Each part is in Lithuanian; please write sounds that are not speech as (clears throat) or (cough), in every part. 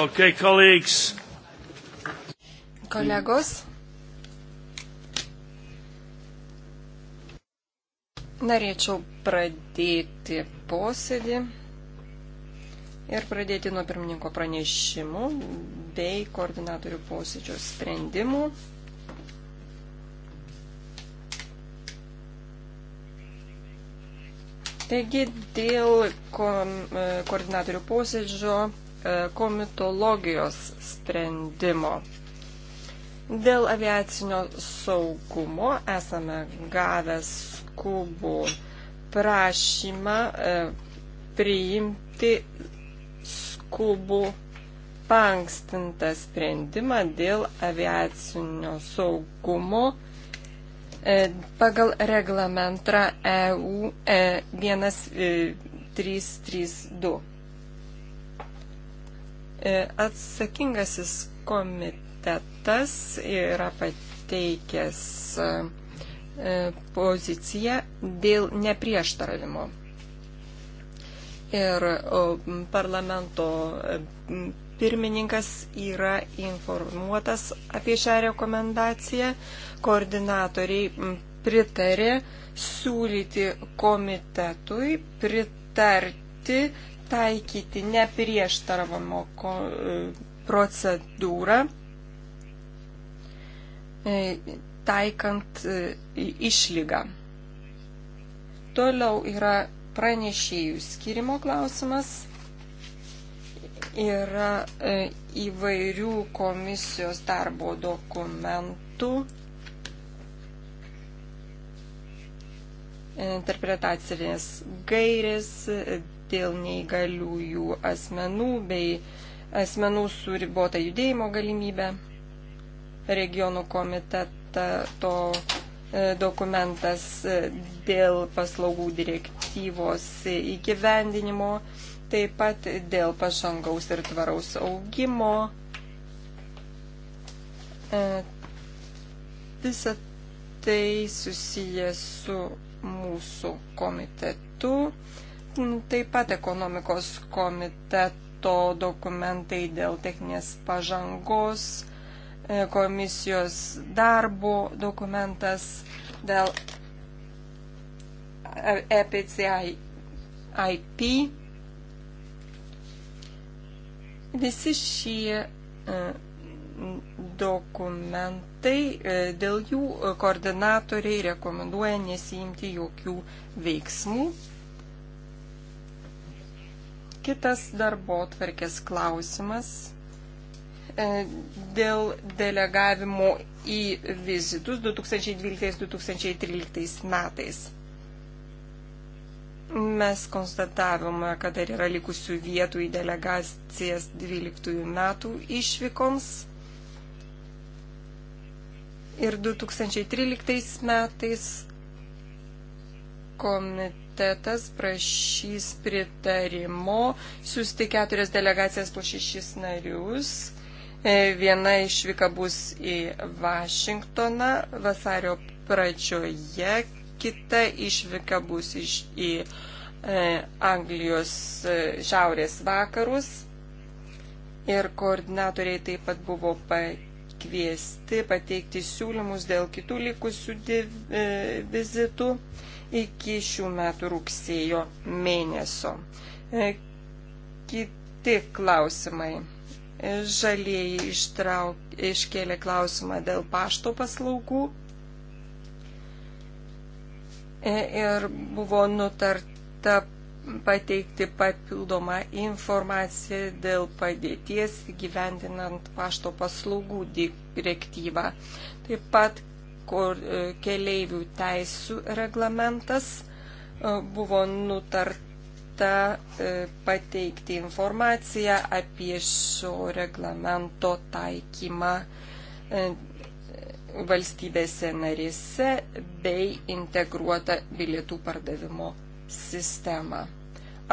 Okay, colleagues. Kolegos. Norėčiau pradėti posėdį ir pradėti nuo pirmininko pranešimų bei koordinatorių posėdžio sprendimų. Taigi dėl ko, e, koordinatorių posėdžio E, komitologijos sprendimo. Dėl aviacinio saugumo esame gavę skubų prašymą e, priimti skubų pankstintą sprendimą dėl aviacinio saugumo e, pagal reglamentą EU 1332. E, atsakingasis komitetas yra pateikęs e, poziciją dėl neprieštaravimo. Ir parlamento e, pirmininkas yra informuotas apie šią rekomendaciją. Koordinatoriai pritarė siūlyti komitetui pritarti taikyti neprieštaravimo e, procedūrą, e, taikant e, išlygą. Toliau yra pranešėjų skirimo klausimas. Yra įvairių komisijos darbo dokumentų interpretacinės gairės, dėl neįgaliųjų asmenų bei asmenų su ribota judėjimo galimybė. Regionų komiteto to e, dokumentas e, dėl paslaugų direktyvos įgyvendinimo, taip pat dėl pažangaus ir tvaraus augimo. E, visa tai susijęs su mūsų komitetu. Taip pat ekonomikos komiteto dokumentai dėl techninės pažangos, e, komisijos darbo dokumentas dėl EPCIP. E Visi šie e, dokumentai, dėl jų koordinatoriai rekomenduoja nesijimti jokių veiksmų Kitas darbo tvarkės klausimas e, dėl delegavimo į vizitus 2012-2013 metais. Mes konstatavome, kad dar yra likusių vietų į delegacijas 12 metų išvykoms. Ir 2013 metais komitetas prašys pritarimo siūsti keturias delegacijas po šešis narius. E, viena išvyka bus į Vašingtoną vasario pradžioje, kita išvyka bus iš, į e, Anglijos e, šiaurės vakarus. Ir koordinatoriai taip pat buvo pakviesti pateikti siūlymus dėl kitų likusių div, e, vizitų. E, iki šių metų rugsėjo mėnesio. E, kiti klausimai. E, žalieji ištrauk, iškėlė klausimą dėl pašto paslaugų e, ir buvo nutarta pateikti papildomą informaciją dėl padėties gyvendinant pašto paslaugų direktyvą. Taip pat kur e, keleivių teisų reglamentas e, buvo nutarta e, pateikti informaciją apie šio reglamento taikymą valstybėse narėse bei integruotą bilietų pardavimo sistemą.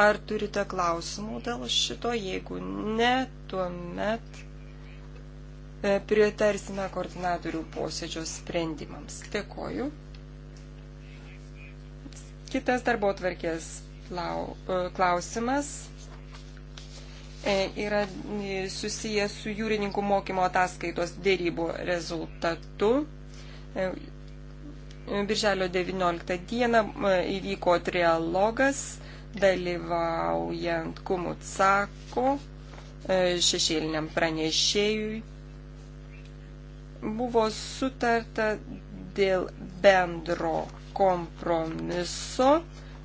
Ar turite klausimų dėl šito? Jeigu ne, tuomet E, pritarsime koordinatorių posėdžio sprendimams. Dėkoju. Kitas darbo tvarkės e, klausimas e, yra susijęs su jūrininkų mokymo ataskaitos dėrybų rezultatu. Birželio 19 dieną įvyko trialogas, dalyvaujant Kumutsako šešėliniam pranešėjui buvo sutarta dėl bendro kompromiso,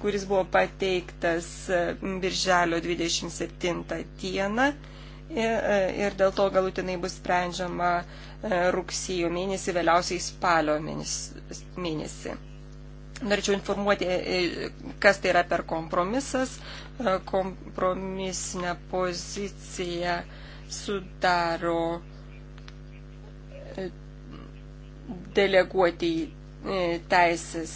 kuris buvo pateiktas e, birželio 27 dieną e, ir dėl to galutinai bus sprendžiama e, rugsėjo mėnesį, vėliausiai spalio mėnesį. Norėčiau informuoti, kas tai yra per kompromisas. Kompromisinę poziciją sudaro deleguoti e, teisės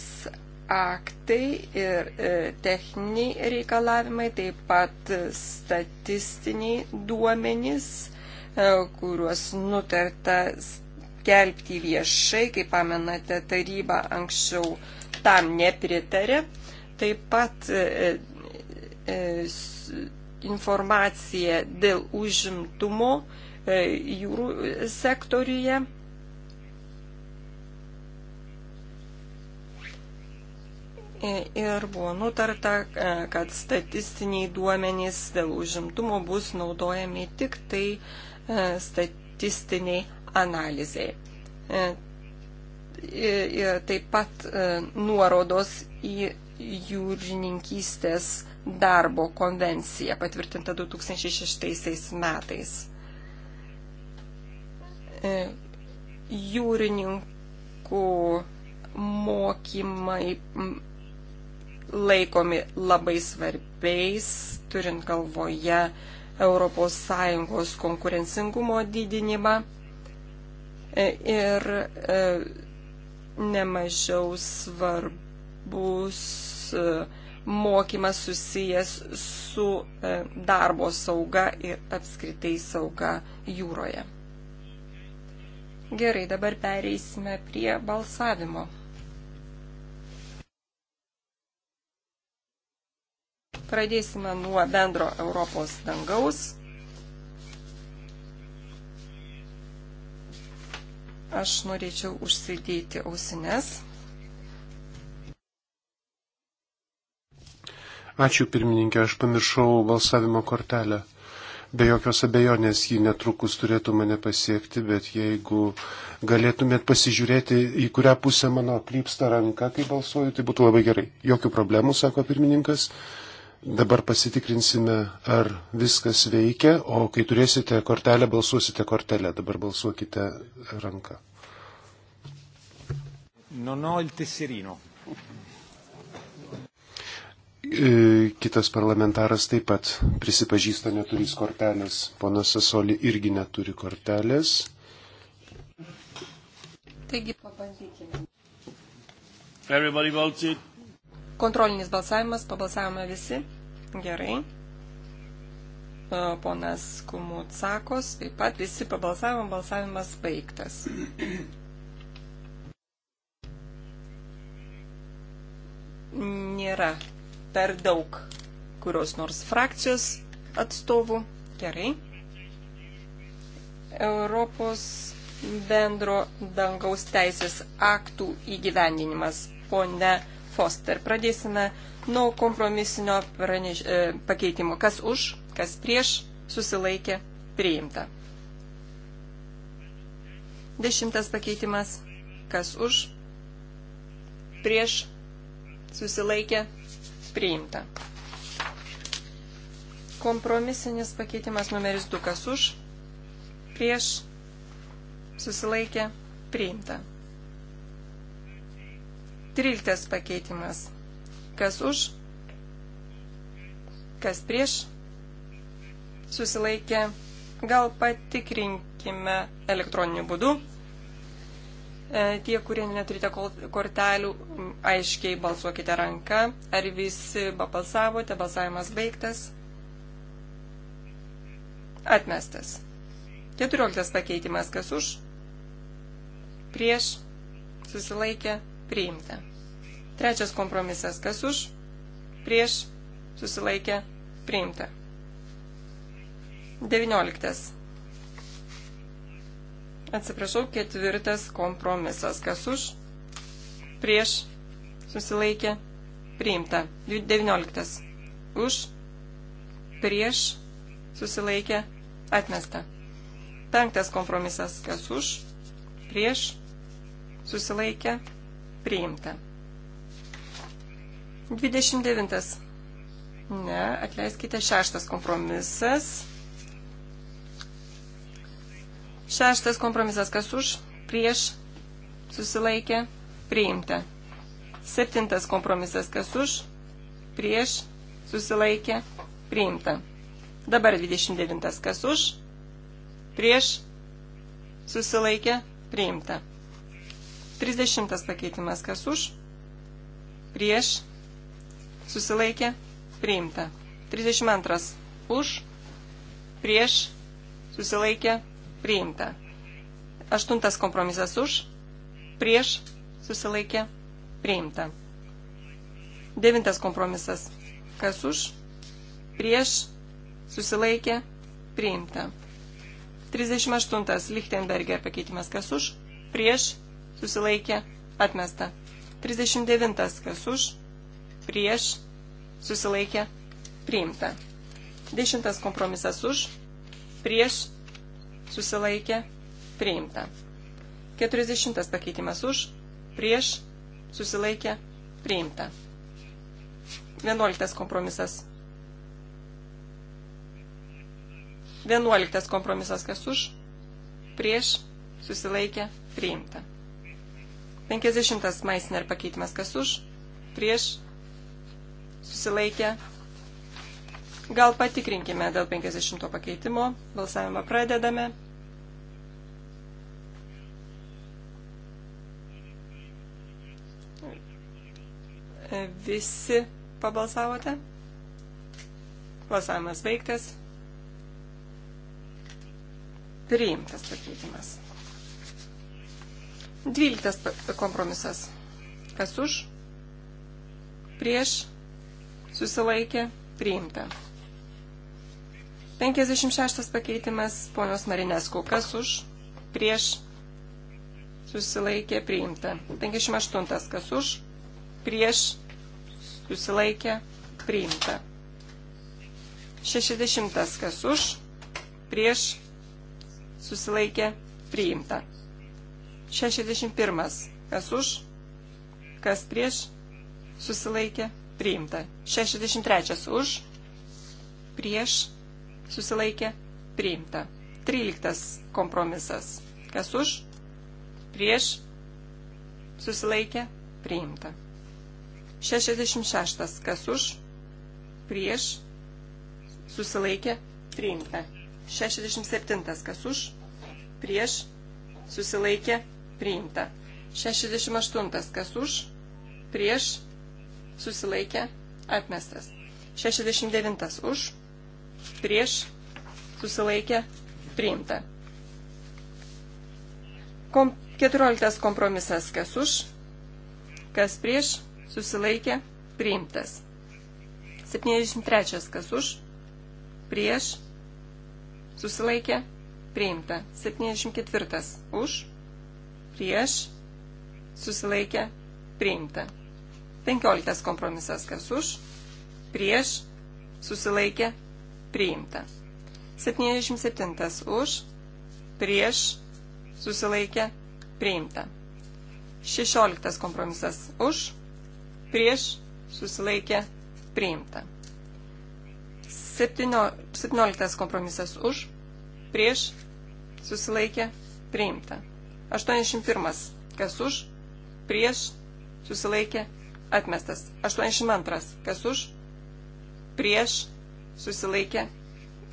aktai ir e, techniniai reikalavimai, taip pat statistiniai duomenys, e, kuriuos nutarta skelbti viešai, kaip pamenate, taryba anksčiau tam nepritarė. Taip pat informacija dėl užimtumo E, jūrų sektoriuje. E, ir buvo nutarta, e, kad statistiniai duomenys dėl užimtumo bus naudojami tik tai statistiniai analizai. Taip pat nuorodos į jūrininkystės darbo konvenciją patvirtinta 2006 metais. E, jūrininkų mokymai laikomi labai svarbiais, turint galvoje ES konkurencingumo didinimą e, ir e, nemažiau svarbus mokymas susijęs su darbo sauga ir apskritai sauga jūroje. Gerai, dabar pereisime prie balsavimo. Pradėsime nuo bendro Europos dangaus. Aš norėčiau užsidėti ausines. Ačiū pirmininkė, aš pamiršau balsavimo kortelę. Be jokios abejonės ji netrukus turėtų mane pasiekti, bet jeigu galėtumėt pasižiūrėti, į kurią pusę mano krypsta ranka, kai balsuoju, tai būtų labai gerai. Jokių problemų, sako pirmininkas. Dabar pasitikrinsime, ar viskas veikia, o kai turėsite kortelę, balsuosite kortelę. Dabar balsuokite ranką. Non ho il tesserino. E, kitas parlamentaras taip pat prisipažįsta neturys kortelės. Ponas Sasoli irgi neturi kortelės. Taigi pabandykime. Everybody voted. Kontrolinis balsavimas, pabalsavome visi. Gerai. E, ponas Kumutsakos, taip pat visi pabalsavom, balsavimas baigtas. Nėra per daug kurios nors frakcijos atstovų. Gerai. Europos bendro dangaus teisės aktų įgyvendinimas. Pone Foster, pradėsime nuo kompromisinio praneš... E, pakeitimo. Kas už, kas prieš, susilaikė, priimta. Dešimtas pakeitimas. Kas už, prieš, susilaikė, priimta priimta. Kompromisinis pakeitimas numeris 2, kas už, prieš, susilaikė, priimta. 13 pakeitimas, kas už, kas prieš, susilaikė, gal patikrinkime elektroniniu būdu. E, tie, kurie neturite kortelių, aiškiai balsuokite ranką. Ar visi balsavote? Balsavimas baigtas. Atmestas. 14 pakeitimas. Kas už? Prieš. Susilaikė. Priimta. Trečias kompromisas. Kas už? Prieš. Susilaikė. Priimta. 19. Atsiprašau, ketvirtas kompromisas. Kas už? Prieš? Susilaikė? Priimta. 19. Už? Prieš? Susilaikė? Atmesta. Penktas kompromisas. Kas už? Prieš? Susilaikė? Priimta. 29. Ne, atleiskite, šeštas kompromisas. Šeštas kompromisas kas už, prieš, susilaikė, priimta. Septintas kompromisas kas už, prieš, susilaikė, priimta. Dabar 29 kas už, prieš, susilaikė, priimta. 30 pakeitimas kas už, prieš, susilaikė, priimta. 32 už, prieš, susilaikė, priimta priimta. Aštuntas kompromisas už, prieš, susilaikė, priimta. Devintas kompromisas, kas už, prieš, susilaikė, priimta. 38. Lichtenberger pakeitimas, kas už, prieš, susilaikė, atmesta. 39. kas už, prieš, susilaikė, priimta. 10. kompromisas už, prieš, susilaikė, priimta. 40 pakeitimas už, prieš, susilaikė, priimta. 11 kompromisas. 11 kompromisas kas už, prieš, susilaikė, priimta. 50 Maisner pakeitimas kas už, prieš, susilaikė, priimta Gal patikrinkime dėl 50 pakeitimo. Balsavimą pradedame. Visi pabalsavote? Balsavimas baigtas. Priimtas pakeitimas. Dvyliktas kompromisas. Kas už? Prieš? Susilaikė? Priimta. 56 pakeitimas ponios Marinesku. Kas už? Prieš susilaikė priimta. 58 kas už? Prieš susilaikė priimta. 60 kas už? Prieš susilaikė priimta. 61 kas už? Kas prieš? Susilaikė priimta. 63 už? Prieš susilaikė, priimta. 13 kompromisas. Kas už, prieš, susilaikė, priimta. 66. Kas už, prieš, susilaikė, priimta. 67. Kas už, prieš, susilaikė, priimta. 68. Kas už, prieš, susilaikė, atmestas. 69. Už, prieš, susilaikė, priimta. Kom 14 kompromisas, kas už, kas prieš, susilaikė, priimtas. 73 kas už, prieš, susilaikė, priimta. 74 už, prieš, susilaikė, priimta. 15 kompromisas, kas už, prieš, susilaikė, priimta. 77 už, prieš, susilaikė, priimta. 16 kompromisas už, prieš, susilaikė, priimta. 17 kompromisas už, prieš, susilaikė, priimta. 81 kas už, prieš, susilaikė, atmestas. 82 kas už, prieš, susilaikė, priimta susilaikė,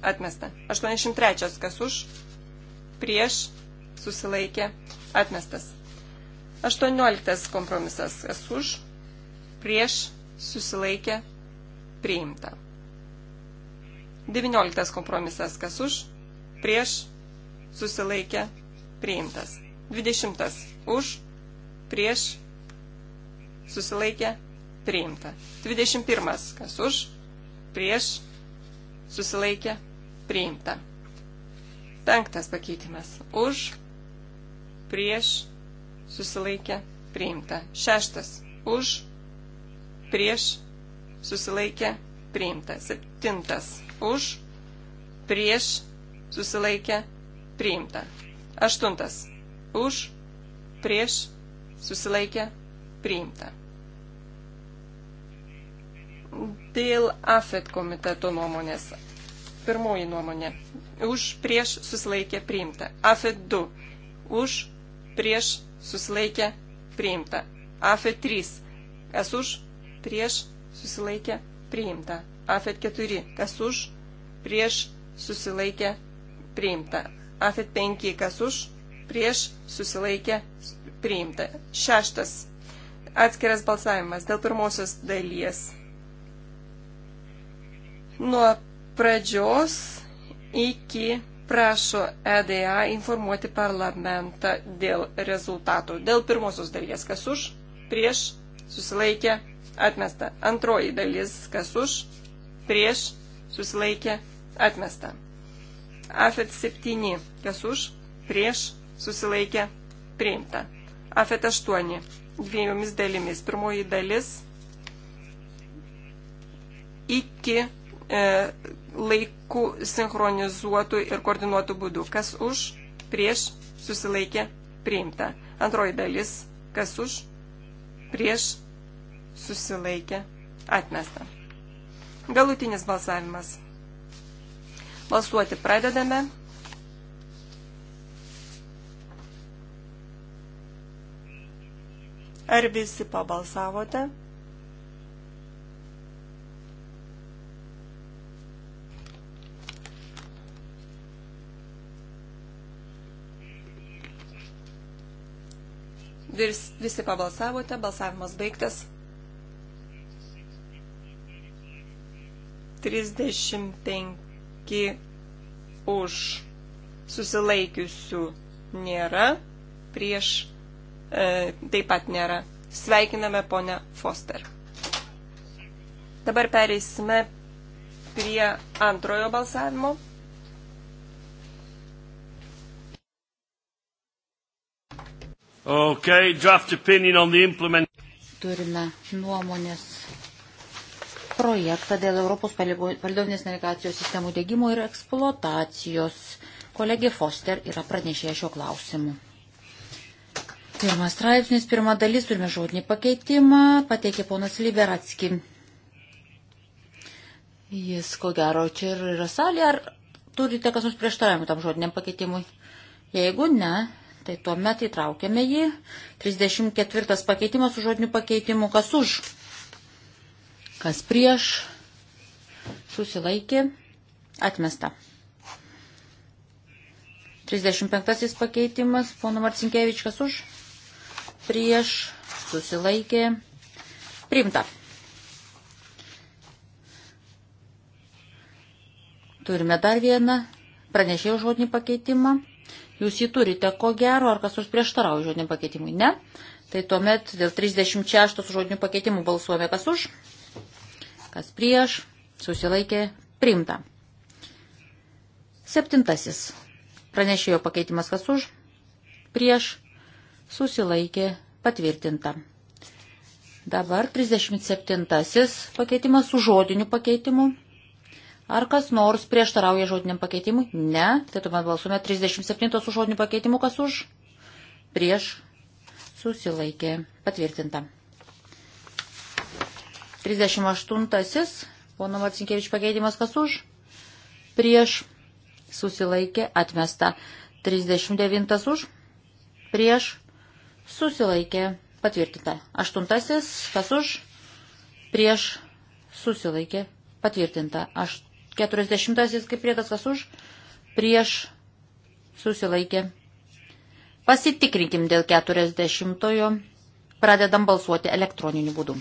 atmesta. 83 kas už, prieš, susilaikė, atmestas. 18 kompromisas kas už, prieš, susilaikė, priimta. 19 kompromisas kas už, prieš, susilaikė, priimtas. 20 už, prieš, susilaikė, priimta. 21 kas už, prieš, susilaikė, priimta. Penktas pakeitimas. Už, prieš, susilaikė, priimta. Šeštas. Už, prieš, susilaikė, priimta. Septintas. Už, prieš, susilaikė, priimta. Aštuntas. Už, prieš, susilaikė, priimta. Dėl AFET komiteto nuomonės. Pirmoji nuomonė. Už prieš susilaikė priimta. AFET 2. Už prieš susilaikė priimta. AFET 3. Kas už prieš susilaikė priimta. AFET 4. Kas už prieš susilaikė priimta. AFET 5. Kas už prieš susilaikė priimta. Šeštas atskiras balsavimas dėl pirmosios dalies nuo pradžios iki prašo EDA informuoti parlamentą dėl rezultatų. Dėl pirmosios dalies, kas už, prieš, susilaikė, atmesta. Antroji dalis, kas už, prieš, susilaikė, atmesta. Afet 7, kas už, prieš, susilaikė, priimta. Afet 8, dviejomis dalimis. Pirmoji dalis iki E, laiku sinchronizuotų ir koordinuotų būdų. Kas už, prieš, susilaikė, priimta. Antroji dalis, kas už, prieš, susilaikė, atmesta. Galutinis balsavimas. Balsuoti pradedame. Ar visi pabalsavote? Vis, visi pabalsavote, balsavimas baigtas. 35 už susilaikiusių nėra, prieš e, taip pat nėra. Sveikiname ponę Foster. Dabar pereisime prie antrojo balsavimo. Okay, draft opinion on the implement. Turime nuomonės projektą dėl Europos palidovinės navigacijos sistemų dėgymo ir eksploatacijos. Kolegė Foster yra pranešėja šio klausimu. Pirmas straipsnis, pirma dalis, turime žodinį pakeitimą, pateikė ponas Liberatski. Jis, ko gero, čia ir yra salė, ar turite kas nors prieštaravimų tam žodiniam pakeitimui? Jeigu ne, tai tuomet įtraukiame jį. 34 pakeitimas su žodiniu pakeitimu. Kas už? Kas prieš? Susilaikė. Atmesta. 35 pakeitimas. Pono Marcinkievičkas už. Prieš. Susilaikė. Priimta. Turime dar vieną pranešėjų žodinį pakeitimą. Jūs jį turite, ko gero, ar kas nors prieštarauja žodiniam pakeitimui? Ne. Tai tuomet dėl 36 žodinių pakeitimų balsuojame, kas už, kas prieš, susilaikė, priimta. Septintasis. Pranešėjo pakeitimas, kas už, prieš, susilaikė, patvirtinta. Dabar 37 pakeitimas su žodiniu pakeitimu. Ar kas nors prieštarauja žodiniam pakeitimui? Ne. Tai tuomet balsuome 37 su žodiniu pakeitimu. Kas už? Prieš. Susilaikė. Patvirtinta. 38. Pono Marcinkievič pakeitimas. Kas už? Prieš. Susilaikė. Atmesta. 39 už. Prieš. Susilaikė. Patvirtinta. 8. Kas už? Prieš. Susilaikė. Patvirtinta. 8. 40 kaip priedas kas už, prieš susilaikė. Pasitikrinkim dėl 40. -ojo. Pradedam balsuoti elektroniniu būdu.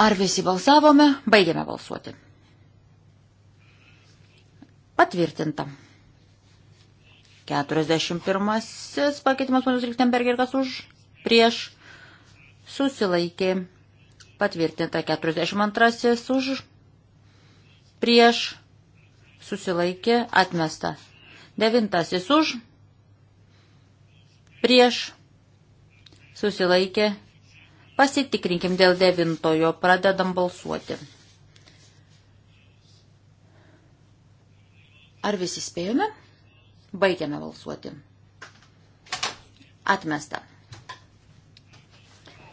Ar visi balsavome? Baigėme balsuoti. Patvirtinta. 41 pakeitimas ponios Richtenberger kas už, prieš, susilaikė patvirtinta 42 už, prieš, susilaikė, atmesta. 9 už, prieš, susilaikė, pasitikrinkim dėl 9, pradedam balsuoti. Ar visi spėjome? Baigiame balsuoti. Atmesta.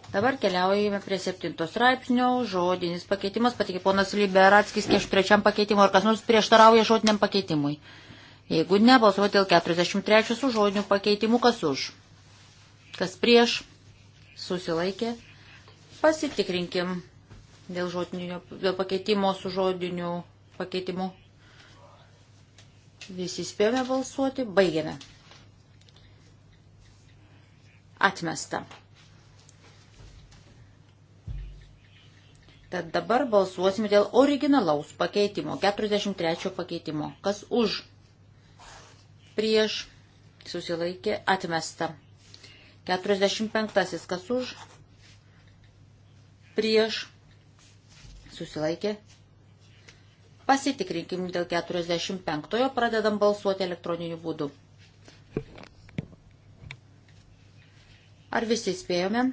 Dabar keliaujame prie septintos straipsnio, žodinis pakeitimas, patikė ponas Liberatskis, kiek trečiam pakeitimui, ar kas nors prieštarauja žodiniam pakeitimui. Jeigu ne, balsuoti dėl 43 su žodiniu pakeitimu, kas už, kas prieš, susilaikė, pasitikrinkim dėl, žodinio, dėl pakeitimo su žodiniu pakeitimu. Visi spėjome balsuoti, baigėme. Atmesta. Tad dabar balsuosime dėl originalaus pakeitimo, 43 pakeitimo. Kas už? Prieš susilaikė atmesta. 45. Kas už? Prieš susilaikė. Pasitikrinkim dėl 45. Pradedam balsuoti elektroniniu būdu. Ar visi spėjome?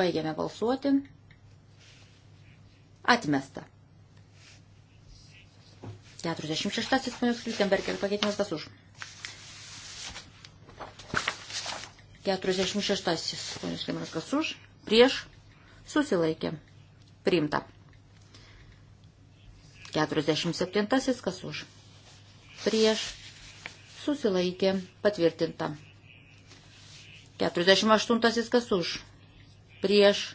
Baigėme balsuoti. Atmesta. 46. ponios Liutenberger pakeitimas kas už. 46. ponios Liutenberger kas už. Prieš. Susilaikė. Priimta. 47. kas už. Prieš. Susilaikė. Patvirtinta. 48. kas už. Prieš.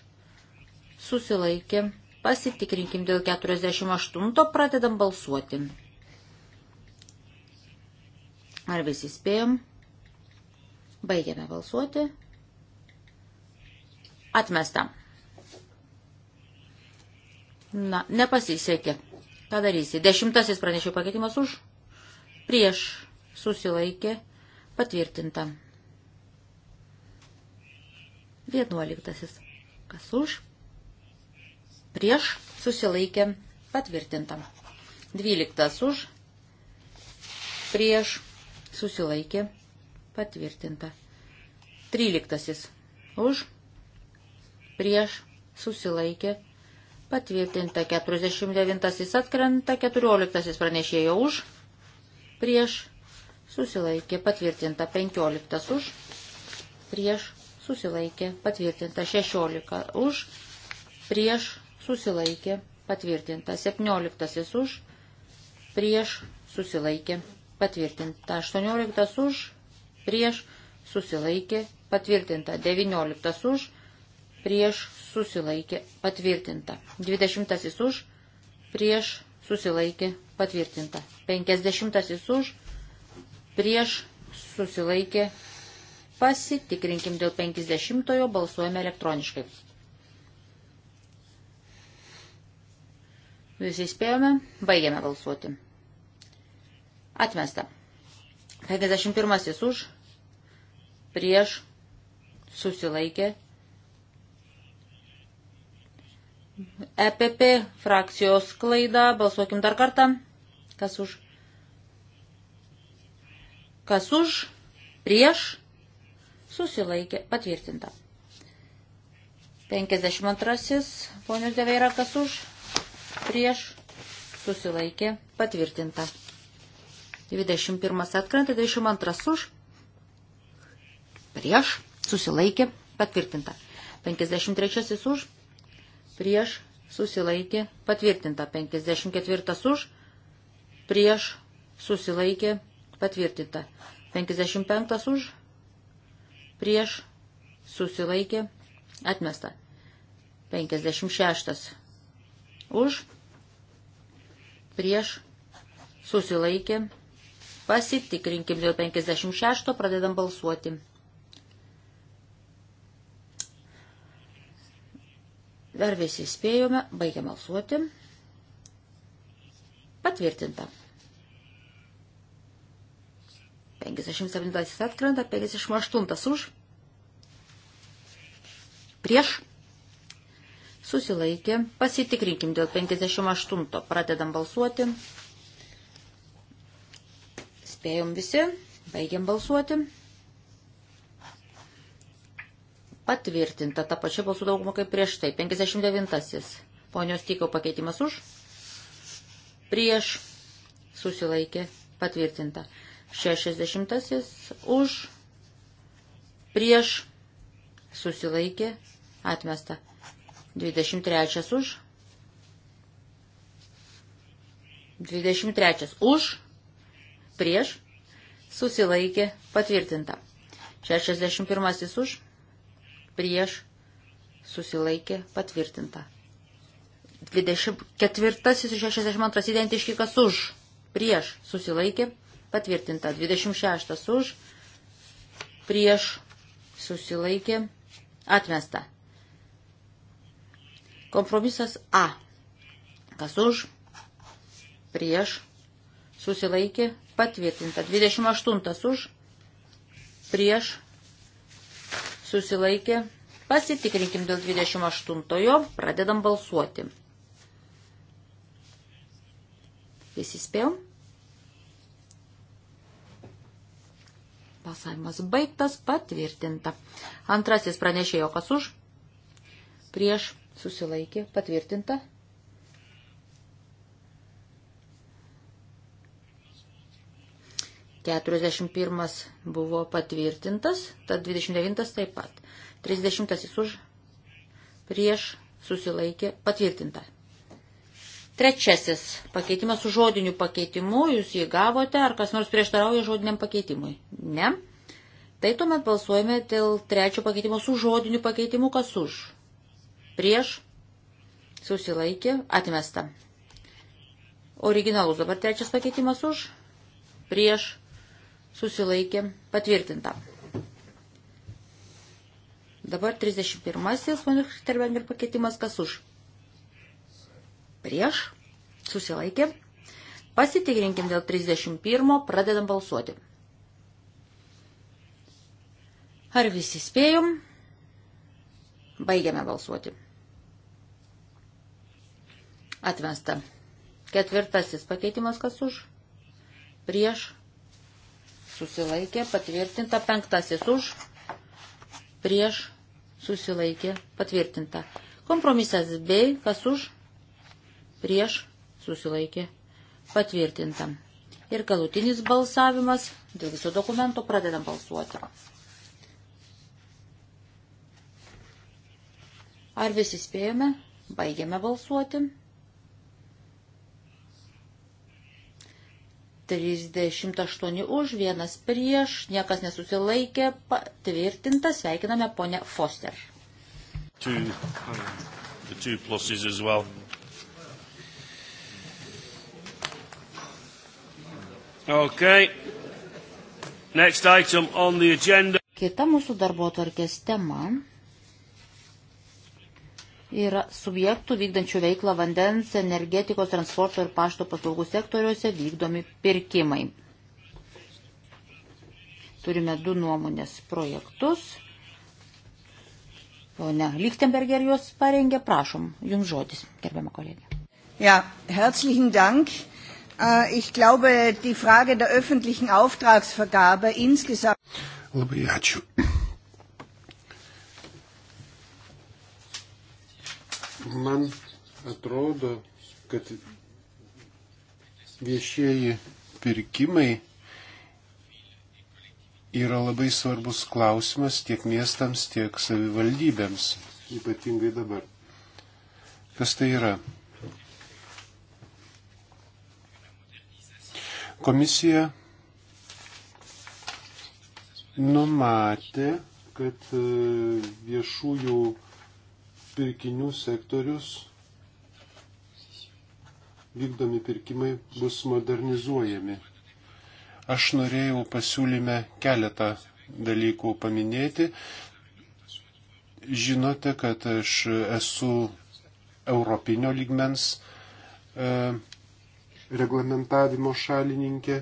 Susilaikė. Pasitikrinkim dėl 48, pradedam balsuoti. Ar visi spėjom? Baigiame balsuoti. Atmesta. Na, nepasisekė. Ką darysi? Dešimtasis pranešė pakeitimas už. Prieš susilaikė. Patvirtinta. Vienuoliktasis. Kas už? prieš susilaikė patvirtinta. 12 už prieš susilaikė patvirtinta. 13 už prieš susilaikė patvirtinta. 49 atkrenta, 14 pranešėjo už prieš susilaikė patvirtinta. 15 už prieš susilaikė patvirtinta. 16 už prieš susilaikė, patvirtinta. 17 už, prieš, susilaikė, patvirtinta. 18 už, prieš, susilaikė, patvirtinta. 19 už, prieš, susilaikė, patvirtinta. 20 už, prieš, susilaikė, patvirtinta. 50 už, prieš, susilaikė, Pasitikrinkim dėl 50-ojo, balsuojame elektroniškai. Visi spėjome. Baigiame balsuoti. Atmesta. 51 už. Prieš. Susilaikė. EPP frakcijos klaida. Balsuokim dar kartą. Kas už? Kas už? Prieš. Susilaikė. Patvirtinta. 52. Ponius Deveira, kas už? prieš, susilaikė, patvirtinta. 21 atkrenta, 22 už, prieš, susilaikė, patvirtinta. 53 už, prieš, susilaikė, patvirtinta. 54 už, prieš, susilaikė, patvirtinta. 55 už, prieš, susilaikė, atmesta. 56 Už, prieš, susilaikė. Pasitikrinkim dėl 56, pradedam balsuoti. Dar visi spėjome, baigiam balsuoti. Patvirtinta. 57 atkrenta, 58 už. Prieš susilaikė. Pasitikrinkim dėl 58. Pradedam balsuoti. Spėjom visi. Baigiam balsuoti. Patvirtinta ta pačia balsų dauguma kaip prieš tai. 59. Ponios tykau pakeitimas už. Prieš susilaikė. Patvirtinta. 60. Už. Prieš susilaikė. Atmesta. 23 už. 23 už. Prieš. Susilaikė patvirtinta. 61 už. Prieš. Susilaikė patvirtinta. 24 ir 62 identiški kas už. Prieš. Susilaikė patvirtinta. 26 už. Prieš. Susilaikė atmesta. Kompromisas A. Kas už, prieš, susilaikė, patvirtinta. 28 už, prieš, susilaikė. Pasitikrinkim dėl 28-ojo, pradedam balsuoti. Visi spėjom? Balsavimas baigtas, patvirtinta. Antrasis pranešėjo, kas už, prieš, susilaikė, patvirtinta. Keturiasdešimt pirmas buvo patvirtintas, tad dvidešimt devintas taip pat. Trisdešimtasis už, prieš, susilaikė, patvirtinta. Trečiasis pakeitimas su žodiniu pakeitimu, jūs jį gavote, ar kas nors prieštarauja žodiniam pakeitimui? Ne. Tai tuomet balsuojame dėl trečio pakeitimo su žodiniu pakeitimu, kas už prieš, susilaikė, atmesta. Originalus dabar trečias pakeitimas už, prieš, susilaikė, patvirtinta. Dabar 31-asis Vanderberger pakeitimas kas už. Prieš, susilaikė, pasitikrinkim dėl 31, pradedam balsuoti. Ar visi spėjom? Baigiame balsuoti. Atmesta. Ketvirtasis pakeitimas kas už? Prieš. Susilaikė. Patvirtinta. Penktasis už. Prieš. Susilaikė. Patvirtinta. Kompromisas B. Kas už? Prieš. Susilaikė. Patvirtinta. Ir galutinis balsavimas. Dėl viso dokumento pradedam balsuoti. Ar visi spėjome? Baigėme balsuoti. 38 už, vienas prieš, niekas nesusilaikė, patvirtinta, sveikiname ponę Foster. Two, the two pluses as well. Okay. Next item on the agenda. Kita mūsų darbo tvarkės tema yra subjektų vykdančių veiklą vandens, energetikos, transporto ir pašto paslaugų sektoriuose vykdomi pirkimai. Turime du nuomonės projektus. O ne, Lichtenberger juos parengė, prašom, jums žodis, gerbiama kolegė. Ja, herzlichen Dank. Äh, ich glaube, die Frage der öffentlichen Auftragsvergabe insgesamt. Labai ačiū. Man atrodo, kad viešieji pirkimai yra labai svarbus klausimas tiek miestams, tiek savivaldybėms, ypatingai dabar. Kas tai yra? Komisija numatė, kad e, viešųjų pirkinių sektorius vykdomi pirkimai bus modernizuojami. Aš norėjau pasiūlyme keletą dalykų paminėti. Žinote, kad aš esu europinio lygmens e, reglamentavimo šalininkė.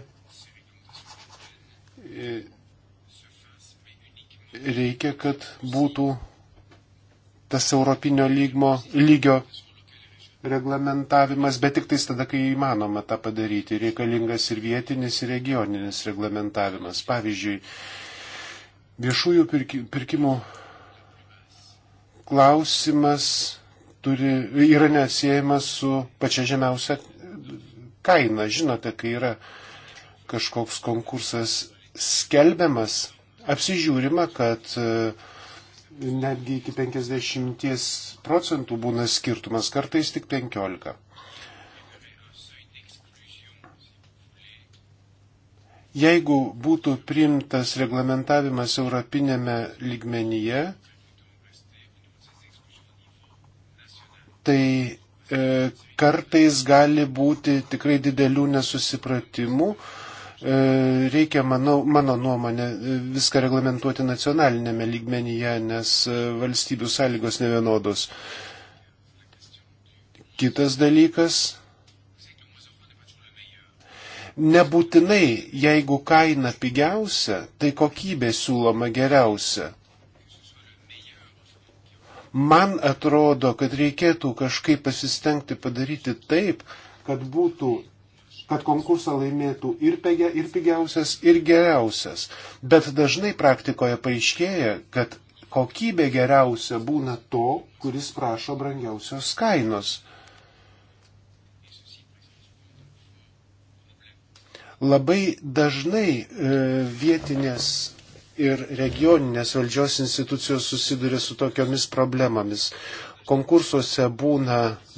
E, reikia, kad būtų tas europinio lygmo, lygio reglamentavimas, bet tik tais tada, kai įmanoma tą padaryti, reikalingas ir vietinis, ir regioninis reglamentavimas. Pavyzdžiui, viešųjų pirkimų klausimas turi, yra neatsiejamas su pačia žemiausia kaina. Žinote, kai yra kažkoks konkursas skelbiamas, apsižiūrima, kad uh, netgi iki 50 procentų būna skirtumas, kartais tik 15. Jeigu būtų priimtas reglamentavimas europinėme lygmenyje, tai e, kartais gali būti tikrai didelių nesusipratimų, e, E, reikia, manau, mano nuomonė, e, viską reglamentuoti nacionalinėme lygmenyje, nes e, valstybių sąlygos nevienodos. Kitas dalykas nebūtinai, jeigu kaina pigiausia, tai kokybė siūloma geriausia. Man atrodo, kad reikėtų kažkaip pasistengti padaryti taip, kad būtų kad konkursą laimėtų ir, pegia, ir pigiausias, ir geriausias. Bet dažnai praktikoje paaiškėja, kad kokybė geriausia būna to, kuris prašo brangiausios kainos. Labai dažnai e, vietinės ir regioninės valdžios institucijos susiduria su tokiomis problemomis. Konkursuose būna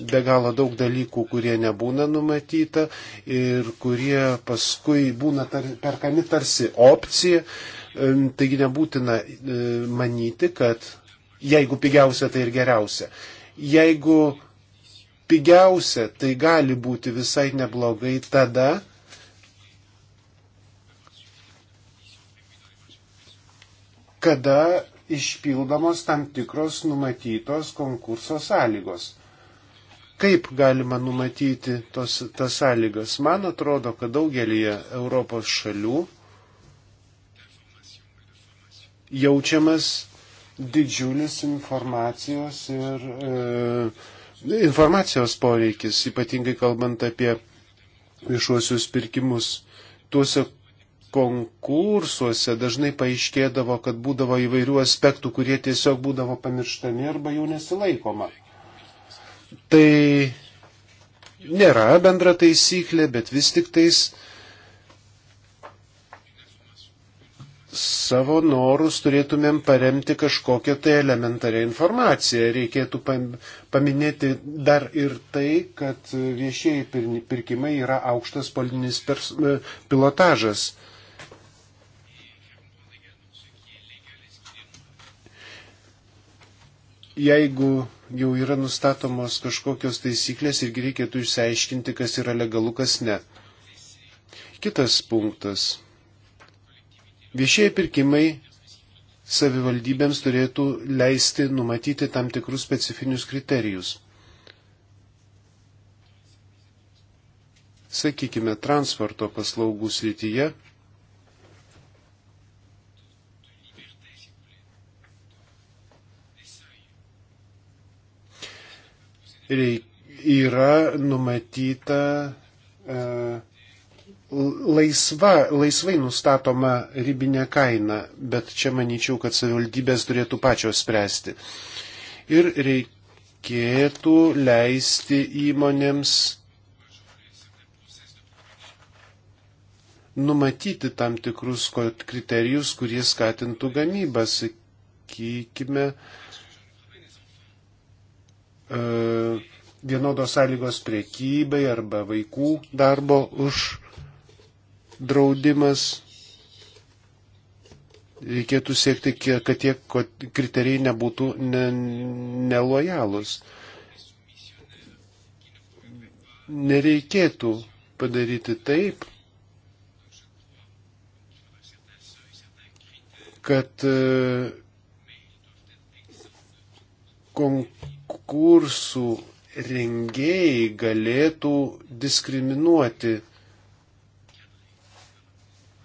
be galo daug dalykų, kurie nebūna numatyta ir kurie paskui būna tar, perkami tarsi opcija. Taigi nebūtina e, manyti, kad jeigu pigiausia, tai ir geriausia. Jeigu pigiausia, tai gali būti visai neblogai tada, kada išpildomos tam tikros numatytos konkurso sąlygos. Kaip galima numatyti tos, tas sąlygas? Man atrodo, kad daugelį Europos šalių jaučiamas didžiulis informacijos ir e, informacijos poreikis, ypatingai kalbant apie viešuosius pirkimus. Tuose konkursuose dažnai paaiškėdavo, kad būdavo įvairių aspektų, kurie tiesiog būdavo pamirštami arba jų nesilaikoma. Tai nėra bendra taisyklė, bet vis tik tais savo norus turėtumėm paremti kažkokią tai elementarią informaciją. Reikėtų paminėti dar ir tai, kad viešieji pirkimai yra aukštas politinis pilotažas. jeigu jau yra nustatomos kažkokios taisyklės irgi reikėtų išsiaiškinti, kas yra legalu, kas ne. Kitas punktas. Viešieji pirkimai savivaldybėms turėtų leisti numatyti tam tikrus specifinius kriterijus. Sakykime, transporto paslaugų srityje reik, yra numatyta e, laisva, laisvai nustatoma ribinė kaina, bet čia manyčiau, kad savivaldybės turėtų pačios spręsti. Ir reikėtų leisti įmonėms numatyti tam tikrus kriterijus, kurie skatintų gamybą, sakykime, uh, E, vienodos sąlygos priekybai arba vaikų darbo uždraudimas. Reikėtų siekti, kad tie kriterijai nebūtų ne, nelojalūs. Nereikėtų padaryti taip, kad e, konkurencija kursų rengėjai galėtų diskriminuoti,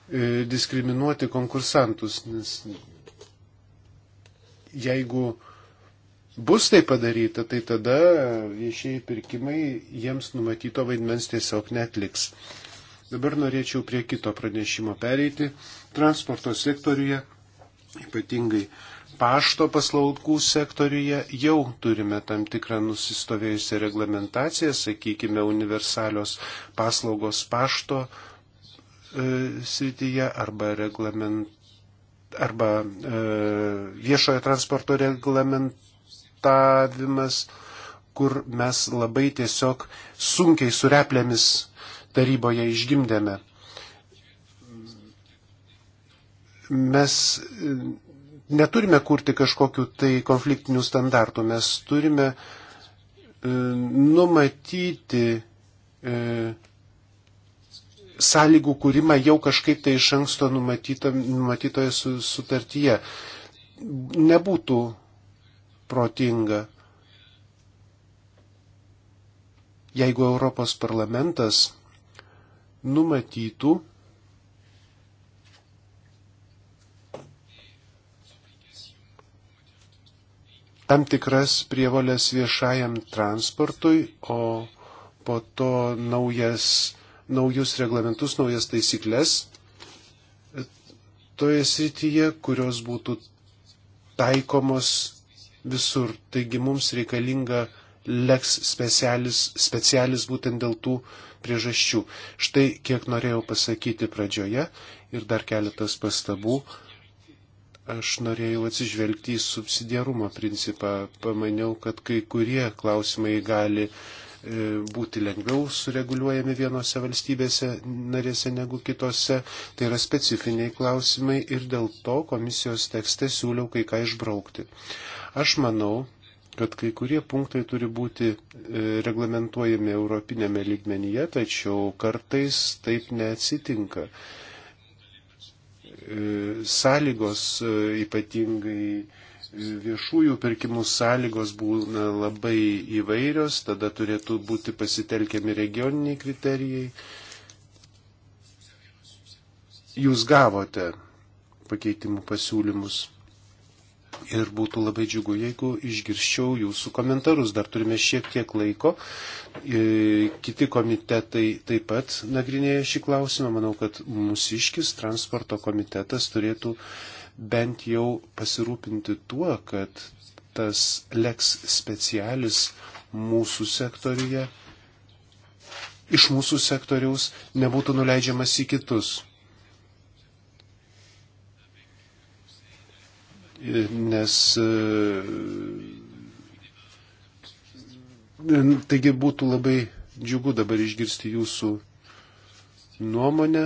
e, diskriminuoti konkursantus, nes jeigu bus tai padaryta, tai tada viešieji pirkimai jiems numatyto vaidmens tiesiog netliks. Dabar norėčiau prie kito pranešimo pereiti. Transporto sektoriuje, ypatingai pašto paslaugų sektoriuje jau turime tam tikrą nusistovėjusią reglamentaciją, sakykime, universalios paslaugos pašto e, srityje arba, arba e, viešojo transporto reglamentavimas, kur mes labai tiesiog sunkiai sureplėmis taryboje išgimdėme. Mes neturime kurti kažkokių tai konfliktinių standartų, mes turime e, numatyti e, sąlygų kūrimą jau kažkaip tai iš anksto numatyto, numatytoje su, sutartyje. Nebūtų protinga, jeigu Europos parlamentas numatytų tam tikras prievolės viešajam transportui, o po to naujas, naujus reglamentus, naujas taisyklės toje srityje, kurios būtų taikomos visur. Taigi mums reikalinga leks specialis, specialis būtent dėl tų priežasčių. Štai kiek norėjau pasakyti pradžioje ir dar keletas pastabų Aš norėjau atsižvelgti į subsidiarumo principą. Pamaniau, kad kai kurie klausimai gali e, būti lengviau sureguliuojami vienose valstybėse narėse negu kitose. Tai yra specifiniai klausimai ir dėl to komisijos tekste siūliau kai ką išbraukti. Aš manau, kad kai kurie punktai turi būti e, reglamentuojami europinėme lygmenyje, tačiau kartais taip neatsitinka sąlygos, e, ypatingai viešųjų pirkimų sąlygos būna labai įvairios, tada turėtų būti pasitelkiami regioniniai kriterijai. Jūs gavote pakeitimų pasiūlymus ir būtų labai džiugu, jeigu išgirščiau jūsų komentarus. Dar turime šiek tiek laiko. E, kiti komitetai taip pat nagrinėja šį klausimą. Manau, kad mūsiškis transporto komitetas turėtų bent jau pasirūpinti tuo, kad tas leks specialis mūsų sektoriuje, iš mūsų sektoriaus nebūtų nuleidžiamas į kitus. nes e, taigi būtų labai džiugu dabar išgirsti jūsų nuomonę.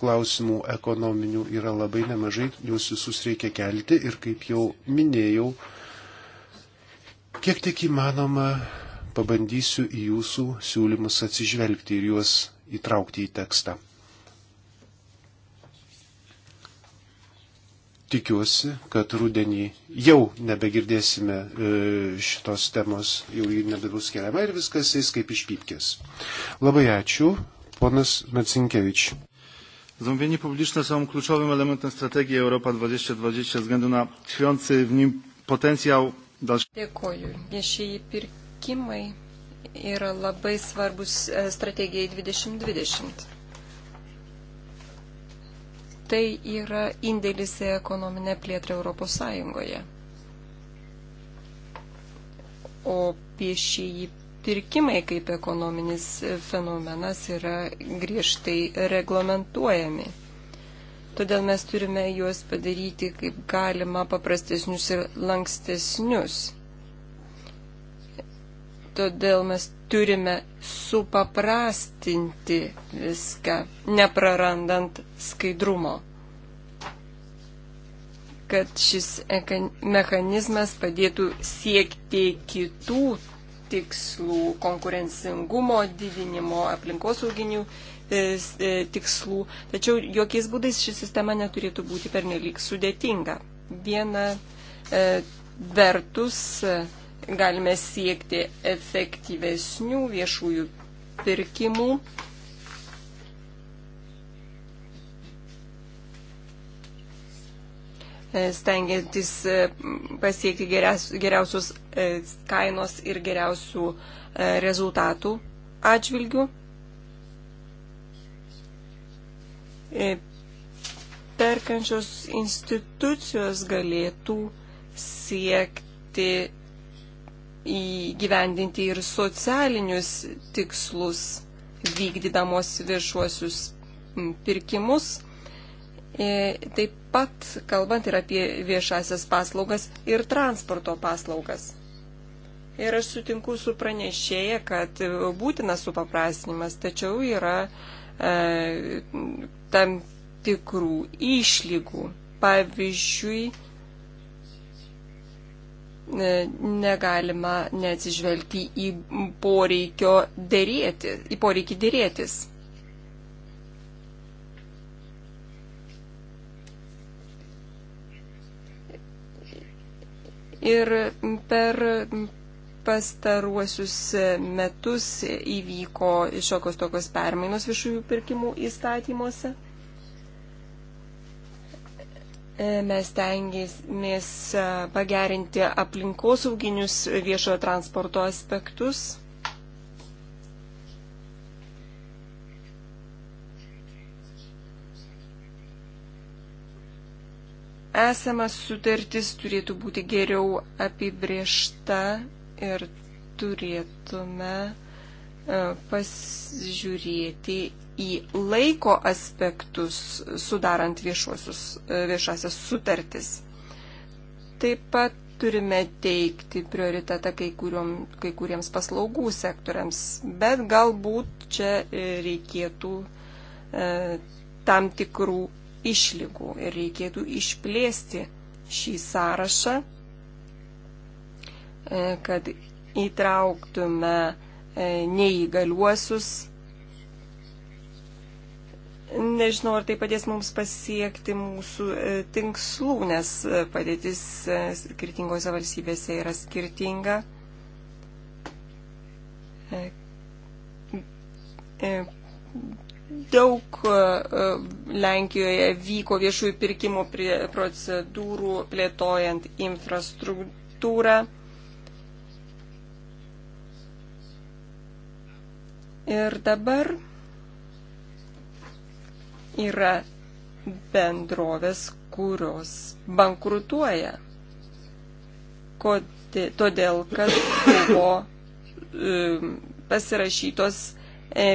Klausimų ekonominių yra labai nemažai, juos visus reikia kelti ir kaip jau minėjau, kiek tik įmanoma pabandysiu į jūsų siūlymus atsižvelgti ir juos įtraukti į tekstą. tikiuosi, kad rudenį jau nebegirdėsime e, šitos temos, jau ji nebebus keliama ir viskas eis kaip išpypkės. Labai ačiū, ponas Macinkevič. Zamówienia publiczne są kluczowym elementem strategii Europa 2020 ze względu na tkwiący w nim potencjał dalszego. Dėkoju. Viešieji pirkimai yra labai svarbus e, strategijai 2020 tai yra indėlis į ekonominę plėtrą Europos Sąjungoje. O piešieji pirkimai kaip ekonominis fenomenas yra griežtai reglamentuojami. Todėl mes turime juos padaryti kaip galima paprastesnius ir lankstesnius. Todėl mes turime supaprastinti viską, neprarandant skaidrumo, kad šis mechanizmas padėtų siekti kitų tikslų - konkurencingumo didinimo, aplinkosauginių e, e, tikslų. Tačiau jokiais būdais ši sistema neturėtų būti pernelyg sudėtinga. Viena e, vertus galime siekti efektyvesnių viešųjų pirkimų. E, stengiantis e, pasiekti geriausios e, kainos ir geriausių rezultatų atžvilgių. Perkančios institucijos galėtų siekti įgyvendinti ir socialinius tikslus, vykdydamos viešuosius pirkimus. E, taip pat kalbant ir apie viešasias paslaugas ir transporto paslaugas. Ir aš sutinku su pranešėja, kad būtina supaprastinimas, tačiau yra e, tam tikrų išlygų. Pavyzdžiui, E, negalima neatsižvelgti į, dėrėti, į poreikį dėrėtis. Ir per pastaruosius metus įvyko šiokios tokios permainos viešųjų pirkimų įstatymuose. E, mes tengiamės e, pagerinti aplinkosauginius viešojo transporto aspektus. Esamas sutartis turėtų būti geriau apibriešta ir turėtume e, pasižiūrėti į laiko aspektus sudarant e, viešasias sutartis. Taip pat turime teikti prioritetą kai, kuriuom, kai kuriems paslaugų sektoriams, bet galbūt čia e, reikėtų e, tam tikrų išlygų ir reikėtų išplėsti šį sąrašą, e, kad įtrauktume e, neįgaliuosius Nežinau, ar tai padės mums pasiekti mūsų e, tinkslų, nes e, padėtis e, skirtingose valstybėse yra skirtinga. Daug Lenkijoje vyko viešųjų pirkimų procedūrų plėtojant infrastruktūrą. Ir dabar yra bendrovės, kurios bankrutuoja. Kodė, todėl, kad buvo e, pasirašytos e,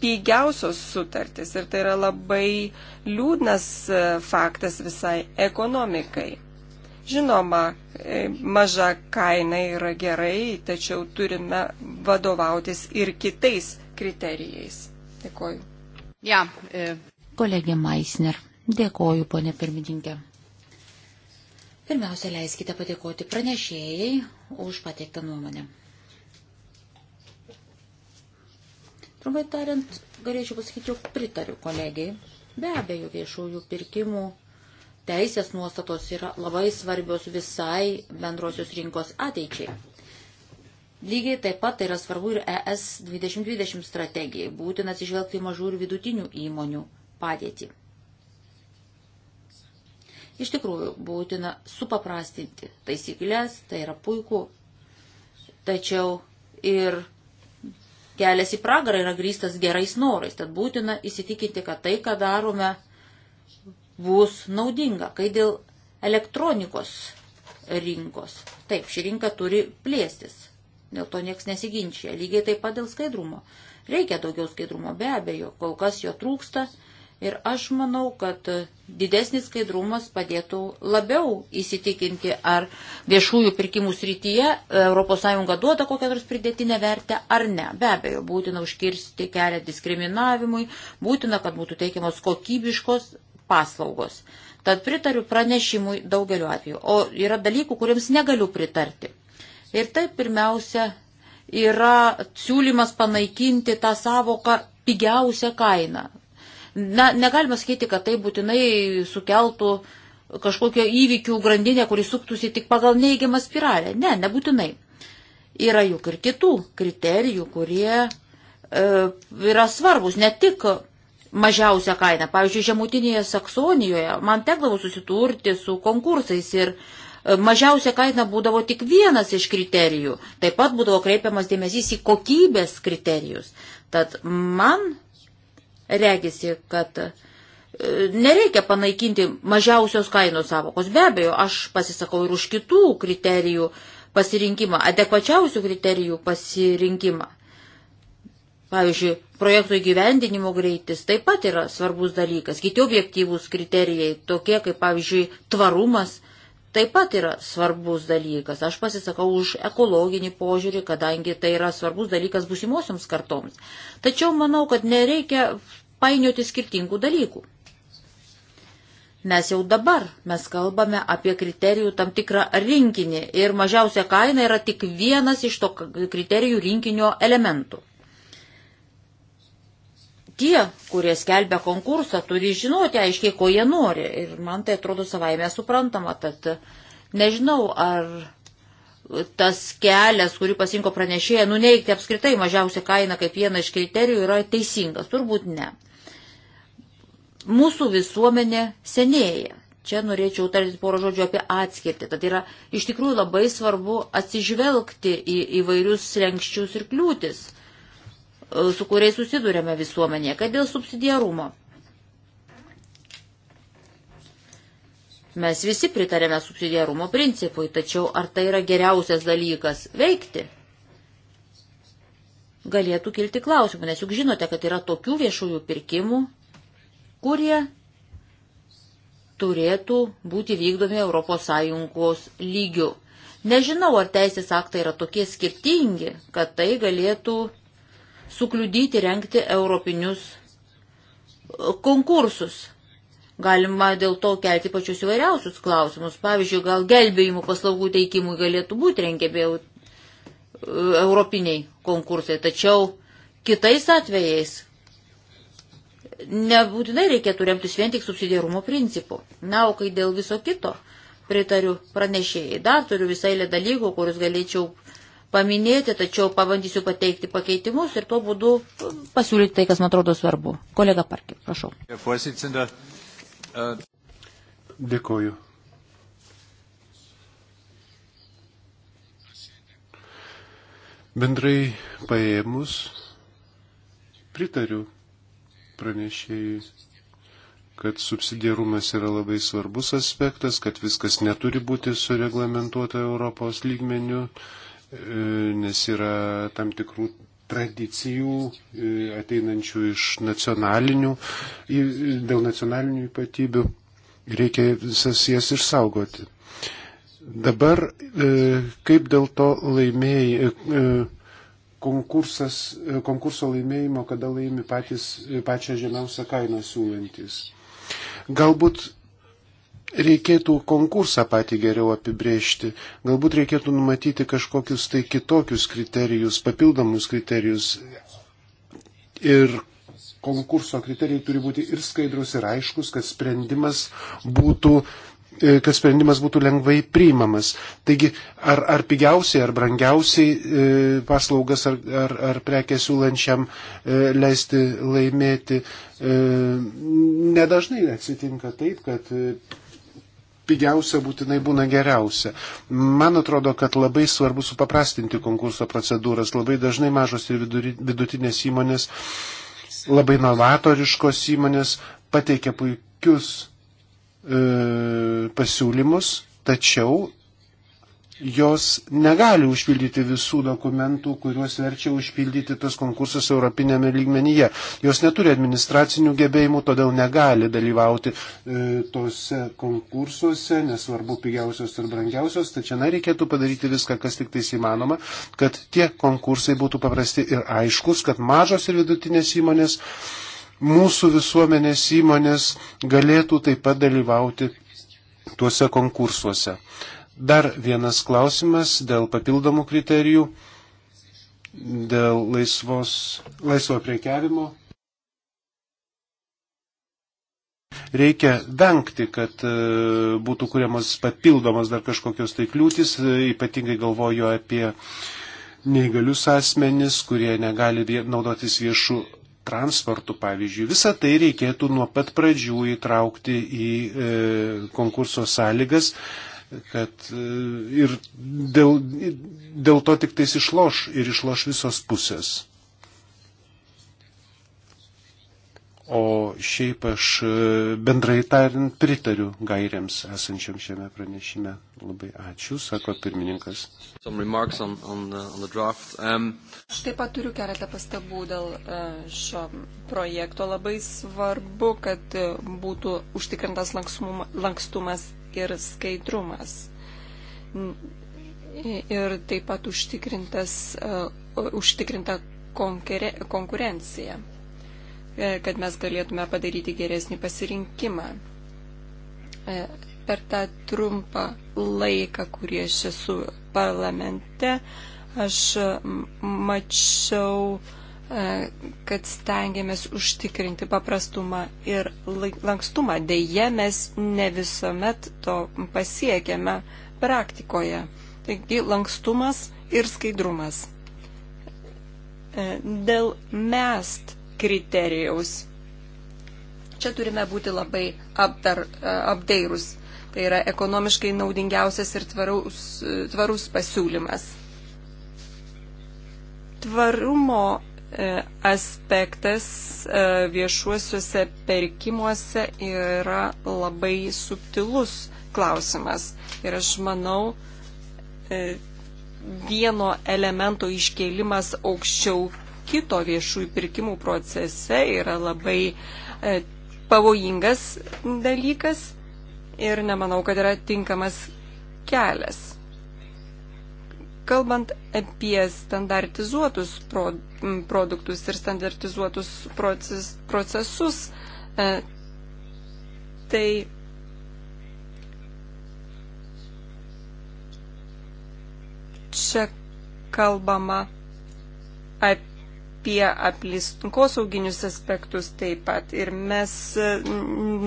pigiausios sutartys ir tai yra labai liūdnas e, faktas visai ekonomikai. Žinoma, e, maža kaina yra gerai, tačiau turime vadovautis ir kitais kriterijais. Dėkoju. Ja, äh, kolegė Maisner. Dėkoju, ponė pirmininkė. Pirmiausia, leiskite padėkoti pranešėjai už pateiktą nuomonę. Trumpai tariant, galėčiau pasakyti, jog pritariu kolegijai. Be abejo, viešųjų pirkimų teisės nuostatos yra labai svarbios visai bendrosios rinkos ateičiai. Lygiai taip pat tai yra svarbu ir ES 2020 strategijai. Būtina atsižvelgti į mažų ir vidutinių įmonių padėtį. Iš tikrųjų, būtina supaprastinti taisyklės, tai yra puiku, tačiau ir kelias į pragarą yra grįstas gerais norais, tad būtina įsitikinti, kad tai, ką darome, bus naudinga, kai dėl elektronikos rinkos. Taip, ši rinka turi plėstis, dėl to nieks nesiginčia, lygiai taip pat dėl skaidrumo. Reikia daugiau skaidrumo, be abejo, kol kas jo trūksta, Ir aš manau, kad didesnis skaidrumas padėtų labiau įsitikinti, ar viešųjų pirkimų srityje ES duoda kokią nors pridėtinę vertę ar ne. Be abejo, būtina užkirsti kelią diskriminavimui, būtina, kad būtų teikiamos kokybiškos paslaugos. Tad pritariu pranešimui daugeliu atveju. O yra dalykų, kuriems negaliu pritarti. Ir tai pirmiausia yra siūlymas panaikinti tą savoką pigiausią kainą. Na, negalima sakyti, kad tai būtinai sukeltų kažkokio įvykių grandinę, kuris suktųsi tik pagal neįgiamą spiralę. Ne, nebūtinai. Yra juk ir kitų kriterijų, kurie e, yra svarbus, ne tik mažiausia kaina. Pavyzdžiui, žemutinėje Saksonijoje man tekdavo susiturti su konkursais ir e, mažiausia kaina būdavo tik vienas iš kriterijų. Taip pat būdavo kreipiamas dėmesys į kokybės kriterijus. Tad man Regisi, kad e, nereikia panaikinti mažiausios kainos savokos. Be abejo, aš pasisakau ir už kitų kriterijų pasirinkimą, adekvačiausių kriterijų pasirinkimą. Pavyzdžiui, projektų įgyvendinimo greitis taip pat yra svarbus dalykas. Kiti objektyvūs kriterijai, tokie kaip, pavyzdžiui, tvarumas, taip pat yra svarbus dalykas. Aš pasisakau už ekologinį požiūrį, kadangi tai yra svarbus dalykas būsimosioms kartoms. Tačiau manau, kad nereikia painioti skirtingų dalykų. Mes jau dabar mes kalbame apie kriterijų tam tikrą rinkinį ir mažiausia kaina yra tik vienas iš to kriterijų rinkinio elementų. Tie, kurie skelbia konkursą, turi žinoti aiškiai, ko jie nori. Ir man tai atrodo savaime suprantama, tad nežinau, ar tas kelias, kurį pasinko pranešėja, nuneikti apskritai mažiausią kainą kaip vieną iš kriterijų yra teisingas. Turbūt ne. Mūsų visuomenė senėja. Čia norėčiau tarti porą žodžių apie atskirtį. Tad yra iš tikrųjų labai svarbu atsižvelgti į įvairius slengščius ir kliūtis, e, su kuriais susidurėme visuomenėje, kad dėl subsidiarumo. Mes visi pritarėme subsidiarumo principui, tačiau ar tai yra geriausias dalykas veikti? Galėtų kilti klausimų, nes juk žinote, kad yra tokių viešųjų pirkimų, kurie turėtų būti vykdomi ES lygių. Nežinau, ar teisės aktai yra tokie skirtingi, kad tai galėtų sukliudyti renkti europinius e, konkursus. Galima dėl to kelti pačius įvairiausius klausimus. Pavyzdžiui, gal gelbėjimų paslaugų teikimui galėtų būti rengiami e, europiniai konkursai, tačiau kitais atvejais nebūtinai reikėtų remtis vien tik subsidiarumo principu. Na, o kai dėl viso kito pritariu pranešėjai, dar turiu visai lė dalykų, kurius galėčiau paminėti, tačiau pabandysiu pateikti pakeitimus ir tuo būdu pasiūlyti tai, kas man atrodo svarbu. Kolega Parkė, prašau. Äh, Dėkuoju. Bendrai paėmus, pritariu pranešėjai, kad subsidiarumas yra labai svarbus aspektas, kad viskas neturi būti sureglamentuota Europos lygmeniu, e, nes yra tam tikrų tradicijų e, ateinančių iš nacionalinių, dėl nacionalinių ypatybių. Reikia visas jas išsaugoti. Dabar e, kaip dėl to laimėjai konkursas, e, konkurso laimėjimo, kada laimi patys, e, pačią žemiausią kainą siūlantis. Galbūt reikėtų konkursą patį geriau apibrėžti, galbūt reikėtų numatyti kažkokius tai kitokius kriterijus, papildomus kriterijus. Ir konkurso kriterijai turi būti ir skaidrus, ir aiškus, kad sprendimas būtų uh, E, kad sprendimas būtų lengvai priimamas. Taigi, ar, ar pigiausiai, ar brangiausiai e, paslaugas ar, ar, ar prekė siūlančiam e, leisti laimėti. Nedažnai atsitinka taip, kad pigiausia būtinai būna geriausia. Man atrodo, kad labai svarbu supaprastinti konkurso procedūras. Labai dažnai mažos ir vidutinės įmonės, labai novatoriškos įmonės pateikia puikius E, pasiūlymus, tačiau jos negali užpildyti visų dokumentų, kuriuos verčia užpildyti tas konkursas europinėme lygmenyje. Jos neturi administracinių gebėjimų, todėl negali dalyvauti e, tose konkursuose, nesvarbu pigiausios ir brangiausios, tačiau na, reikėtų padaryti viską, kas tik tais įmanoma, kad tie konkursai būtų paprasti ir aiškus, kad mažos ir vidutinės įmonės mūsų visuomenės įmonės galėtų taip pat dalyvauti tuose konkursuose. Dar vienas klausimas dėl papildomų kriterijų, dėl laisvos, laisvo priekiavimo. Reikia vengti, kad e, būtų kuriamas papildomas dar kažkokios tai kliūtis, e, ypatingai galvoju apie neįgalius asmenis, kurie negali naudotis viešu transportu, pavyzdžiui, visą tai reikėtų nuo pat pradžių įtraukti į e, konkurso sąlygas, kad e, ir dėl, dėl to tik tais išloš ir išloš visos pusės. O šiaip aš e, bendrai tariant pritariu gairiams esančiam šiame pranešime. Labai ačiū, sako pirmininkas. On, on the, on the um... Aš taip pat turiu keletą pastabų dėl e, šio projekto. Labai svarbu, kad e, būtų užtikrintas lankstumas ir skaidrumas. Ir taip pat užtikrintas, uh, užtikrinta konkurencija E, kad mes galėtume padaryti geresnį pasirinkimą. E, per tą trumpą laiką, kurį aš esu parlamente, aš mačiau, e, kad stengiamės užtikrinti paprastumą ir lankstumą. Deja, mes ne visuomet to pasiekėme praktikoje. Taigi lankstumas ir skaidrumas. Dėl mest kriterijaus. Čia turime būti labai apdar, e, apdairus. Tai yra ekonomiškai naudingiausias ir tvarus, e, tvarus pasiūlymas. Tvarumo e, aspektas viešuosiuose pirkimuose yra labai subtilus klausimas. Ir aš manau, vieno elemento iškėlimas aukščiau kito viešųjų pirkimų procese yra labai e, pavojingas dalykas ir nemanau, kad yra tinkamas kelias. Kalbant apie standartizuotus pro, produktus ir standartizuotus proces, procesus, e, tai čia kalbama apie apie aplinkosauginius aspektus taip pat. Ir mes e,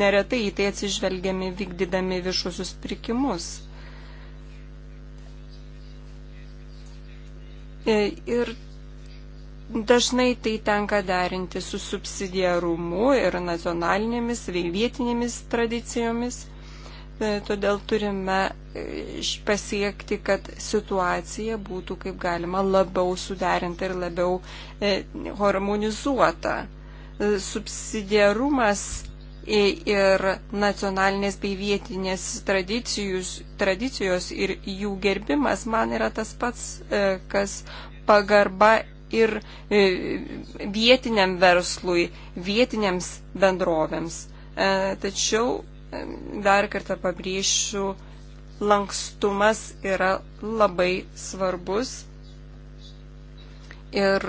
neretai į tai atsižvelgiame vykdydami viešusius pirkimus. E, ir dažnai tai tenka derinti su subsidiarumu ir nacionalinėmis, vietinėmis tradicijomis. E, todėl turime e, pasiekti, kad situacija būtų kaip galima labiau suderinta ir labiau e, harmonizuota. Subsidiarumas ir nacionalinės bei vietinės tradicijos ir jų gerbimas man yra tas pats, kas pagarba ir vietiniam verslui, vietiniams bendrovėms. Tačiau dar kartą pabrėšiu, lankstumas yra labai svarbus ir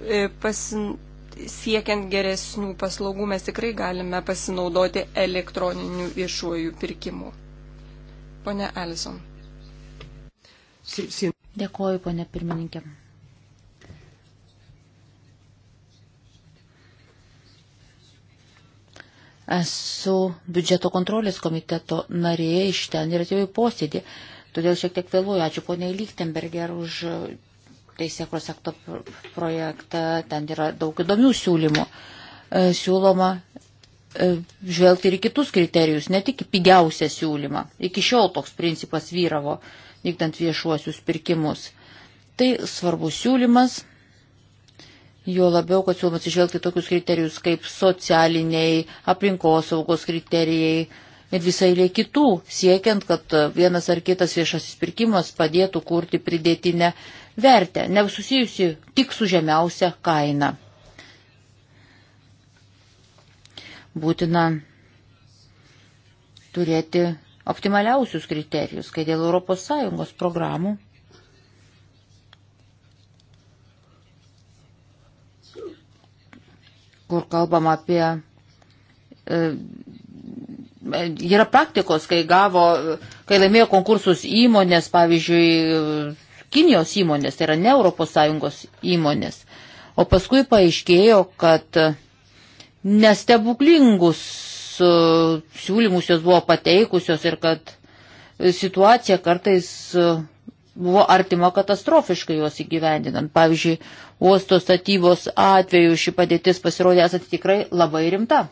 e, pasin, siekiant geresnių paslaugų mes tikrai galime pasinaudoti elektroniniu viešuoju pirkimu. Pone Alison. Dėkuoju, ponė pirmininkė. Esu biudžeto kontrolės komiteto narė iš ten ir atėjau į posėdį. Todėl šiek tiek vėluoju. Ačiū poniai Lichtenberger už teisėkros akto projektą. Ten yra daug įdomių siūlymų. E, siūloma e, žvelgti ir kitus kriterijus, ne tik pigiausią siūlymą. Iki šiol toks principas vyravo vykdant viešuosius pirkimus. Tai svarbus siūlymas, Jo labiau, kad siūloma atsižvelgti tokius kriterijus kaip socialiniai, aplinkosaugos kriterijai ir visai lė kitų, siekiant, kad vienas ar kitas viešasis pirkimas padėtų kurti pridėtinę vertę, nesusijusi tik su žemiausia kaina. Būtina turėti optimaliausius kriterijus, kai dėl ES programų kur kalbam apie. E, yra praktikos, kai gavo, kai laimėjo konkursus įmonės, pavyzdžiui, Kinijos įmonės, tai yra ne ES įmonės. O paskui paaiškėjo, kad nestebuklingus e, siūlymus jos buvo pateikusios ir kad situacija kartais e, buvo artima katastrofiškai juos įgyvendinant. Pavyzdžiui, uosto statybos atveju ši padėtis pasirodė esant tikrai labai rimta.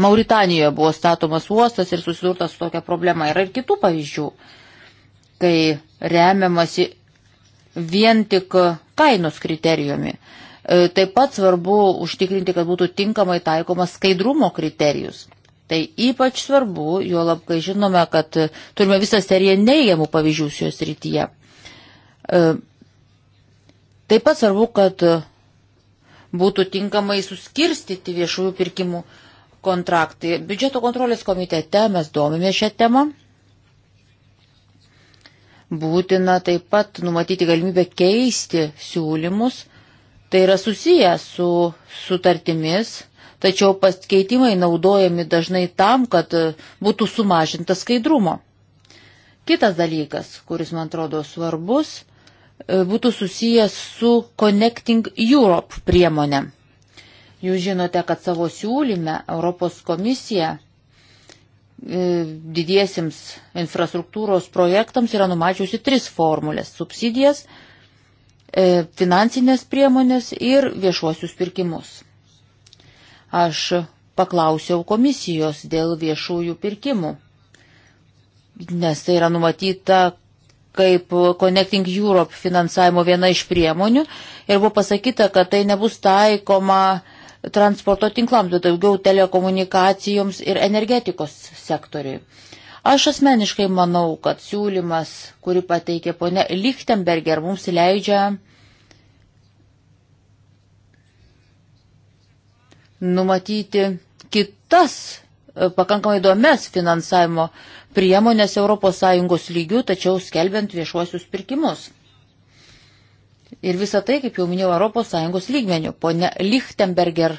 Mauritanijoje buvo statomas uostas ir susidurtas su tokia problema. Yra ir kitų pavyzdžių, kai remiamasi vien tik kainos kriterijumi. E, taip pat svarbu užtikrinti, kad būtų tinkamai taikomas skaidrumo kriterijus. Tai ypač svarbu, jo labai žinome, kad turime visą seriją neigiamų pavyzdžių šios rytyje. E, taip pat svarbu, kad būtų tinkamai suskirstyti viešųjų pirkimų kontraktai. Biudžeto kontrolės komitete mes domime šią temą. Būtina taip pat numatyti galimybę keisti siūlymus. Tai yra susiję su sutartimis tačiau pasikeitimai naudojami dažnai tam, kad e, būtų sumažintas skaidrumo. Kitas dalykas, kuris man atrodo svarbus, e, būtų susijęs su Connecting Europe priemonė. Jūs žinote, kad savo siūlyme Europos komisija e, didiesiems infrastruktūros projektams yra numačiusi tris formulės - subsidijas, finansinės priemonės ir viešuosius pirkimus. Aš paklausiau komisijos dėl viešųjų pirkimų, nes tai yra numatyta kaip Connecting Europe finansavimo viena iš priemonių ir buvo pasakyta, kad tai nebus taikoma transporto tinklams, bet tai daugiau telekomunikacijoms ir energetikos sektoriui. Aš asmeniškai manau, kad siūlymas, kurį pateikė ponia Lichtenberger, mums leidžia numatyti kitas e, pakankamai įdomias finansavimo priemonės ES lygių, tačiau skelbiant viešuosius pirkimus. Ir visą tai, kaip jau minėjau, ES lygmenių. Pone Lichtenberger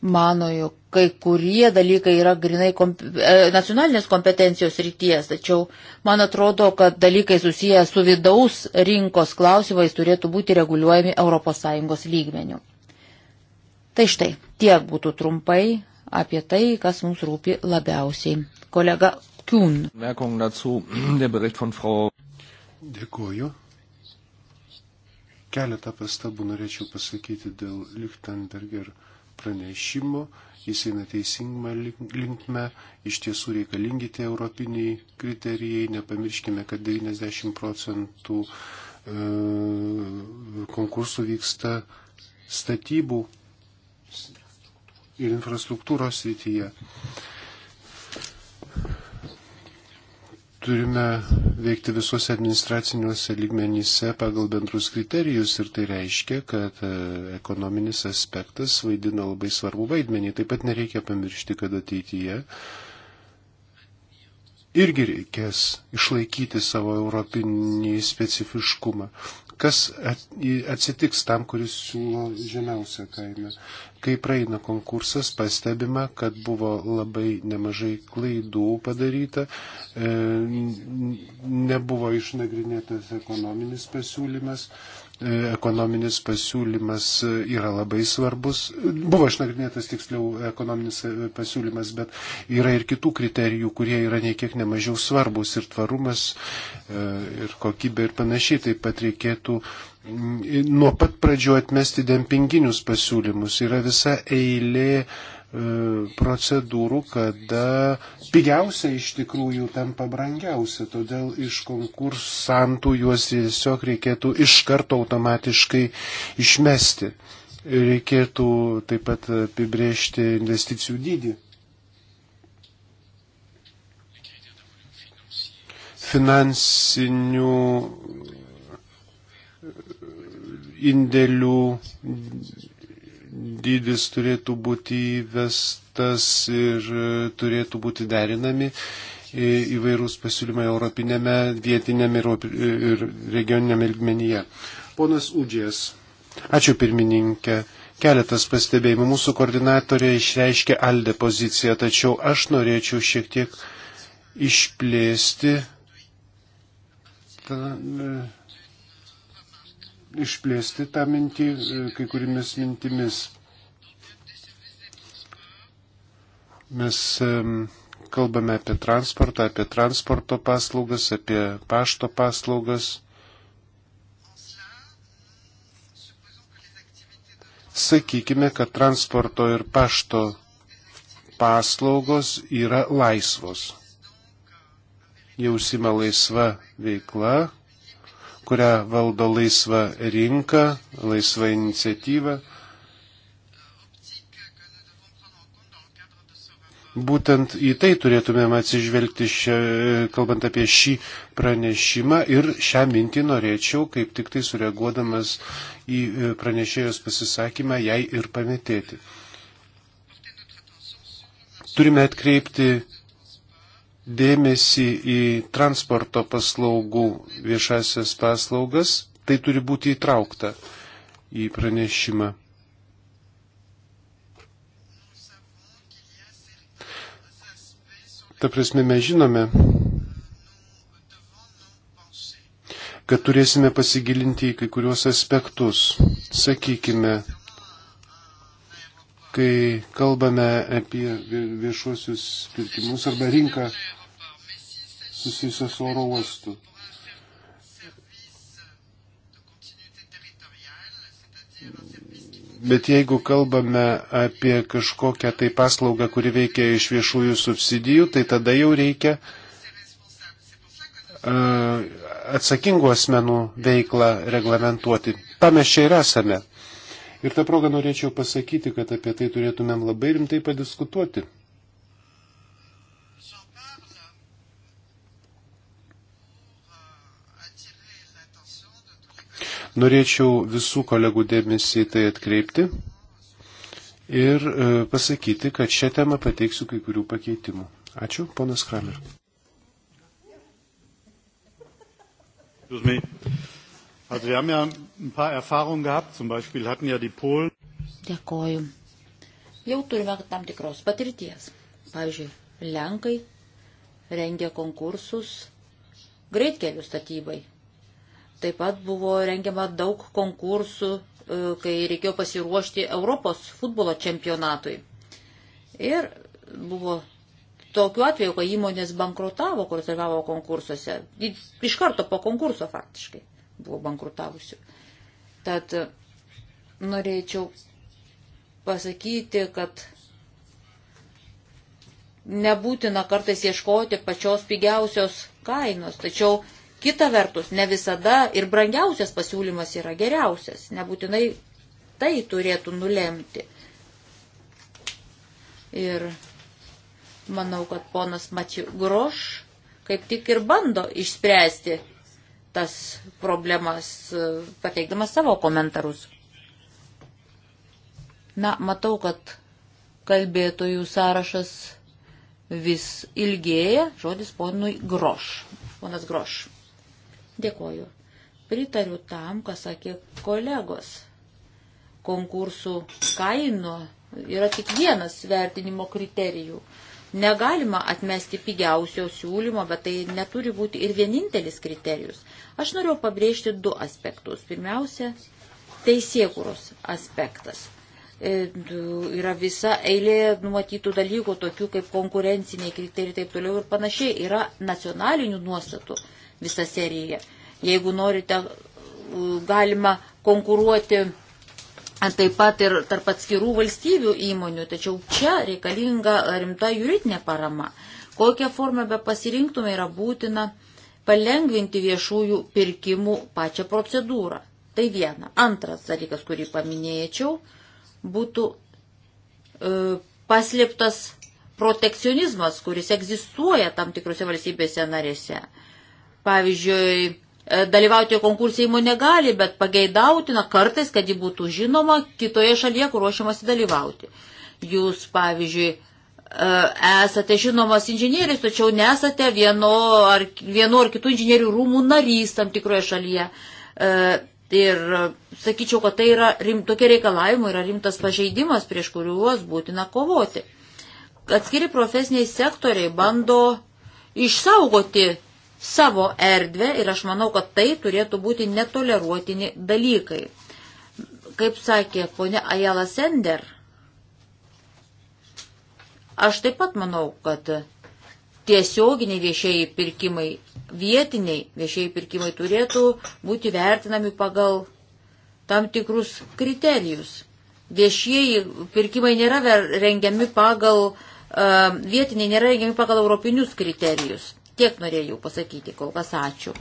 mano, jog kai kurie dalykai yra grinai komp e, nacionalinės kompetencijos ryties, tačiau man atrodo, kad dalykai susiję su vidaus rinkos klausimais turėtų būti reguliuojami ES lygmenių. Tai štai, tiek būtų trumpai apie tai, kas mums rūpi labiausiai. Kolega Kuhn. (clears throat) Dėkuoju. Keletą pastabų norėčiau pasakyti dėl Lichtenberger. Ir pranešimo, jis eina teisingą linkme, iš tiesų reikalingi tie europiniai kriterijai, nepamirškime, kad 90 procentų e, konkursų vyksta statybų ir infrastruktūros srityje turime veikti visuose administraciniuose lygmenyse pagal bendrus kriterijus ir tai reiškia, kad e, ekonominis aspektas vaidina labai svarbu vaidmenį. Taip pat nereikia pamiršti, kad ateityje irgi reikės išlaikyti savo europinį specifiškumą. Kas atsitiks tam, kuris siūlo žemiausią kainą? Kai praeina konkursas, pastebima, kad buvo labai nemažai klaidų padaryta, e, nebuvo išnagrinėtas ekonominis pasiūlymas, e, ekonominis pasiūlymas yra labai svarbus. Buvo išnagrinėtas tiksliau ekonominis e, pasiūlymas, bet yra ir kitų kriterijų, kurie yra niekiek nemažiau svarbus ir tvarumas, ir kokybė ir panašiai. Taip pat reikėtų uh, nuo pat pradžio atmesti dempinginius pasiūlymus. Yra visa eilė e, procedūrų, kada pigiausia iš tikrųjų tampa brangiausia, todėl iš konkursantų juos tiesiog reikėtų iš karto automatiškai išmesti. Reikėtų taip pat apibriežti investicijų dydį. Finansinių indėlių dydis turėtų būti įvestas ir turėtų būti derinami įvairūs pasiūlymai europinėme, vietinėme ir regioninėme lygmenyje. Ponas Udžės. Ačiū pirmininkė. Keletas pastebėjimų. Mūsų koordinatorė išreiškė Alde poziciją, tačiau aš norėčiau šiek tiek išplėsti. Ta, išplėsti tą mintį e, kai kuriamis mintimis. Mes kalbame apie transportą, apie transporto paslaugas, apie pašto paslaugas. Sakykime, kad transporto ir pašto paslaugos yra laisvos. Jausime laisva veikla, kurią valdo laisva rinka, laisva iniciatyva. Būtent į tai turėtumėm atsižvelgti, šia, kalbant apie šį pranešimą ir šią mintį norėčiau, kaip tik tai sureaguodamas į pranešėjos pasisakymą, jai ir pamėtėti. Turime atkreipti dėmesį į transporto paslaugų viešasias paslaugas, tai turi būti įtraukta į pranešimą. Ta prasme, mes žinome, kad turėsime pasigilinti į kai kuriuos aspektus. Sakykime, kai kalbame apie viešuosius pirkimus arba rinką susijusios su oro uostu. Bet jeigu kalbame apie kažkokią tai paslaugą, kuri veikia iš viešųjų subsidijų, tai tada jau reikia uh, atsakingų asmenų veiklą reglamentuoti. Tam mes čia ir esame. Ir tą progą norėčiau pasakyti, kad apie tai turėtumėm labai rimtai padiskutuoti. Norėčiau visų kolegų dėmesį tai atkreipti ir e, pasakyti, kad šią temą pateiksiu kai kurių pakeitimų. Ačiū, ponas Kramer. Also wir haben ja ein paar Erfahrungen gehabt, zum Beispiel hatten ja die Polen. Dėkoju. Jau turime tam tikros patirties. Pavyzdžiui, Lenkai rengia konkursus greitkelių statybai Taip pat buvo rengiama daug konkursų, e, kai reikėjo pasiruošti Europos futbolo čempionatui. Ir buvo tokiu atveju, kai įmonės bankrutavo, kur dalyvavo konkursuose. Iš karto po konkurso faktiškai buvo bankrutavusių. Tad e, norėčiau pasakyti, kad nebūtina kartais ieškoti pačios pigiausios kainos, tačiau Kita vertus, ne visada ir brangiausias pasiūlymas yra geriausias. Nebūtinai tai turėtų nulemti. Ir manau, kad ponas Mačiu Groš kaip tik ir bando išspręsti tas problemas, pateikdamas savo komentarus. Na, matau, kad kalbėtojų sąrašas vis ilgėja. Žodis ponui Groš. Ponas Groš. Dėkoju. Pritariu tam, ką sakė kolegos. Konkursų kainų yra tik vienas vertinimo kriterijų. Negalima atmesti pigiausio siūlymo, bet tai neturi būti ir vienintelis kriterijus. Aš noriu pabrėžti du aspektus. Pirmiausia, teisėkuros aspektas. E, yra visa eilė numatytų dalykų, tokių kaip konkurenciniai kriterijai ir taip toliau ir panašiai. Yra nacionalinių nuostatų, visą seriją. Jeigu norite, uh, galima konkuruoti taip pat ir tarp atskirų valstybių įmonių, tačiau čia reikalinga rimta juridinė parama. Kokią formą be pasirinktume yra būtina palengvinti viešųjų pirkimų pačią procedūrą. Tai viena. Antras dalykas, kurį paminėčiau, būtų e, paslėptas protekcionizmas, kuris egzistuoja tam tikrose valstybėse narėse pavyzdžiui, e, dalyvauti konkursai įmonė gali, bet pageidautina kartais, kad ji būtų žinoma kitoje šalyje, kur ruošiamasi dalyvauti. Jūs, pavyzdžiui, e, esate žinomas inžinierius, tačiau nesate vieno ar, vieno ar kitų inžinierių rūmų narys tam tikroje šalyje. E, ir sakyčiau, kad tai yra rim, tokie reikalavimai yra rimtas pažeidimas, prieš kuriuos būtina kovoti. Atskiri profesiniai sektoriai bando išsaugoti savo erdvę ir aš manau, kad tai turėtų būti netoleruotini dalykai. Kaip sakė ponia Ajala Sender, aš taip pat manau, kad tiesioginiai viešieji pirkimai, vietiniai viešieji pirkimai turėtų būti vertinami pagal tam tikrus kriterijus. Viešieji pirkimai nėra rengiami pagal, e, vietiniai nėra rengiami pagal europinius kriterijus. Tiek norėjau pasakyti, kol kas ačiū.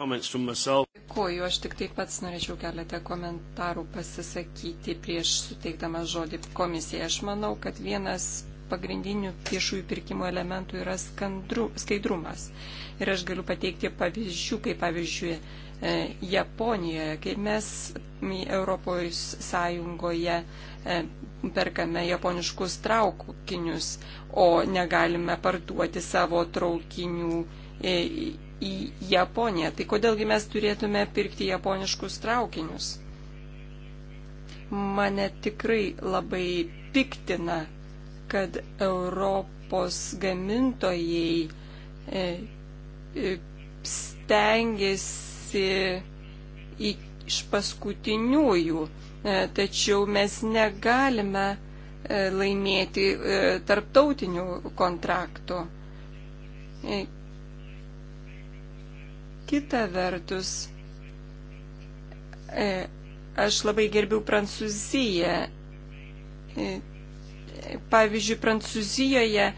Dėkuoju, aš tik taip pats norėčiau keletą komentarų pasisakyti prieš suteikdamas žodį komisijai. Aš manau, kad vienas pagrindinių viešųjų pirkimų elementų yra skandru, skaidrumas. Ir aš galiu pateikti pavyzdžių, kaip pavyzdžiui, e, Japonijoje, kai mes Europos Sąjungoje e, perkame japoniškus traukinius, o negalime parduoti savo traukinių e, į Japoniją. Tai kodėlgi mes turėtume pirkti japoniškus traukinius? Mane tikrai labai piktina, kad Europos gamintojai e, e, stengiasi iš paskutiniųjų E, tačiau mes negalime e, laimėti e, tarptautinių kontraktų. Kita vertus, aš labai gerbiu Prancūziją. Pavyzdžiui, Prancūzijoje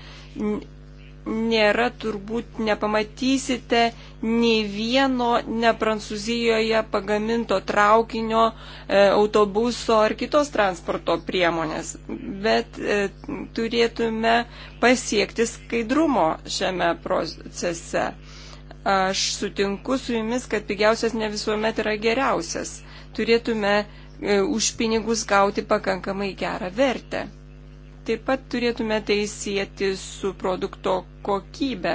nėra, turbūt nepamatysite nei vieno ne Prancūzijoje pagaminto traukinio, e, autobuso ar kitos transporto priemonės. Bet e, turėtume pasiekti skaidrumo šiame procese. Aš sutinku su jumis, kad pigiausias ne visuomet yra geriausias. Turėtume e, už pinigus gauti pakankamai gerą vertę. Taip pat turėtume tai sieti su produkto kokybe.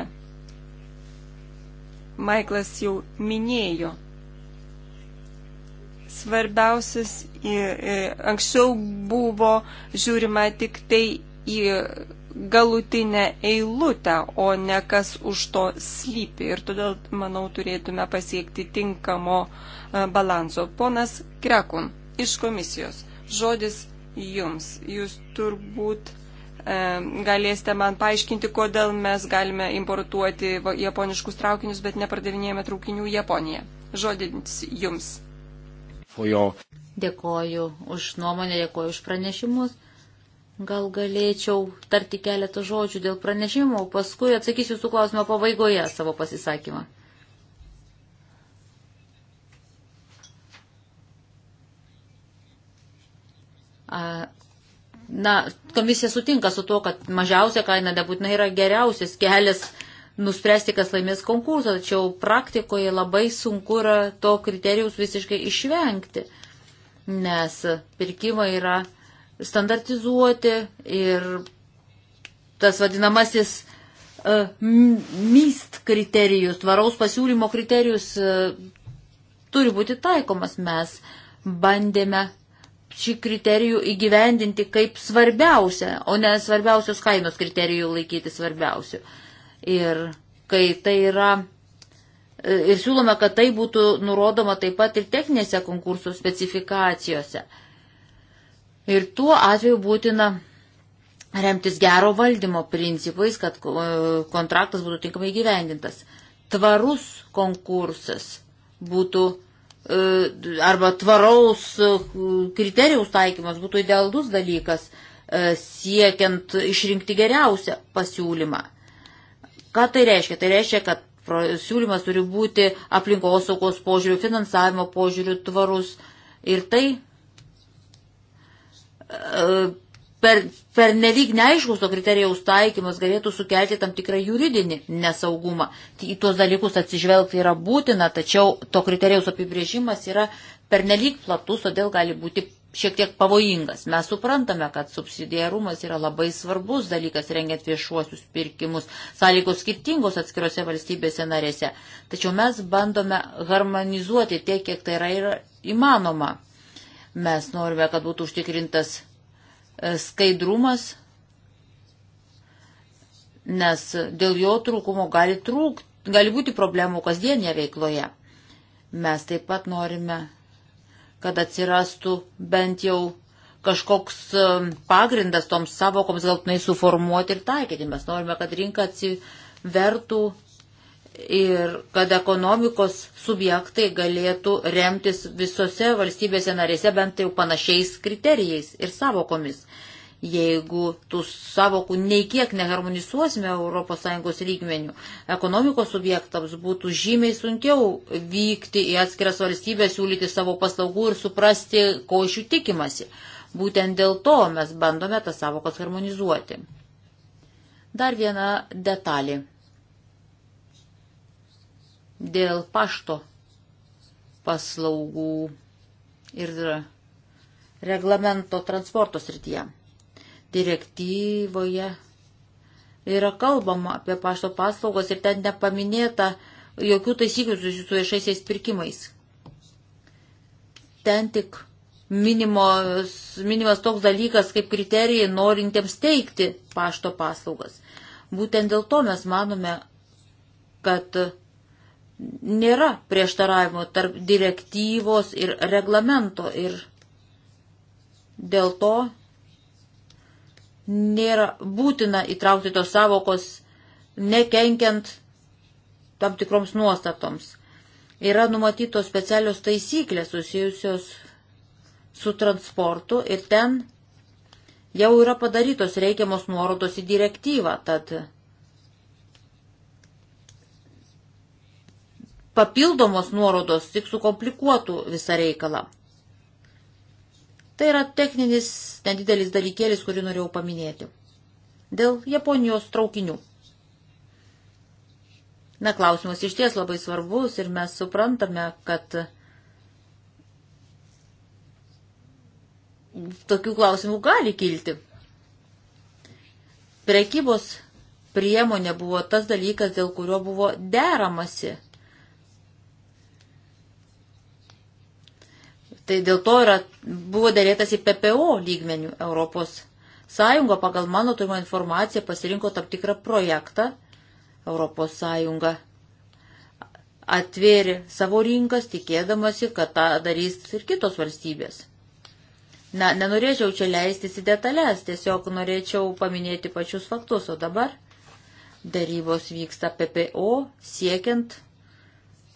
Maiklas jau minėjo. Svarbiausias, anksčiau buvo žiūrima tik tai į galutinę eilutę, o ne kas už to slypi. Ir todėl, manau, turėtume pasiekti tinkamo e, balanso. Ponas Krekun iš komisijos. Žodis jums. Jūs turbūt e, galėsite man paaiškinti, kodėl mes galime importuoti japoniškus traukinius, bet nepardavinėjame traukinių į Japoniją. Žodis jums. Dėkoju už nuomonę, dėkoju už pranešimus. Gal galėčiau tarti keletą žodžių dėl pranešimo, paskui atsakysiu su klausimo pabaigoje savo pasisakymą. Na, komisija sutinka su tuo, kad mažiausia kaina nebūtinai yra geriausias kelias nuspręsti, kas laimės konkursą, tačiau praktikoje labai sunku yra to kriterijus visiškai išvengti, nes pirkimai yra standartizuoti ir tas vadinamasis uh, e, myst kriterijus, tvaraus pasiūlymo kriterijus uh, turi būti taikomas. Mes bandėme šį kriterijų įgyvendinti kaip svarbiausia, o ne svarbiausios kainos kriterijų laikyti svarbiausiu. Ir kai tai yra. E, ir siūlome, kad tai būtų nurodoma taip pat ir techninėse konkursų specifikacijose. Ir tuo atveju būtina remtis gero valdymo principais, kad e, kontraktas būtų tinkamai gyvendintas. Tvarus konkursas būtų E, arba tvaraus e, kriterijaus taikymas būtų idealus dalykas e, siekiant išrinkti geriausią pasiūlymą. Ką tai reiškia? Tai reiškia, kad siūlymas turi būti aplinkosaugos požiūrių, finansavimo požiūrių tvarus ir tai per, per nelyg neaiškus to kriterijaus taikymas galėtų sukelti tam tikrą juridinį nesaugumą. Į tuos dalykus atsižvelgti yra būtina, tačiau to kriterijaus apibrėžimas yra per nelyg platus, todėl gali būti šiek tiek pavojingas. Mes suprantame, kad subsidiarumas yra labai svarbus dalykas rengiant viešuosius pirkimus, sąlygos skirtingos atskirose valstybėse narėse. Tačiau mes bandome harmonizuoti tiek, kiek tai yra įmanoma. Mes norime, kad būtų užtikrintas E, skaidrumas, nes dėl jo trūkumo gali, trūk, gali būti problemų kasdienėje veikloje. Mes taip pat norime, kad atsirastų bent jau kažkoks e, pagrindas toms savokoms galtinai suformuoti ir taikyti. Mes norime, kad rinka atsivertų ir kad ekonomikos subjektai galėtų remtis visose valstybėse narėse bent jau panašiais kriterijais ir savokomis. Jeigu tų savokų nei kiek neharmonizuosime ES lygmenių, ekonomikos subjektams būtų žymiai sunkiau vykti į atskiras valstybės, siūlyti savo paslaugų ir suprasti, ko iš jų tikimasi. Būtent dėl to mes bandome tas savokas harmonizuoti. Dar viena detalė dėl pašto paslaugų ir reglamento transporto srityje. Direktyvoje yra kalbama apie pašto paslaugas ir ten nepaminėta jokių taisyklių su viešaisiais pirkimais. Ten tik minimos, minimas toks dalykas kaip kriterijai norintiems teikti pašto paslaugas. Būtent dėl to mes manome, kad nėra prieštaravimo tarp direktyvos ir reglamento ir dėl to nėra būtina įtraukti tos savokos nekenkiant tam tikroms nuostatoms. Yra numatytos specialios taisyklės susijusios su transportu ir ten jau yra padarytos reikiamos nuorodos į direktyvą, tad papildomos nuorodos tik sukomplikuotų visą reikalą. Tai yra techninis nedidelis dalykėlis, kurį norėjau paminėti. Dėl Japonijos traukinių. Na, klausimas iš ties labai svarbus ir mes suprantame, kad tokių klausimų gali kilti. Prekybos priemonė buvo tas dalykas, dėl kurio buvo deramasi Tai dėl to yra, buvo dėlėtas į PPO lygmenių Europos Sąjunga pagal mano turimą informaciją pasirinko tam tikrą projektą. Europos Sąjunga atvėrė savo rinkas, tikėdamasi, kad tą darys ir kitos valstybės. Na, nenorėčiau čia leistis į detalės, tiesiog norėčiau paminėti pačius faktus, o dabar darybos vyksta PPO siekiant,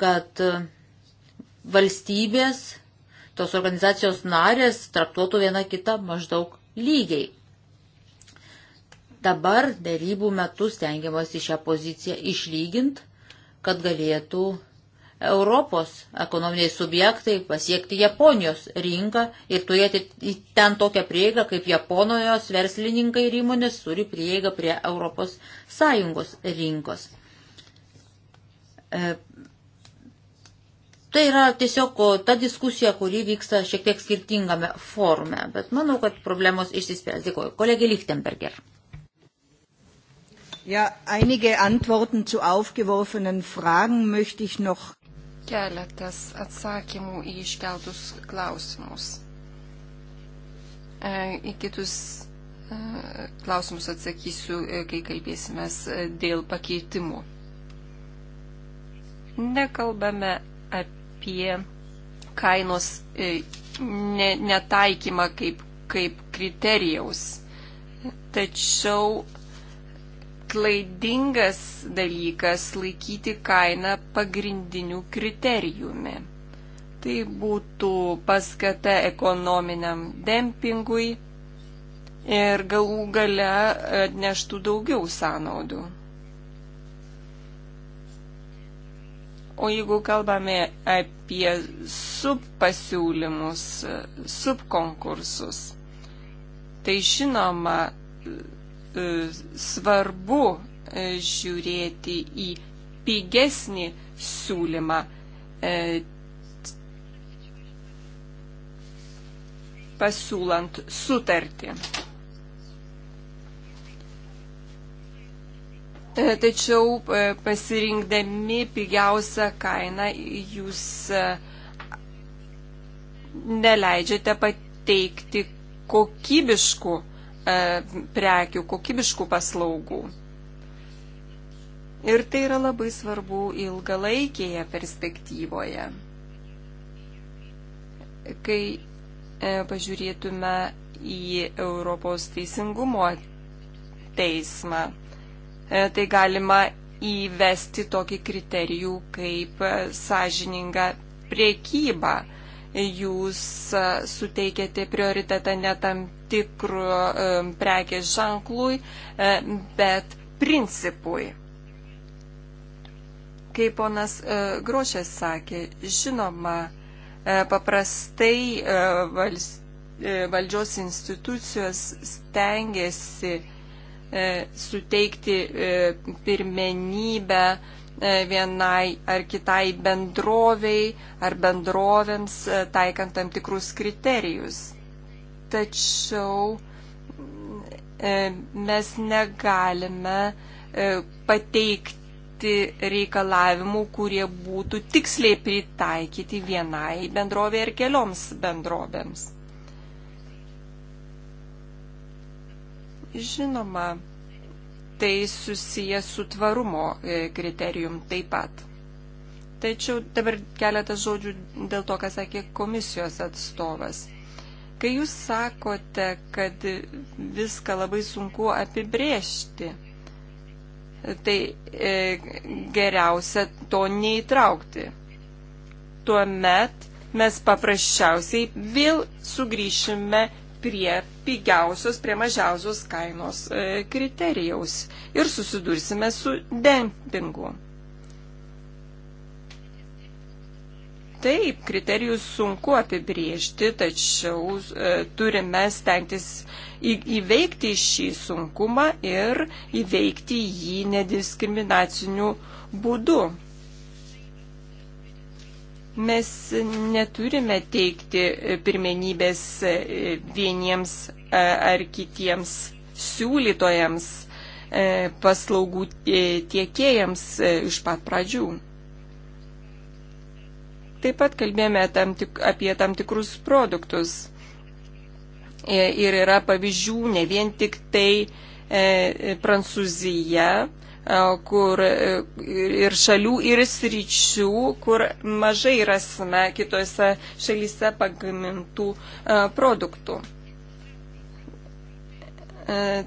kad valstybės tos organizacijos narės traktuotų viena kitą maždaug lygiai. Dabar dėrybų metu stengiamasi šią poziciją išlygint, kad galėtų Europos ekonominiai subjektai pasiekti Japonijos rinką ir turėti ten tokią prieigą, kaip Japonijos verslininkai ir įmonės turi prieigą prie Europos Sąjungos rinkos. E, Tai yra tiesiog ta diskusija, kuri vyksta šiek tiek skirtingame forume, bet manau, kad problemos išsispręs. Dėkuoju. Kolegė Lichtenberger. Ja, einige Antworten zu aufgeworfenen Fragen möchte ich noch. Keletas atsakymų į iškeltus klausimus. E, į kitus e, klausimus atsakysiu, e, kai kalbėsime dėl pakeitimų. Nekalbame apie apie kainos e, netaikymą kaip, kaip kriterijaus. Tačiau klaidingas dalykas laikyti kainą pagrindiniu kriterijumi. Tai būtų paskata ekonominiam dempingui ir galų gale atneštų daugiau sąnaudų. O jeigu kalbame apie subpasiūlymus, subkonkursus, tai žinoma e, svarbu e, žiūrėti į pigesnį siūlymą. E, pasiūlant sutartį. E, tačiau e, pasirinkdami pigiausią kainą jūs e, neleidžiate pateikti kokybiškų prekių, kokybiškų paslaugų. Ir tai yra labai svarbu ilgalaikėje perspektyvoje. Kai pažiūrėtume į Europos teisingumo teismą, E, tai galima įvesti tokį kriterijų kaip e, sąžininga priekyba. Jūs e, suteikėte prioritetą ne tam tikru prekės ženklui, bet principui. Kaip ponas Grošės sakė, žinoma, paprastai valdžios institucijos stengiasi E, suteikti e, pirmenybę e, vienai ar kitai bendroviai ar bendrovėms taikant tam tikrus kriterijus. Tačiau mes negalime pateikti reikalavimų, kurie būtų tiksliai pritaikyti vienai bendrovė ir kelioms bendrovėms. Žinoma, tai susijęs su tvarumo e, kriterijum taip pat. Tačiau dabar keletas žodžių dėl to, ką sakė komisijos atstovas. Kai jūs sakote, kad viską labai sunku apibrėžti, tai e, geriausia to neįtraukti. Tuomet mes paprasčiausiai vėl sugrįšime prie pigiausios, prie mažiausios kainos e, kriterijaus ir susidursime su dempingu. Taip, kriterijus sunku apibriežti, tačiau e, turime stengtis į, įveikti šį sunkumą ir įveikti jį nediskriminaciniu būdu. Mes neturime teikti pirmenybės vieniems e, ar kitiems siūlytojams e, paslaugų tiekėjams e, iš pat pradžių. Taip pat kalbėjome tam tik, apie tam tikrus produktus. Ir yra pavyzdžių ne vien tik tai e, Prancūzija, E, kur e, ir šalių, ir sričių, kur mažai rasime kitose šalyse pagamintų e, produktų.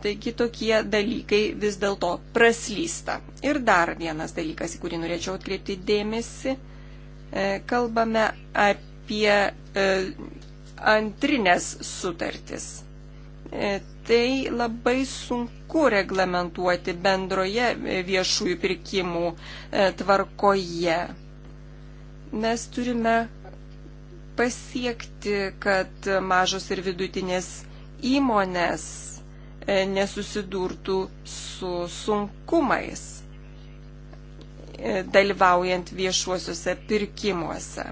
Taigi tokie dalykai vis dėlto praslysta. Ir dar vienas dalykas, į kurį norėčiau atkreipti dėmesį. Kalbame apie antrinės sutartis E, tai labai sunku reglamentuoti bendroje e, viešųjų pirkimų e, tvarkoje. Mes turime pasiekti, kad mažos ir vidutinės įmonės nesusidurtų su sunkumais dalyvaujant viešuosiuose pirkimuose.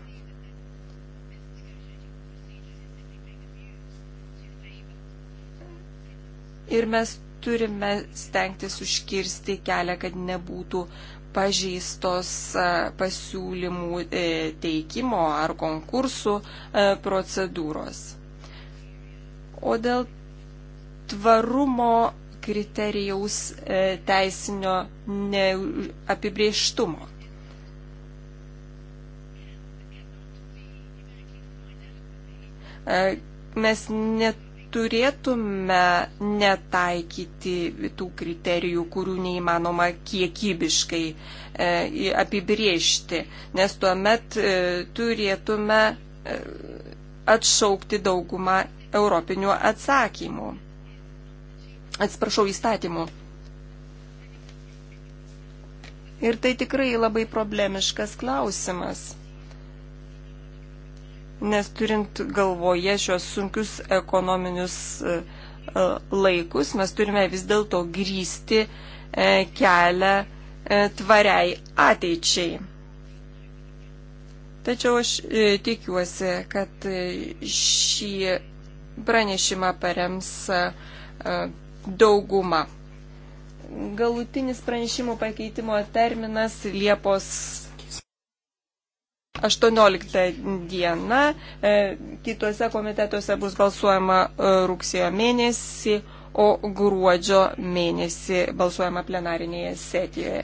ir mes turime stengtis užkirsti kelią, kad nebūtų pažeistos pasiūlymų e, teikimo ar konkursų e, procedūros. O dėl tvarumo kriterijaus e, teisinio apibrieštumo. Mes net turėtume netaikyti tų kriterijų, kurių neįmanoma kiekybiškai e, apibriežti, nes tuomet e, turėtume e, atšaukti daugumą europinių atsakymų. Atsiprašau, įstatymų. Ir tai tikrai labai problemiškas klausimas nes turint galvoje šios sunkius ekonominius e, e, laikus, mes turime vis dėlto grįsti e, kelią tvariai ateičiai. Tačiau aš tikiuosi, kad šį pranešimą parems dauguma. Galutinis pranešimo pakeitimo terminas Liepos 18 diena, e, kitose komitetuose bus balsuojama e, rugsėjo mėnesį, o gruodžio mėnesį balsuojama plenarinėje sesijoje.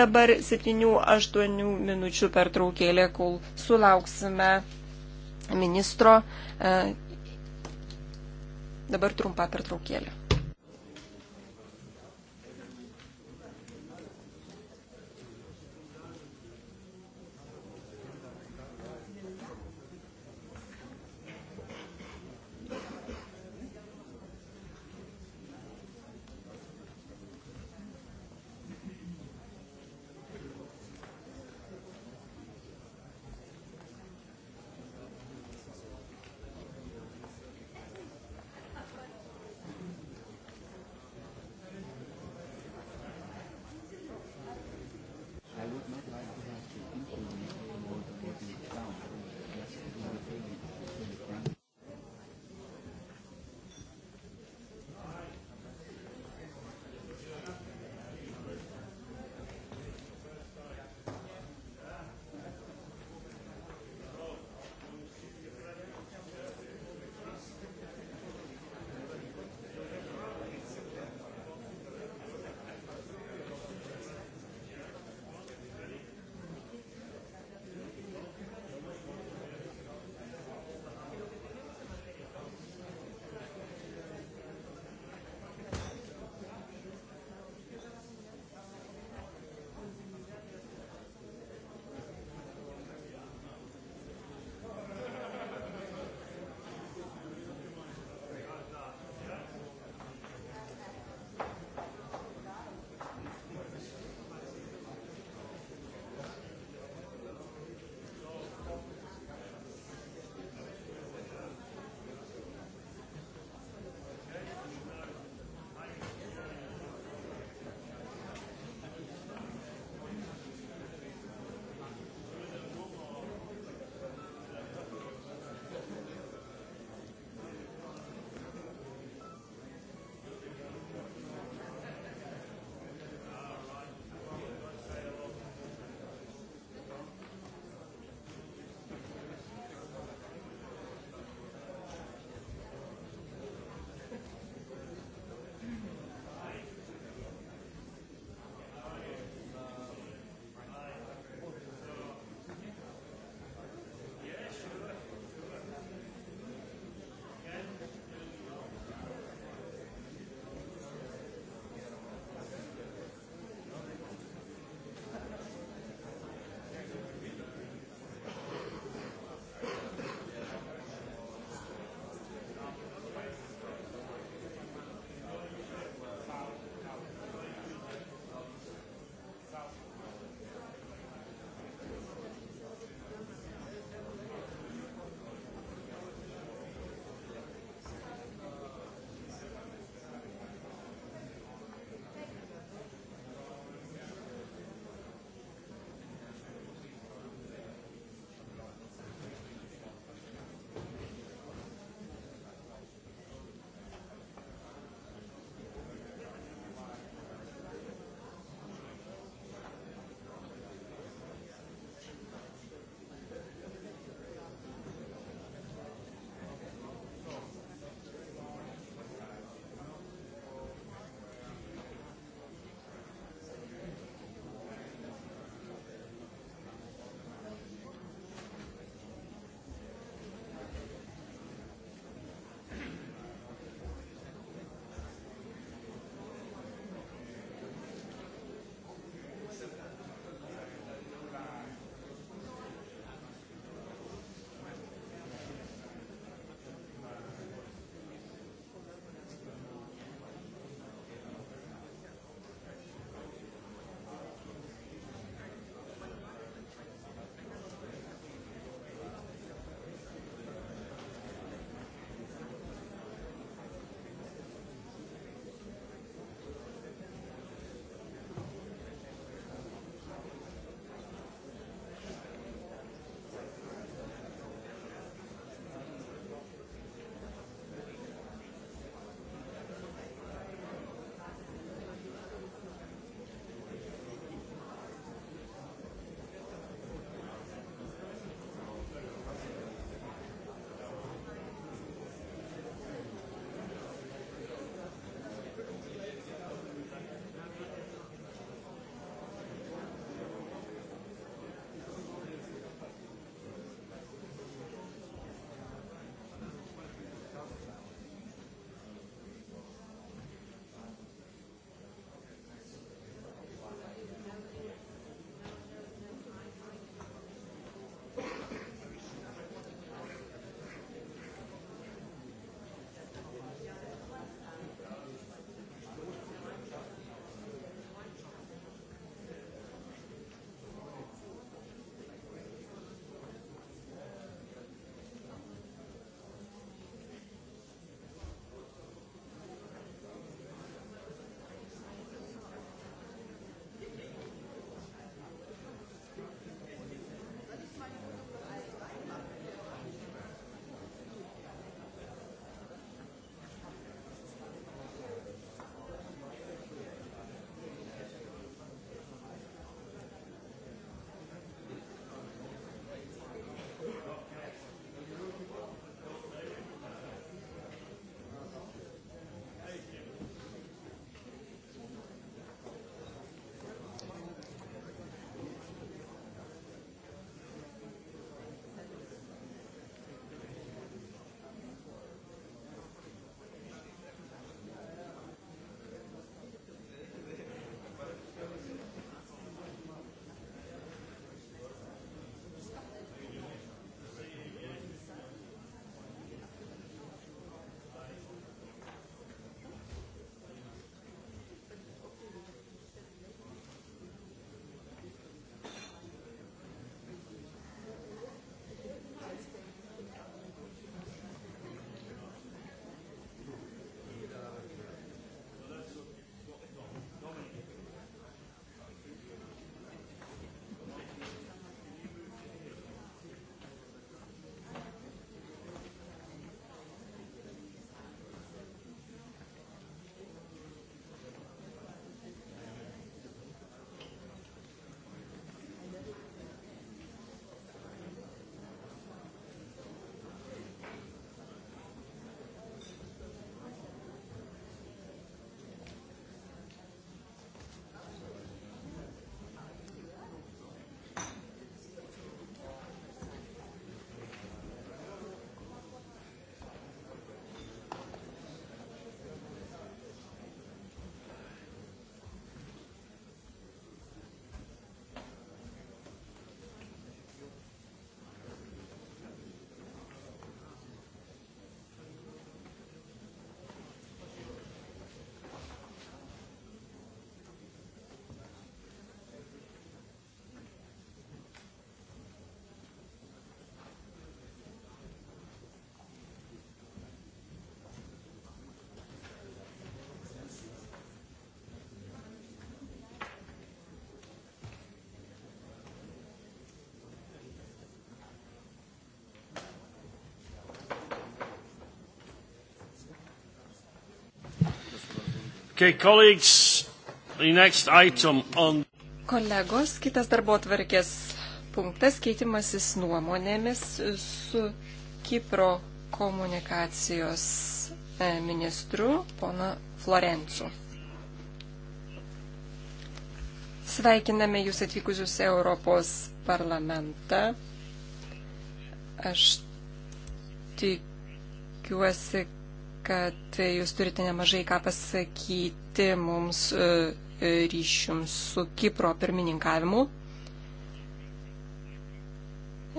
Dabar 7-8 minučių pertraukėlė, kol sulauksime ministro. E, dabar trumpa pertraukėlė. Okay, colleagues, the next item on... Kolegos, kitas darbo tvarkės punktas keitimasis nuomonėmis su Kipro komunikacijos e, ministru pona Florencu. Sveikiname jūs atvykusius Europos parlamentą. Aš tikiuosi, kad jūs turite nemažai ką pasakyti mums e, e, ryšium su Kipro pirmininkavimu.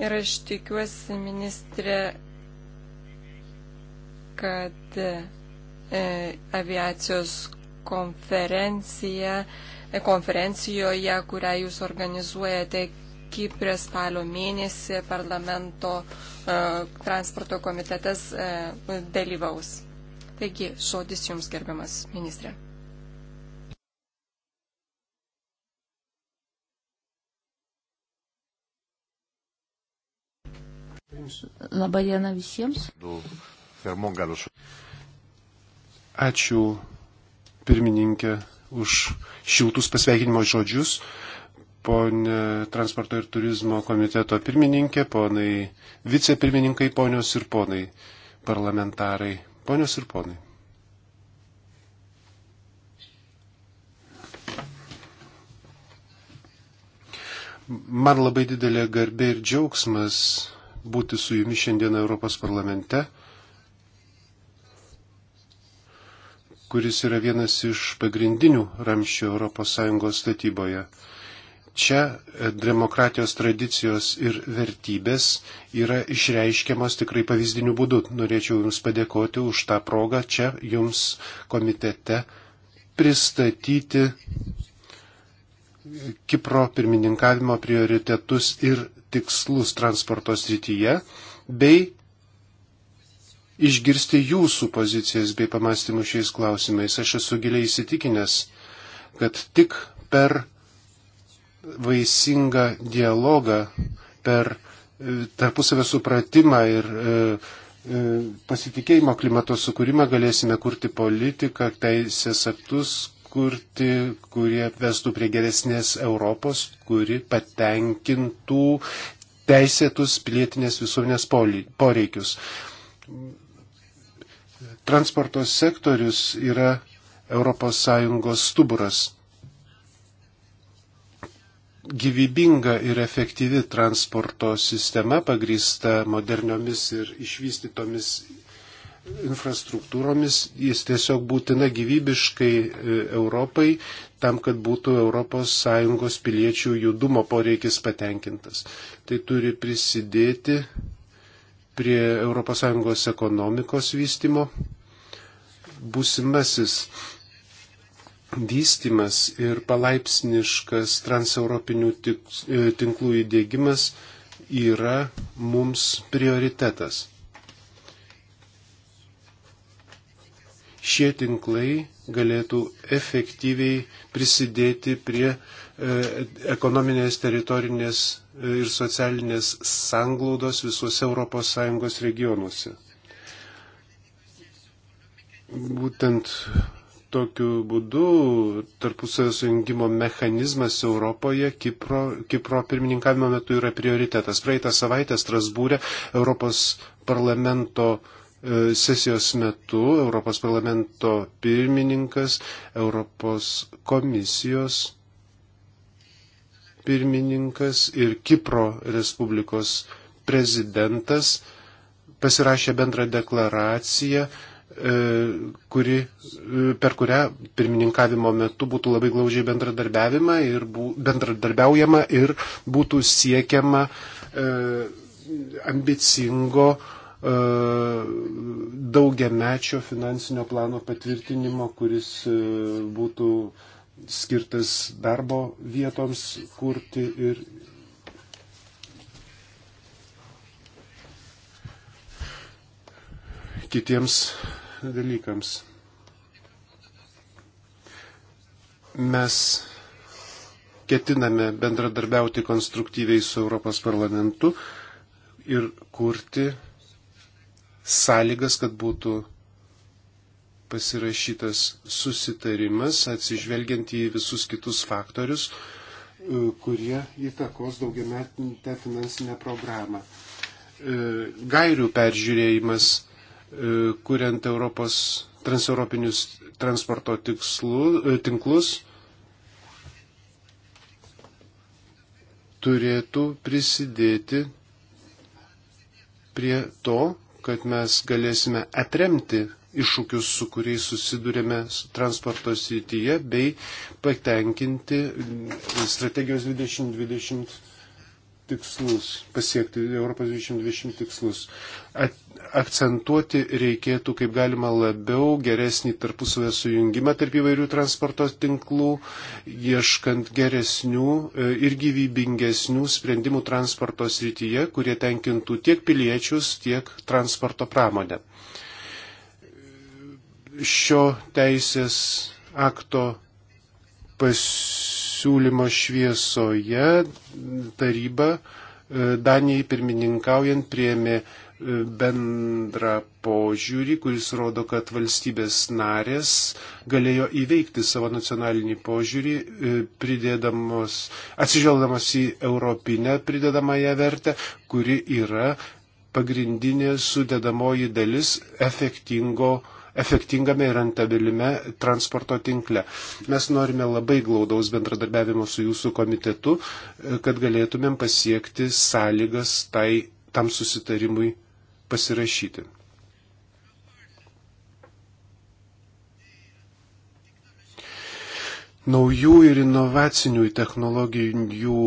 Ir aš tikiuosi, ministrė, kad e, aviacijos konferencija, konferencijoje, kurią jūs organizuojate Kiprė spalio mėnesį parlamento uh, transporto komitetas uh, dalyvaus. Taigi, žodis Jums gerbiamas ministrė. Labadiena visiems. Ačiū pirmininkė už šiltus pasveikinimo žodžius. Pone transporto ir turizmo komiteto pirmininkė, ponai vicepirmininkai, ponios ir ponai parlamentarai. Ponios ir ponai. Man labai didelė garbė ir džiaugsmas būti su jumis šiandien Europos parlamente, kuris yra vienas iš pagrindinių ramščių ES statyboje. Čia e, demokratijos tradicijos ir vertybės yra išreiškiamos tikrai pavyzdiniu būdu. Norėčiau Jums padėkoti už tą progą čia Jums komitete pristatyti Kipro pirmininkavimo prioritetus ir tikslus transporto srityje, bei išgirsti jūsų pozicijas bei pamastymus šiais klausimais. Aš esu giliai įsitikinęs, kad tik per vaisingą dialogą per e, tarpusavę supratimą ir e, e, pasitikėjimo klimato sukūrimą galėsime kurti politiką, teisės aktus, kurti, kurie vestų prie geresnės Europos, kuri patenkintų teisėtus pilietinės visuomenės poreikius. Transporto sektorius yra ES stuburas gyvybinga ir efektyvi transporto sistema pagrįsta moderniomis ir išvystytomis infrastruktūromis, jis tiesiog būtina gyvybiškai e, Europai, tam, kad būtų ES piliečių judumo poreikis patenkintas. Tai turi prisidėti prie ES ekonomikos vystimo. Būsimasis vystimas ir palaipsniškas transeuropinių e, tinklų įdėgymas yra mums prioritetas. Šie tinklai galėtų efektyviai prisidėti prie e, ekonominės, teritorinės e, ir socialinės sanglaudos visuose ES regionuose. Būtent Tokiu būdu tarpusavio sujungimo mechanizmas Europoje Kipro, Kipro pirmininkavimo metu yra prioritetas. Praeitą savaitę Strasbūrė Europos parlamento e, sesijos metu Europos parlamento pirmininkas, Europos komisijos pirmininkas ir Kipro Respublikos prezidentas pasirašė bendrą deklaraciją E, kuri, e, per kurią pirmininkavimo metu būtų labai glaužiai bendradarbiavima ir bū, bendradarbiaujama ir būtų siekiama e, ambicingo daugiamečio finansinio plano patvirtinimo, kuris būtų skirtas darbo vietoms kurti ir kitiems dalykams. Mes ketiname bendradarbiauti konstruktyviai su Europos parlamentu ir kurti sąlygas, kad būtų pasirašytas susitarimas, atsižvelgiant į visus kitus faktorius, e, kurie įtakos daugiametinę finansinę programą. E, gairių peržiūrėjimas E, kuriant Europos transeuropinius transporto tikslų, e, tinklus, turėtų prisidėti prie to, kad mes galėsime atremti iššūkius, su kuriais susidurėme transporto srityje, bei patenkinti strategijos 2020 tikslus, pasiekti Europos 2020 tikslus. At, akcentuoti reikėtų kaip galima labiau geresnį tarpusavę sujungimą tarp įvairių transporto tinklų, ieškant geresnių e, ir gyvybingesnių sprendimų transporto srityje, kurie tenkintų tiek piliečius, tiek transporto pramonę. Šio teisės akto pasiūlymas pasiūlymo šviesoje taryba e, Danijai pirmininkaujant prieimė e, bendrą požiūrį, kuris rodo, kad valstybės narės galėjo įveikti savo nacionalinį požiūrį, e, pridėdamos, atsižvelgdamas į europinę pridedamąją vertę, kuri yra pagrindinė sudėdamoji dalis efektingo uh, efektingame ir rentabilime transporto tinkle. Mes norime labai glaudaus bendradarbiavimo su jūsų komitetu, e, kad galėtumėm pasiekti sąlygas tai, tam susitarimui pasirašyti. Naujų ir inovacinių technologijų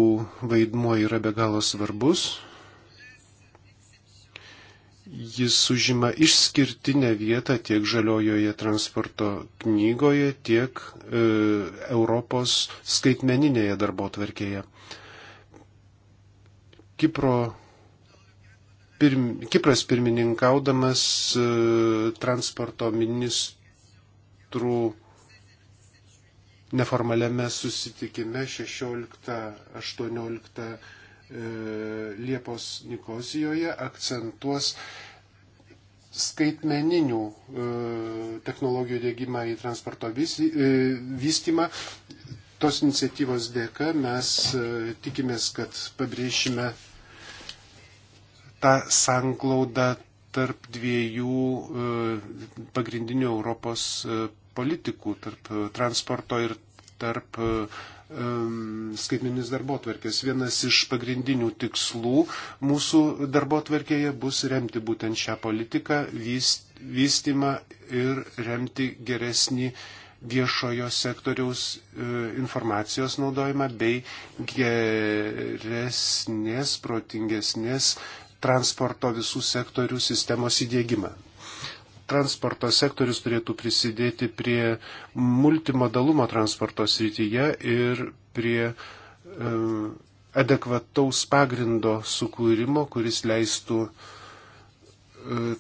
vaidmuo yra be galo svarbus jis užima išskirtinę vietą tiek žaliojoje transporto knygoje, tiek e, Europos skaitmeninėje darbo tvarkėje. Kipro, pirm, Kipras pirmininkaudamas e, transporto ministrų neformaliame susitikime 16-18 E, Liepos Nikozijoje akcentuos skaitmeninių e, technologijų dėgymą į transporto e, vystymą. Tos iniciatyvos dėka mes tikimės, kad pabrėšime tą sanglaudą tarp dviejų pagrindinių Europos politikų, tarp transporto ir tarp uh, Ehm, skaitmenis darbo tvarkės. Vienas iš pagrindinių tikslų mūsų darbo tvarkėje bus remti būtent šią politiką, vystimą ir remti geresnį viešojo sektoriaus e, informacijos naudojimą bei geresnės, protingesnės transporto visų sektorių sistemos įdėgymą transporto sektorius turėtų prisidėti prie multimodalumo transporto srityje ir prie e, adekvataus pagrindo sukūrimo, kuris leistų e,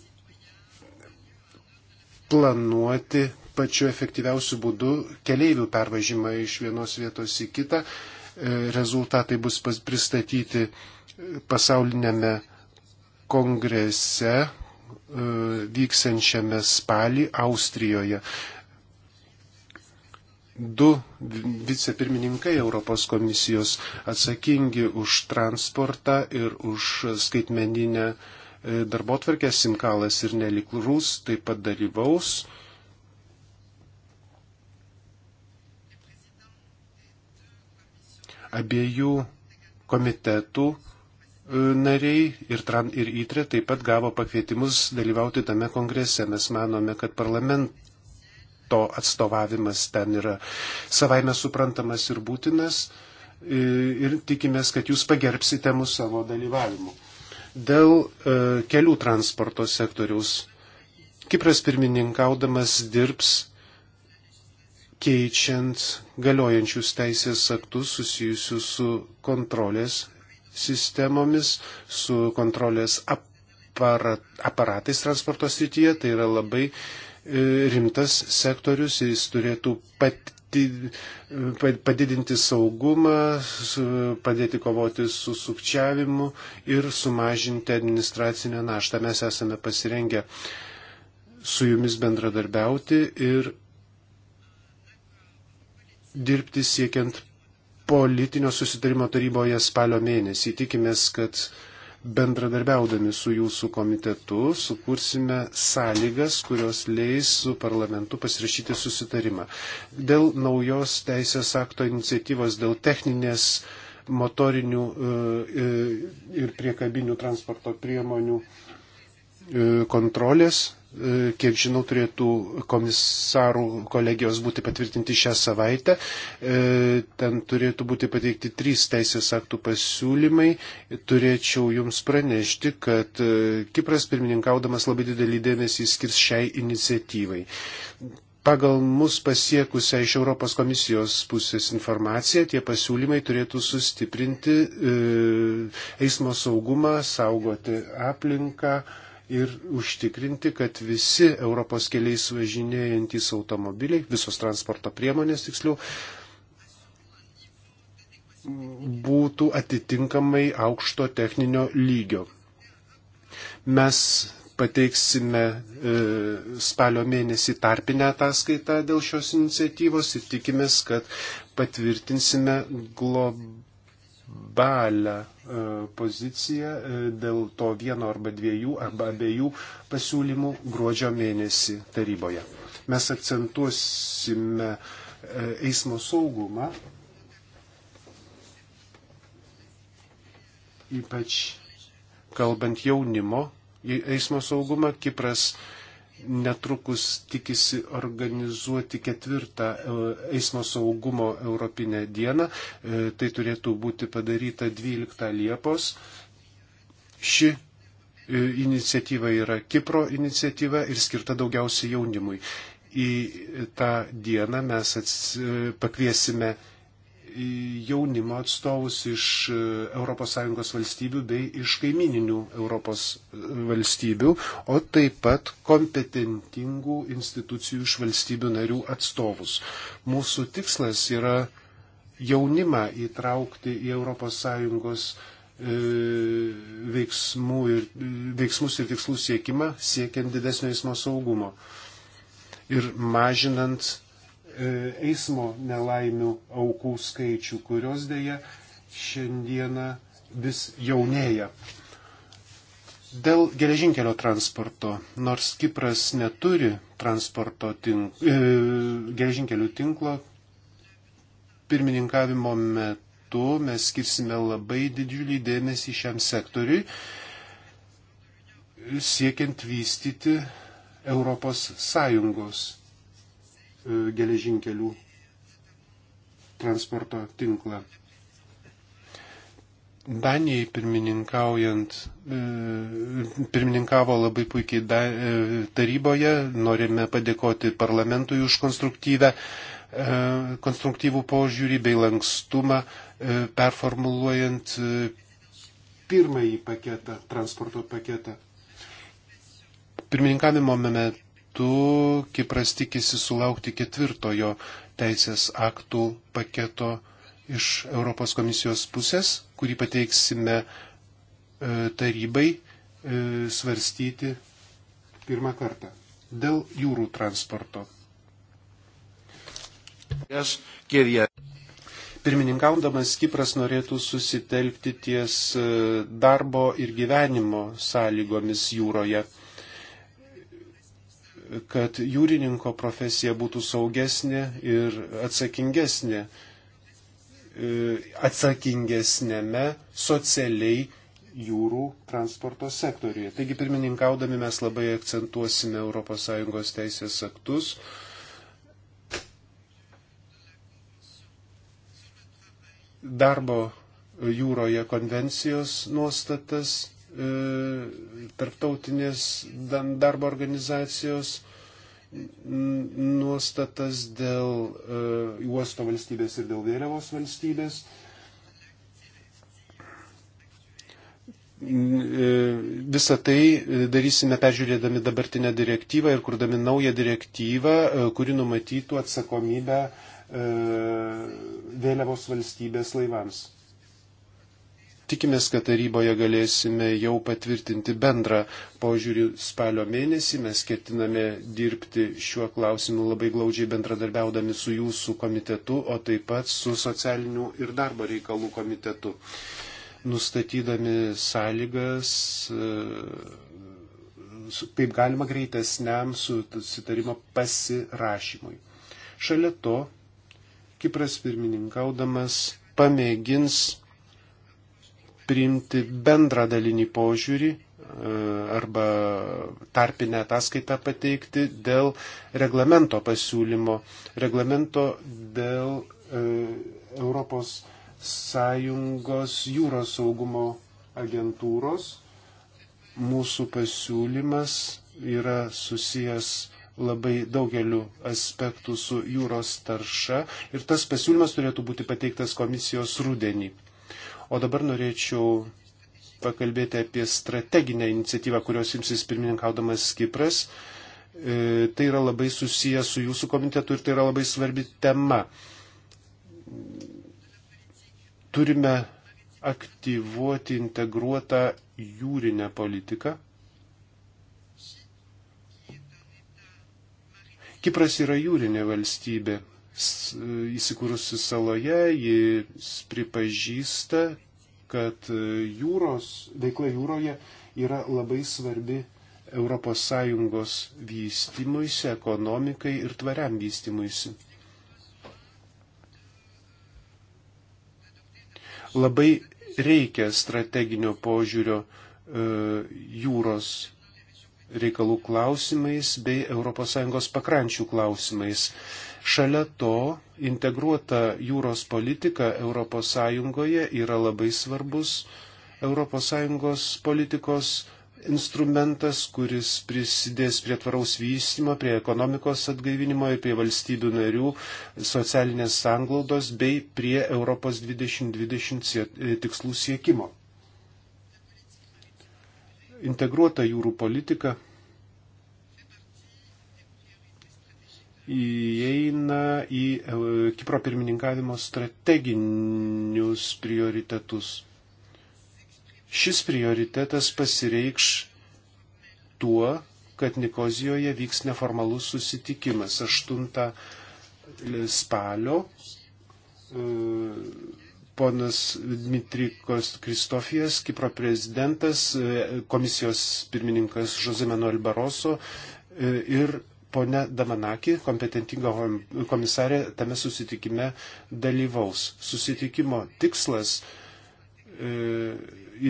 planuoti pačiu efektyviausiu būdu keleivių pervažimą iš vienos vietos į kitą. E, rezultatai bus pristatyti pasaulinėme kongrese vyksiančiame spalį Austrijoje. Du vicepirmininkai Europos komisijos atsakingi už transportą ir už skaitmeninę e, darbo tvarkę Simkalas ir Neliklrus taip pat dalyvaus. Abiejų komitetų nariai ir TRAN ir ITRE taip pat gavo pakvietimus dalyvauti tame kongrese. Mes manome, kad parlamento atstovavimas ten yra savaime suprantamas ir būtinas ir tikimės, kad jūs pagerbsite mus savo dalyvavimu. Dėl e, kelių transporto sektoriaus Kipras pirmininkaudamas dirbs keičiant galiojančius teisės aktus susijusius su kontrolės sistemomis, su kontrolės aparat, aparatais transporto srityje. Tai yra labai e, rimtas sektorius ir jis turėtų pati, e, padidinti saugumą, padėti kovoti su sukčiavimu ir sumažinti administracinę naštą. Mes esame pasirengę su jumis bendradarbiauti ir dirbti siekiant politinio susitarimo taryboje spalio mėnesį. Tikimės, kad bendradarbiaudami su jūsų komitetu sukursime sąlygas, kurios leis su parlamentu pasirašyti susitarimą. Dėl naujos teisės akto iniciatyvos, dėl techninės motorinių e, e, ir priekabinių transporto priemonių e, kontrolės kiek žinau, turėtų komisarų kolegijos būti patvirtinti šią savaitę. E, ten turėtų būti pateikti trys teisės aktų pasiūlymai. Turėčiau Jums pranešti, kad e, Kipras pirmininkaudamas labai didelį dėmesį skirs šiai iniciatyvai. Pagal mus pasiekusią iš Europos komisijos pusės informaciją, tie pasiūlymai turėtų sustiprinti e, eismo saugumą, saugoti aplinką, e, ir užtikrinti, kad visi Europos keliais važinėjantys automobiliai, visos transporto priemonės tiksliau, būtų atitinkamai aukšto techninio lygio. Mes pateiksime e, spalio mėnesį tarpinę ataskaitą dėl šios iniciatyvos ir tikimės, kad patvirtinsime globą globalią e, poziciją e, dėl to vieno arba dviejų arba abiejų pasiūlymų gruodžio mėnesį taryboje. Mes akcentuosime e, eismo saugumą, ypač kalbant jaunimo eismo saugumą. Kipras netrukus tikisi organizuoti ketvirtą e, eismo saugumo Europinę dieną. E, tai turėtų būti padaryta 12 Liepos. Ši e, iniciatyva yra Kipro iniciatyva ir skirta daugiausiai jaunimui. Į tą dieną mes pakviesime jaunimo atstovus iš e, ES valstybių bei iš kaimininių ES e, valstybių, o taip pat kompetentingų institucijų iš valstybių narių atstovus. Mūsų tikslas yra jaunimą įtraukti į ES e, veiksmų ir, veiksmus ir tikslų siekimą, siekiant didesnio eismo saugumo ir mažinant E, eismo nelaimių aukų skaičių, kurios dėja šiandieną vis jaunėja. Dėl geležinkelio transporto, nors Kipras neturi transporto tink, e, geležinkelių tinklo, pirmininkavimo metu mes skirsime labai didžiulį dėmesį šiam sektoriui, siekiant vystyti Europos Sąjungos E, geležinkelių transporto tinklą. Danijai pirmininkaujant, e, pirmininkavo labai puikiai e, taryboje, norime padėkoti parlamentui už konstruktyvę, konstruktyvų požiūrį bei lankstumą performuluojant pirmąjį paketą, transporto paketą. Pirmininkavimo metu metu Kipras tikisi sulaukti ketvirtojo teisės aktų paketo iš Europos komisijos pusės, kurį pateiksime e, tarybai e, svarstyti pirmą kartą dėl jūrų transporto. Pirmininkaudamas Kipras norėtų susitelkti ties e, darbo ir gyvenimo sąlygomis jūroje kad jūrininko profesija būtų saugesnė ir atsakingesnė, e, atsakingesnėme socialiai jūrų transporto sektoriuje. Taigi pirmininkaudami mes labai akcentuosime ES teisės aktus. Darbo jūroje konvencijos nuostatas E, tarptautinės darbo organizacijos nuostatas dėl juosto e, valstybės ir dėl vėliavos valstybės. E, Visą tai darysime peržiūrėdami dabartinę direktyvą ir kurdami naują direktyvą, kuri numatytų atsakomybę vėliavos valstybės laivams. Tikimės, kad taryboje galėsime jau patvirtinti bendrą požiūrį spalio mėnesį. Mes ketiname dirbti šiuo klausimu labai glaudžiai bendradarbiaudami su jūsų komitetu, o taip pat su socialinių ir darbo reikalų komitetu. Nustatydami sąlygas, e, kaip galima greitesniam susitarimo pasirašymui. Šalia to, Kipras pirmininkaudamas pamėgins priimti bendrą dalinį požiūrį e, arba tarpinę ataskaitą pateikti dėl reglamento pasiūlymo, reglamento dėl e, Europos Sąjungos jūros saugumo agentūros. Mūsų pasiūlymas yra susijęs labai daugeliu aspektų su jūros tarša ir tas pasiūlymas turėtų būti pateiktas komisijos rudenį. O dabar norėčiau pakalbėti apie strateginę iniciatyvą, kurios imsis pirmininkaudamas Kipras. E, tai yra labai susijęs su jūsų komitetu ir tai yra labai svarbi tema. Turime aktyvuoti integruotą jūrinę politiką. Kipras yra jūrinė valstybė, įsikūrusi saloje, jis pripažįsta, kad e, jūros, veikla jūroje yra labai svarbi ES vystimuisi, ekonomikai ir tvariam vystimuisi. Labai reikia strateginio požiūrio e, jūros reikalų klausimais bei ES pakrančių klausimais. Šalia to integruota jūros politika ES yra labai svarbus ES politikos instrumentas, kuris prisidės prie tvaraus vystymo, prie ekonomikos atgaivinimo ir prie valstybių narių socialinės sanglaudos bei prie Europos 2020 e, tikslų siekimo. Integruota jūrų politika įeina į e, Kipro pirmininkavimo strateginius prioritetus. Šis prioritetas pasireikš tuo, kad Nikozijoje vyks neformalus susitikimas 8 spalio. E, ponas Dmitrikos Kristofijas, Kipro prezidentas, e, komisijos pirmininkas Jose Manuel Baroso ir Pone Damanaki, kompetentinga komisarė, tame susitikime dalyvaus. Susitikimo tikslas e,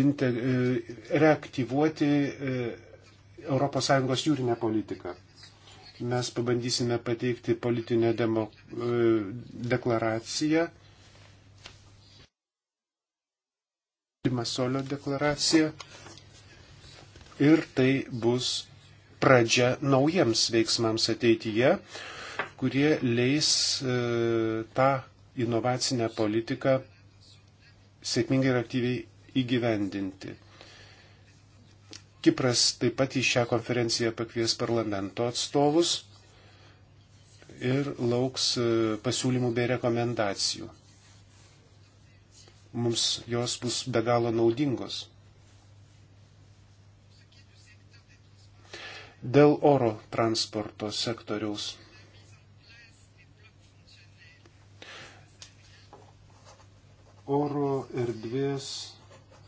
inte, e, reaktyvuoti e, ES jūrinę politiką. Mes pabandysime pateikti politinę demo, e, deklaraciją. Limasolio deklaracija ir tai bus pradžia naujiems veiksmams ateityje, kurie leis e, tą inovacinę politiką sėkmingai ir aktyviai įgyvendinti. Kipras taip pat į šią konferenciją pakvies parlamento atstovus ir lauks e, pasiūlymų bei rekomendacijų. Mums jos bus be galo naudingos. Dėl oro transporto sektoriaus. Oro erdvės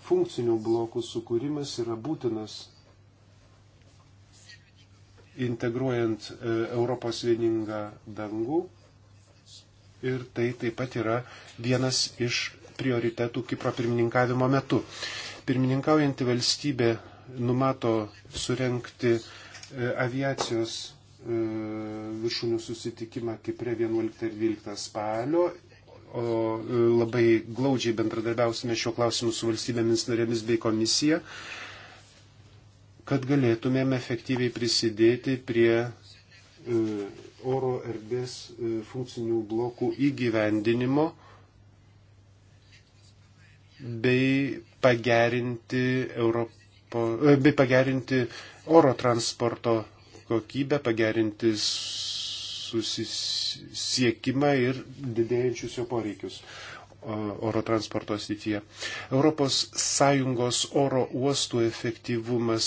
funkcinių blokų sukūrimas yra būtinas integruojant e, Europos vieningą dangų. Ir tai taip pat yra vienas iš prioritetų Kipro pirmininkavimo metu. Pirmininkaujanti valstybė numato surenkti E, aviacijos e, viršūnių susitikimą Kipre 11 ir 12 spalio. O e, labai glaudžiai bendradarbiausime šiuo klausimu su valstybėmis narėmis bei komisija, kad galėtumėm efektyviai prisidėti prie oro erdvės funkcinių blokų įgyvendinimo bei pagerinti Europos E, bei pagerinti oro transporto kokybę, pagerinti susisiekimą ir didėjančius jo poreikius oro transporto srityje. ES oro uostų efektyvumas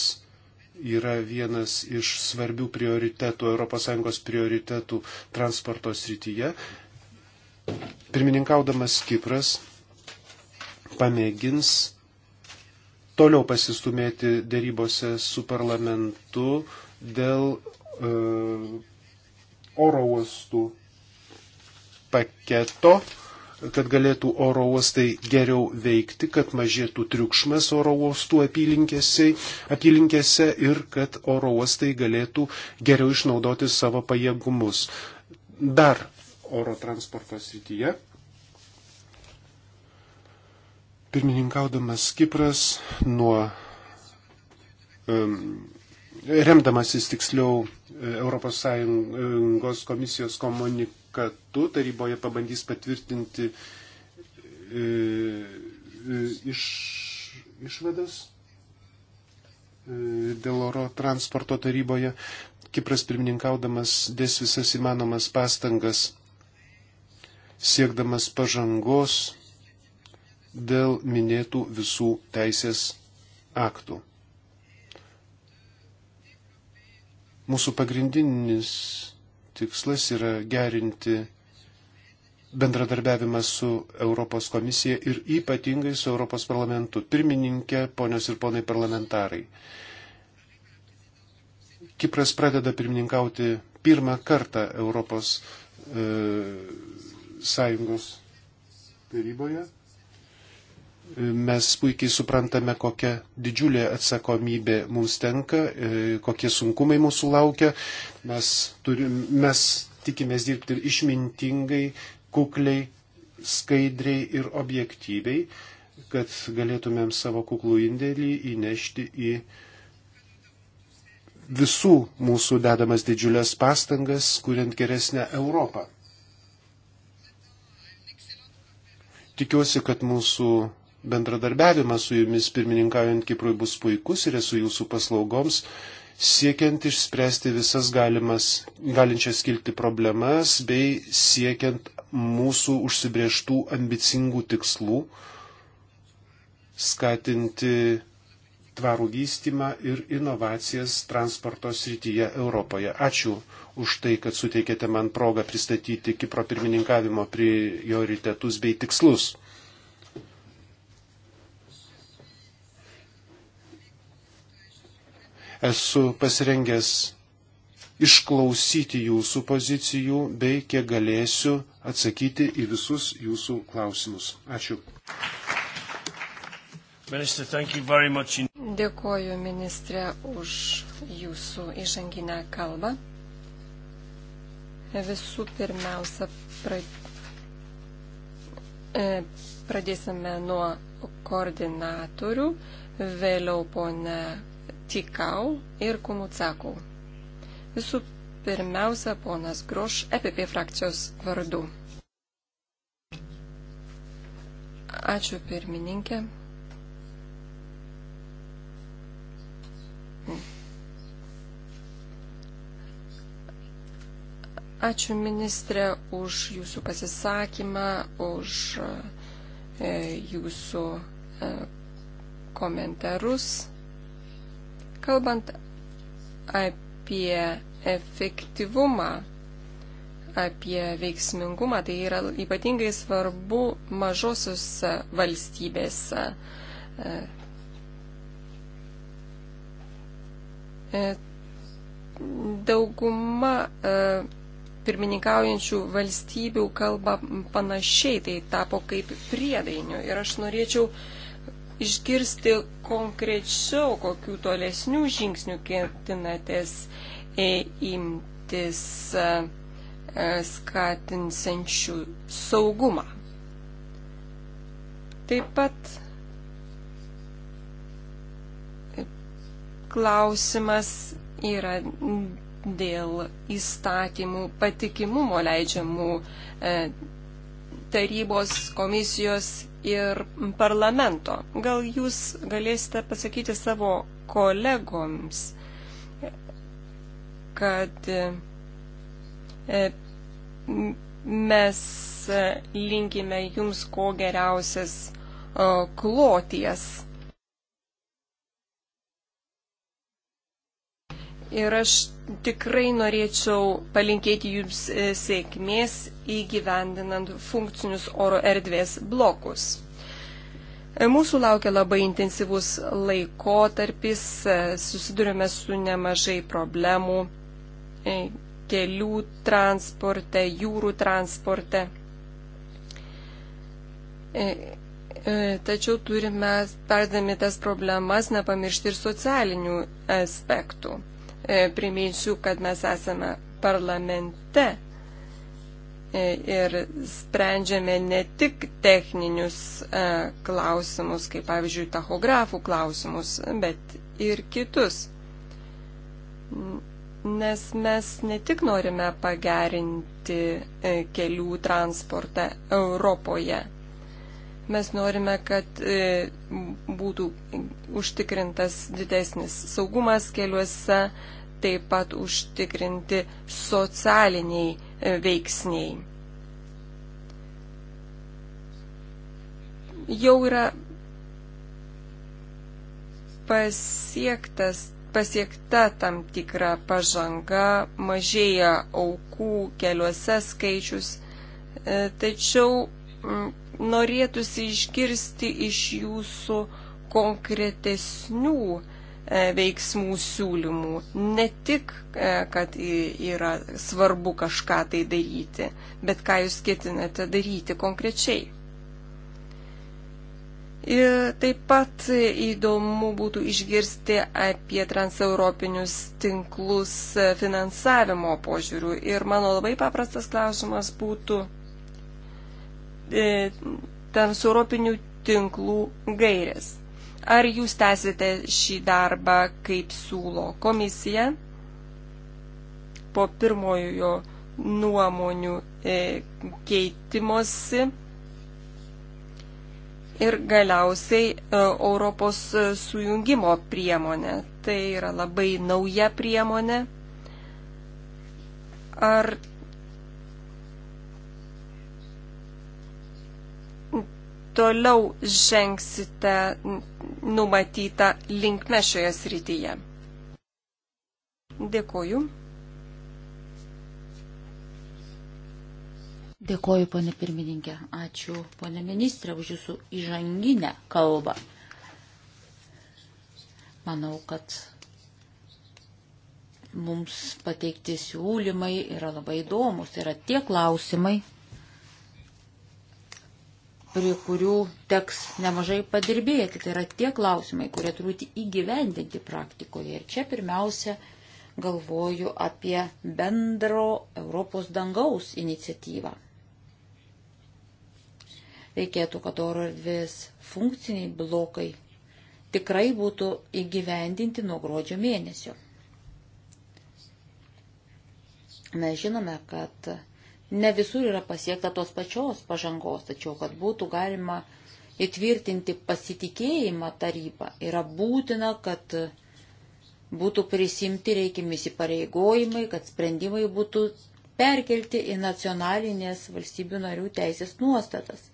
yra vienas iš svarbių prioritetų, ES prioritetų transporto srityje. Pirmininkaudamas Kipras pamėgins toliau pasistumėti dėrybose su parlamentu dėl uh, oro uostų paketo, kad galėtų oro uostai geriau veikti, kad mažėtų triukšmas oro uostų apylinkėse, apylinkėse ir kad oro uostai galėtų geriau išnaudoti savo pajėgumus. Dar oro transporto srityje Pirmininkaudamas Kipras nuo remdamasis tiksliau ES komisijos komunikatu taryboje pabandys patvirtinti e, e, iš, išvadas e, dėl oro transporto taryboje. Kipras pirmininkaudamas dės visas įmanomas pastangas siekdamas pažangos dėl minėtų visų teisės aktų. Mūsų pagrindinis tikslas yra gerinti bendradarbiavimą su Europos komisija ir ypatingai su Europos parlamentu. Pirmininkė, ponios ir ponai parlamentarai. Kipras pradeda pirmininkauti pirmą kartą Europos e, Sąjungos taryboje mes puikiai suprantame, kokia didžiulė atsakomybė mums tenka, e, kokie sunkumai mūsų laukia. Mes, turim, mes tikimės dirbti išmintingai, kukliai, skaidriai ir objektyviai, kad galėtumėm savo kuklų indėlį įnešti į visų mūsų dedamas didžiulės pastangas, kuriant geresnę Europą. Tikiuosi, kad mūsų bendradarbiavimas su jumis pirmininkaujant Kiprui bus puikus ir esu jūsų paslaugoms, siekiant išspręsti visas galimas, galinčias kilti problemas bei siekiant mūsų užsibrieštų ambicingų tikslų, skatinti tvarų vystimą ir inovacijas transporto srityje Europoje. Ačiū už tai, kad suteikėte man progą pristatyti Kipro pirmininkavimo prioritetus bei tikslus. Esu pasirengęs išklausyti jūsų pozicijų bei kiek galėsiu atsakyti į visus jūsų klausimus. Ačiū. Minister, Dėkoju ministrė už jūsų įžanginę kalbą. Visų pirmiausia, e, pradėsime nuo koordinatorių, vėliau pone Tikau ir Kumutsakau. Visų pirmiausia, ponas Groš, EPP frakcijos vardu. Ačiū pirmininkė. Ačiū ministrė už jūsų pasisakymą, už e, jūsų e, komentarus. Kalbant apie efektyvumą, apie veiksmingumą, tai yra ypatingai svarbu mažosios valstybėse. E, dauguma e, pirmininkaujančių valstybių kalba panašiai, tai tapo kaip priedainių. Ir aš norėčiau išgirsti konkrečiau, kokių tolesnių žingsnių ketinatės e, imtis e, e, skatinsančių saugumą. Taip pat klausimas yra dėl įstatymų patikimumo leidžiamų tarybos komisijos ir parlamento. Gal jūs galėsite pasakyti savo kolegoms, kad e, mes e, linkime jums ko geriausias e, kloties Ir aš tikrai norėčiau palinkėti jums e, sėkmės įgyvendinant funkcinius oro erdvės blokus. E, mūsų laukia labai intensyvus laikotarpis, e, susidurime su nemažai problemų kelių transporte, jūrų transporte. Tačiau turime, perdami tas problemas, nepamiršti ir socialinių aspektų. E, priminsiu, kad mes esame parlamente e, ir sprendžiame ne tik techninius e, klausimus, kaip pavyzdžiui, tachografų klausimus, bet ir kitus. Nes mes ne tik norime pagerinti kelių transportą Europoje, mes norime, kad būtų užtikrintas didesnis saugumas keliuose, taip pat užtikrinti socialiniai e, veiksniai. Jau yra pasiektas, pasiekta tam tikra pažanga, mažėja aukų keliuose skaičius, e, tačiau norėtųsi išgirsti iš jūsų konkretesnių E, veiksmų siūlymų. Ne tik, e, kad yra svarbu kažką tai daryti, bet ką jūs ketinate daryti konkrečiai. Ir taip pat įdomu būtų išgirsti apie transeuropinius tinklus finansavimo požiūrių. Ir mano labai paprastas klausimas būtų e, transeuropinių tinklų gairės Ar jūs tęsite šį darbą, kaip siūlo komisija, po pirmojo nuomonių e, keitimosi ir galiausiai e, Europos sujungimo priemonė. Tai yra labai nauja priemonė. Ar toliau žengsite numatyta linkme šioje srityje. Dėkoju. Dėkoju, ponė pirmininkė. Ačiū, ponė ministrė, už jūsų įžanginę kalbą. Manau, kad mums pateikti siūlymai yra labai įdomus. Yra tie klausimai, prie kurių teks nemažai padirbėti. Tai yra tie klausimai, kurie turėtų įgyvendinti praktikoje. Ir čia pirmiausia galvoju apie bendro Europos dangaus iniciatyvą. Reikėtų, kad oro erdvės funkciniai blokai tikrai būtų įgyvendinti nuo gruodžio mėnesio. Mes žinome, kad Ne visur yra pasiekta tos pačios pažangos, tačiau kad būtų galima įtvirtinti pasitikėjimą tarybą, yra būtina, kad būtų prisimti reikimi įsipareigojimai, kad sprendimai būtų perkelti į nacionalinės valstybių narių teisės nuostatas.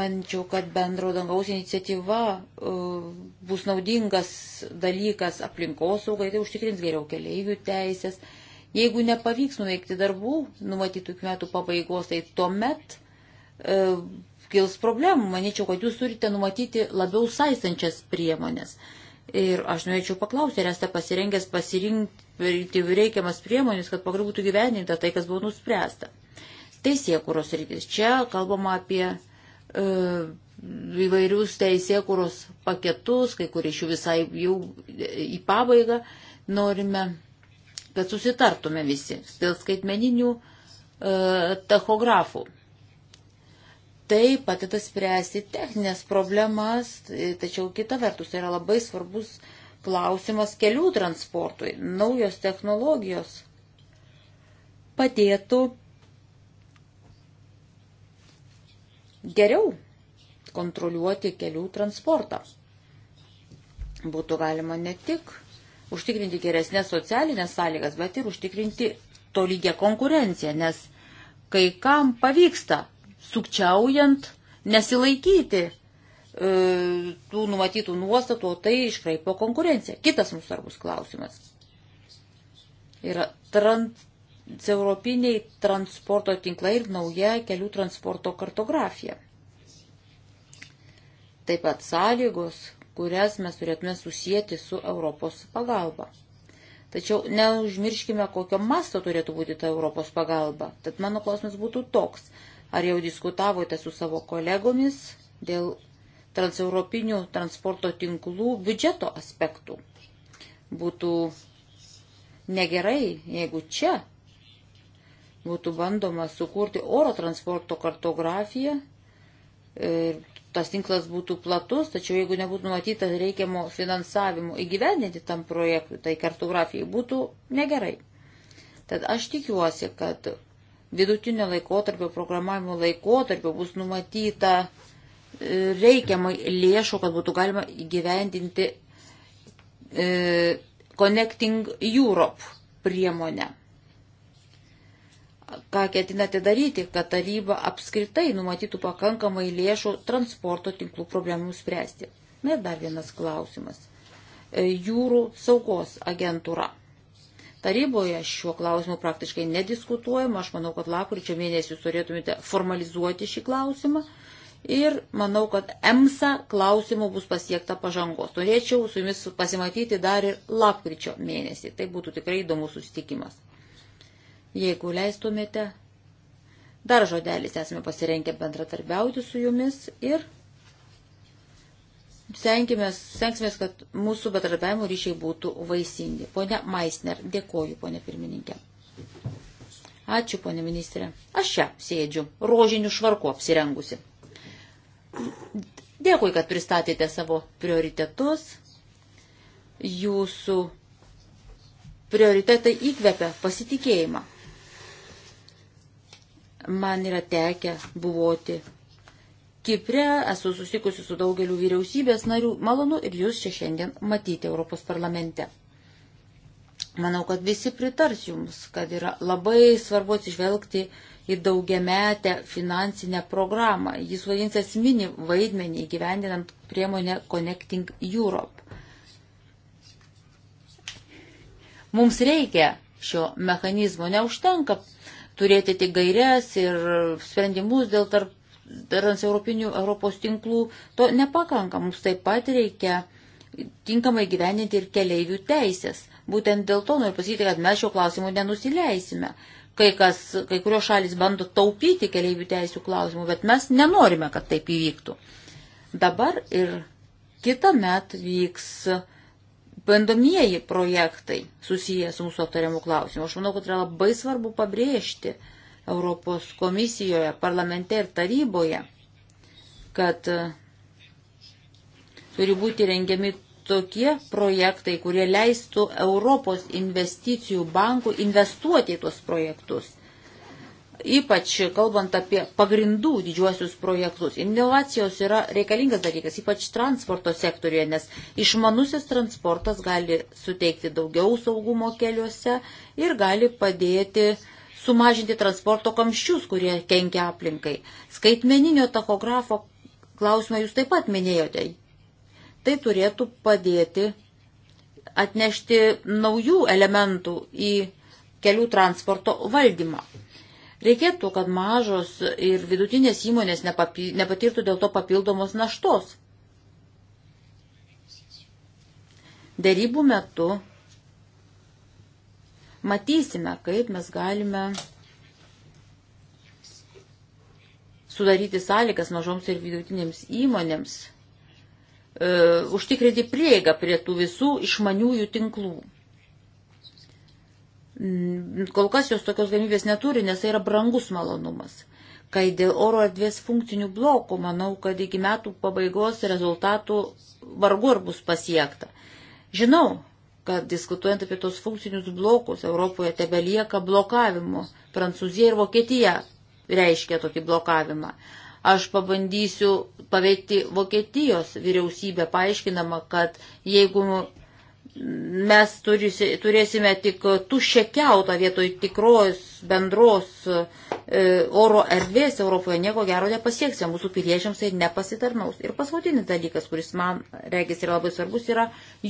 Mančiau, kad bendro dangaus iniciatyva uh, bus naudingas dalykas aplinkosaugai, tai užtikrins geriau keleivių teisės, uh, Jeigu nepavyks nuveikti darbų numatytų metų pabaigos, tai tuomet e, kils problemų. Manyčiau, kad jūs turite numatyti labiau saistančias priemonės. Ir aš norėčiau paklausti, ar esate pasirengęs pasirinkti reikiamas priemonės, kad pagaliau būtų gyveninta tai, kas buvo nuspręsta. Teisėkuros rytis. Čia kalbama apie e, įvairius teisėkuros paketus, kai kurie iš jų visai jau į pabaigą norime kad susitartume visi dėl skaitmeninių e, tachografų. Tai padeda spręsti techninės problemas, tai, tačiau kita vertus tai yra labai svarbus klausimas kelių transportui. Naujos technologijos padėtų geriau kontroliuoti kelių transportą. Būtų galima ne tik užtikrinti geresnės socialinės sąlygas, bet ir užtikrinti tolygią konkurenciją, nes kai kam pavyksta sukčiaujant nesilaikyti e, tų numatytų nuostatų, o tai iškraipo konkurenciją. Kitas mums svarbus klausimas yra transeuropiniai transporto tinklai ir nauja kelių transporto kartografija. Taip pat sąlygos, kurias mes turėtume susijęti su Europos pagalba. Tačiau neužmirškime, kokio masto turėtų būti ta Europos pagalba. Tad mano klausimas būtų toks. Ar jau diskutavote su savo kolegomis dėl transeuropinių transporto tinklų biudžeto aspektų? Būtų negerai, jeigu čia būtų bandoma sukurti oro transporto kartografiją ir tas tinklas būtų platus, tačiau jeigu nebūtų numatyta reikiamo finansavimo įgyvendinti tam projektui, tai kartografijai būtų negerai. Tad aš tikiuosi, kad vidutinio laikotarpio, programavimo laikotarpio bus numatyta e, reikiamai lėšų, kad būtų galima įgyvendinti e, Connecting Europe priemonę ką ketinate daryti, kad taryba apskritai numatytų pakankamai lėšų transporto tinklų problemų spręsti. Na ir dar vienas klausimas. E, jūrų saugos agentūra. Taryboje šiuo klausimu praktiškai nediskutuojama. Aš manau, kad lapkričio mėnesį jūs turėtumėte formalizuoti šį klausimą. Ir manau, kad EMSA klausimų bus pasiekta pažangos. Norėčiau su jumis pasimatyti dar ir lapkričio mėnesį. Tai būtų tikrai įdomus susitikimas. Jeigu leistumėte, dar žodelis esame pasirenkę bendratarbiauti su jumis ir Senkimės, senksimės, kad mūsų betarbiavimo ryšiai būtų vaisingi. Pone Maisner, dėkoju, pone pirmininkė. Ačiū, pone ministrė. Aš čia sėdžiu, rožinių švarku apsirengusi. Dėkui, kad pristatėte savo prioritetus. Jūsų prioritetai įkvepia pasitikėjimą. Man yra tekę buvoti Kipre, esu susikusi su daugeliu vyriausybės narių, malonu ir jūs čia šiandien matyti Europos parlamente. Manau, kad visi pritars jums, kad yra labai svarbu atsižvelgti į daugiametę finansinę programą. Jis vadins esminį vaidmenį įgyvendinant priemonę Connecting Europe. Mums reikia šio mechanizmo, neužtenka turėti tik gairias ir sprendimus dėl tarp transeuropinių Europos tinklų, to nepakanka. Mums taip pat reikia tinkamai gyveninti ir keleivių teisės. Būtent dėl to noriu pasakyti, kad mes šio klausimu nenusileisime. Kai, kas, kai kurios šalis bando taupyti keleivių teisų klausimų, bet mes nenorime, kad taip įvyktų. Dabar ir kitą metą vyks uh, bandomieji projektai susiję su mūsų aptariamų klausimų. Aš manau, kad yra labai svarbu pabrėžti Europos komisijoje, parlamente ir taryboje, kad e, turi būti rengiami tokie projektai, kurie leistų Europos investicijų bankų investuoti į tuos projektus. Ypač kalbant apie pagrindų didžiuosius projektus. Inovacijos yra reikalingas dalykas, ypač transporto sektoriuje, nes išmanusis transportas gali suteikti daugiau saugumo keliuose ir gali padėti sumažinti transporto kamščius, kurie kenkia aplinkai. Skaitmeninio tachografo klausimą jūs taip pat minėjote. Tai turėtų padėti atnešti naujų elementų į kelių transporto valdymą. Reikėtų, kad mažos ir vidutinės įmonės nepatirtų dėl to papildomos naštos. Dėrybų metu matysime, kaip mes galime sudaryti sąlygas mažoms ir vidutinėms įmonėms, e, užtikrinti prieigą prie tų visų išmaniųjų tinklų. Mm, kol kas jos tokios galimybės neturi, nes tai yra brangus malonumas. Kai dėl oro erdvės funkcinių blokų, manau, kad iki metų pabaigos rezultatų vargu ar bus pasiekta. Žinau, kad diskutuojant apie tos funkcinius blokus, Europoje tebelieka blokavimo. Prancūzija ir Vokietija reiškia tokį blokavimą aš pabandysiu paveikti Vokietijos vyriausybę, paaiškinama, kad jeigu mes turisi, turėsime tik tušę keutą vietoj tikros bendros e, oro erdvės Europoje, nieko gero nepasieksime, mūsų piliečiams tai nepasitarnaus. Ir paskutinis dalykas, kuris man reikės yra labai svarbus, yra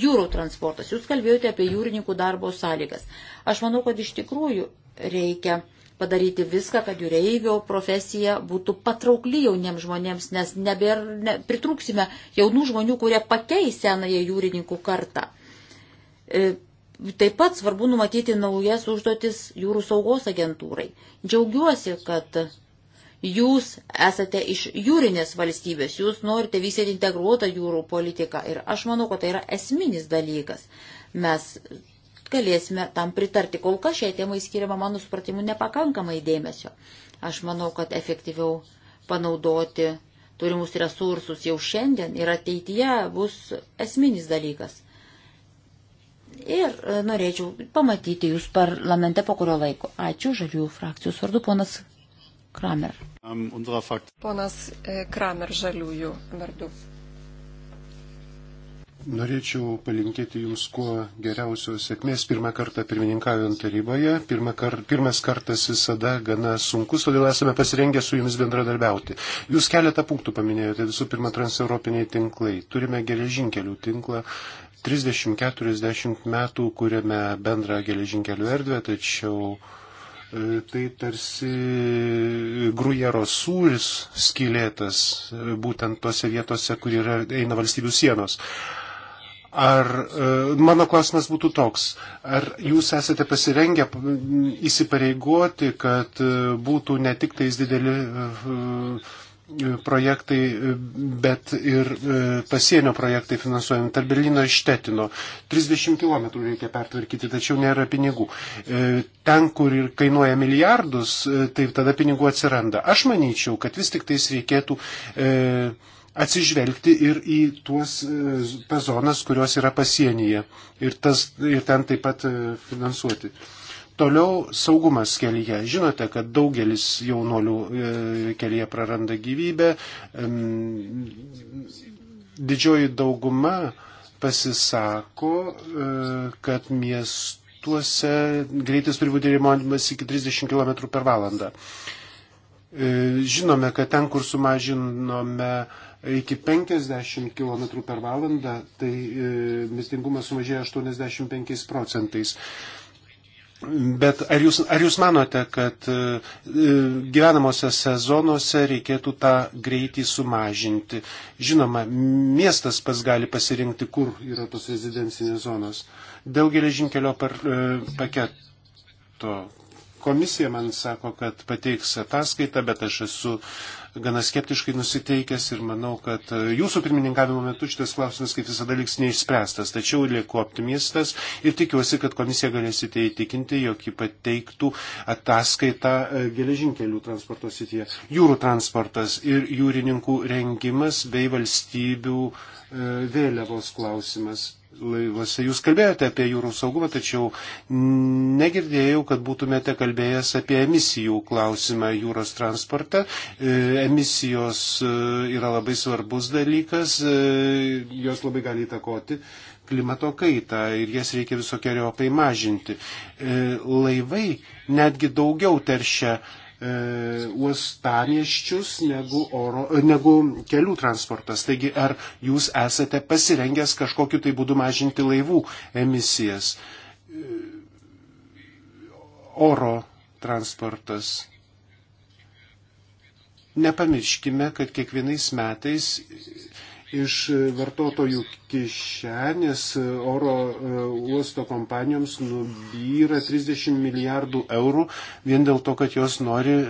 jūrų transportas. Jūs kalbėjote apie jūrininkų darbo sąlygas. Aš manau, kad iš tikrųjų reikia padaryti viską, kad jūreivio profesija būtų patraukli jauniems žmonėms, nes nebėr, ne, pritrūksime jaunų žmonių, kurie pakeis senąją jūrininkų kartą. E, taip pat svarbu numatyti naujas užduotis jūrų saugos agentūrai. Džiaugiuosi, kad jūs esate iš jūrinės valstybės, jūs norite vystyti integruotą jūrų politiką ir aš manau, kad tai yra esminis dalykas. Mes galėsime tam pritarti. Kol kas šiai temai skiriama, mano supratimu, nepakankamai dėmesio. Aš manau, kad efektyviau panaudoti turimus resursus jau šiandien ir ateityje bus esminis dalykas. Ir e, norėčiau pamatyti jūs parlamente po kurio laiko. Ačiū žaliųjų frakcijos vardu, ponas Kramer. Ponas e, Kramer žaliųjų vardu. Norėčiau palinkėti Jums kuo geriausios sėkmės pirmą kartą pirmininkaujant taryboje. Pirmą kar, pirmas kartas visada gana sunkus, todėl esame pasirengę su Jumis bendradarbiauti. Jūs keletą punktų paminėjote. Visų pirma, transeuropiniai tinklai. Turime geležinkelių tinklą 30-40 metų kūrėme bendrą geležinkelių erdvę, tačiau e, tai tarsi grujero sūris skilėtas e, būtent tose vietose, kur yra, eina valstybių sienos. Ar e, mano klausimas būtų toks, ar jūs esate pasirengę įsipareigoti, kad būtų ne tik tais dideli projektai, bet ir e, pasienio projektai finansuojami tarp Berlyno ir Štetino. 30 km reikia pertvarkyti, tačiau nėra pinigų. E, ten, kur ir kainuoja milijardus, e, taip tada pinigų atsiranda. Aš manyčiau, kad vis tik tais reikėtų atsižvelgti ir į tuos tas zonas, kurios yra pasienyje ir, tas, ir ten taip pat finansuoti. Toliau saugumas kelyje. Žinote, kad daugelis jaunolių e, kelyje praranda gyvybę. Didžioji dauguma pasisako, e, kad miestuose greitis turi būti rimondimas iki 30 km per valandą. E, žinome, kad ten, kur sumažinome iki 50 km per valandą, tai mistingumas sumažėjo 85 procentais. Bet ar jūs, ar jūs manote, kad e, e, gyvenamosiose zonose reikėtų tą greitį sumažinti? Žinoma, miestas pas gali pasirinkti, kur yra tos rezidencinės zonos. Dėl geležinkelio par, e, paketo komisija man sako, kad pateiks ataskaitą, bet aš esu uh, gana skeptiškai nusiteikęs ir manau, kad e, jūsų pirmininkavimo metu šitas klausimas kaip visada liks neišspręstas. Tačiau lieku optimistas ir tikiuosi, kad komisija galėsite įtikinti, jog ji pateiktų ataskaitą e, geležinkelių transporto sityje. Jūrų transportas ir jūrininkų rengimas bei valstybių e, vėliavos klausimas laivuose. Jūs kalbėjote apie jūrų saugumą, tačiau negirdėjau, kad būtumėte kalbėjęs apie emisijų klausimą jūros transporte. E, emisijos e, yra labai svarbus dalykas, e, jos labai gali įtakoti klimato kaitą ir jas reikia visokiojopai mažinti. Laivai netgi daugiau teršia E, uostarieščius negu, oro, e, negu kelių transportas. Taigi, ar jūs esate pasirengęs kažkokiu tai būdu mažinti laivų emisijas? E, oro transportas. Nepamirškime, kad kiekvienais metais iš vartotojų kišenės oro e, uosto kompanijoms nubyra 30 milijardų eurų vien dėl to, kad jos nori e,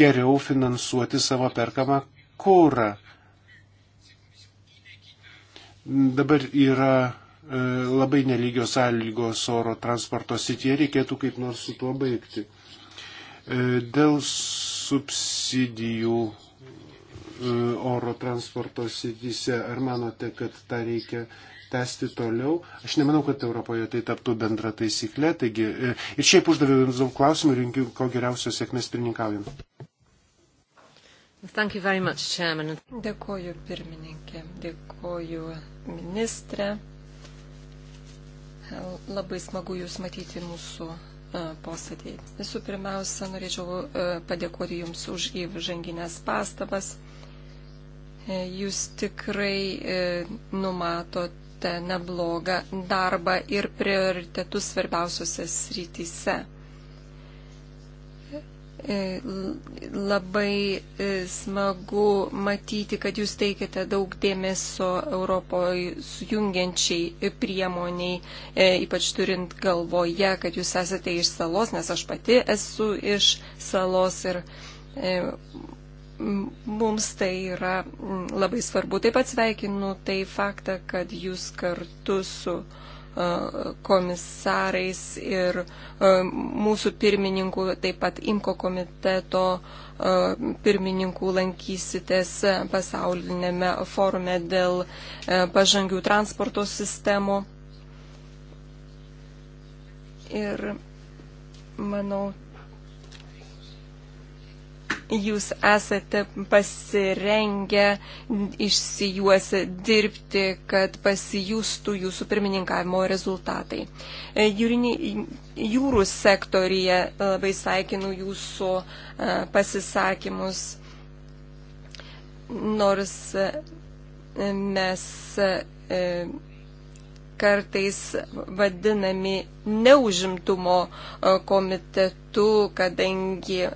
geriau finansuoti savo perkamą kurą. Dabar yra e, labai nelygios sąlygos oro transporto sitie, reikėtų kaip nors su tuo baigti. Dėl subsidijų E, oro transporto sityse. Ar manote, kad tą reikia tęsti toliau? Aš nemanau, kad Europoje tai taptų bendra taisyklė. Taigi, e, ir šiaip uždaviau Jums daug klausimų ir linkiu ko geriausios sėkmės pirmininkaujant. Much, Chairman. Dėkoju pirmininkė, dėkoju ministrė. Labai smagu Jūs matyti mūsų e, posėdėje. Visų pirmiausia, norėčiau padėkoti Jums už įžanginės pastabas. E, jūs tikrai e, numatote neblogą darbą ir prioritetus svarbiausiose srityse. E, labai smagu matyti, kad jūs teikite daug dėmesio Europoje sujungiančiai priemoniai, ypač turint galvoje, kad jūs esate iš salos, nes aš pati esu iš salos ir mums tai yra mm, labai svarbu. Taip pat sveikinu tai faktą, kad jūs kartu su komisarais ir mūsų pirmininkų, taip pat IMKO komiteto pirmininkų lankysitės pasaulinėme forume dėl pažangių transporto sistemų. Ir manau, jūs esate pasirengę išsijuos dirbti, kad pasijūstų jūsų pirmininkavimo rezultatai. E, Jūrinį, jūrų sektorija e, labai sveikinu jūsų e, pasisakymus, nors mes kartais vadinami neužimtumo komitetu, kadangi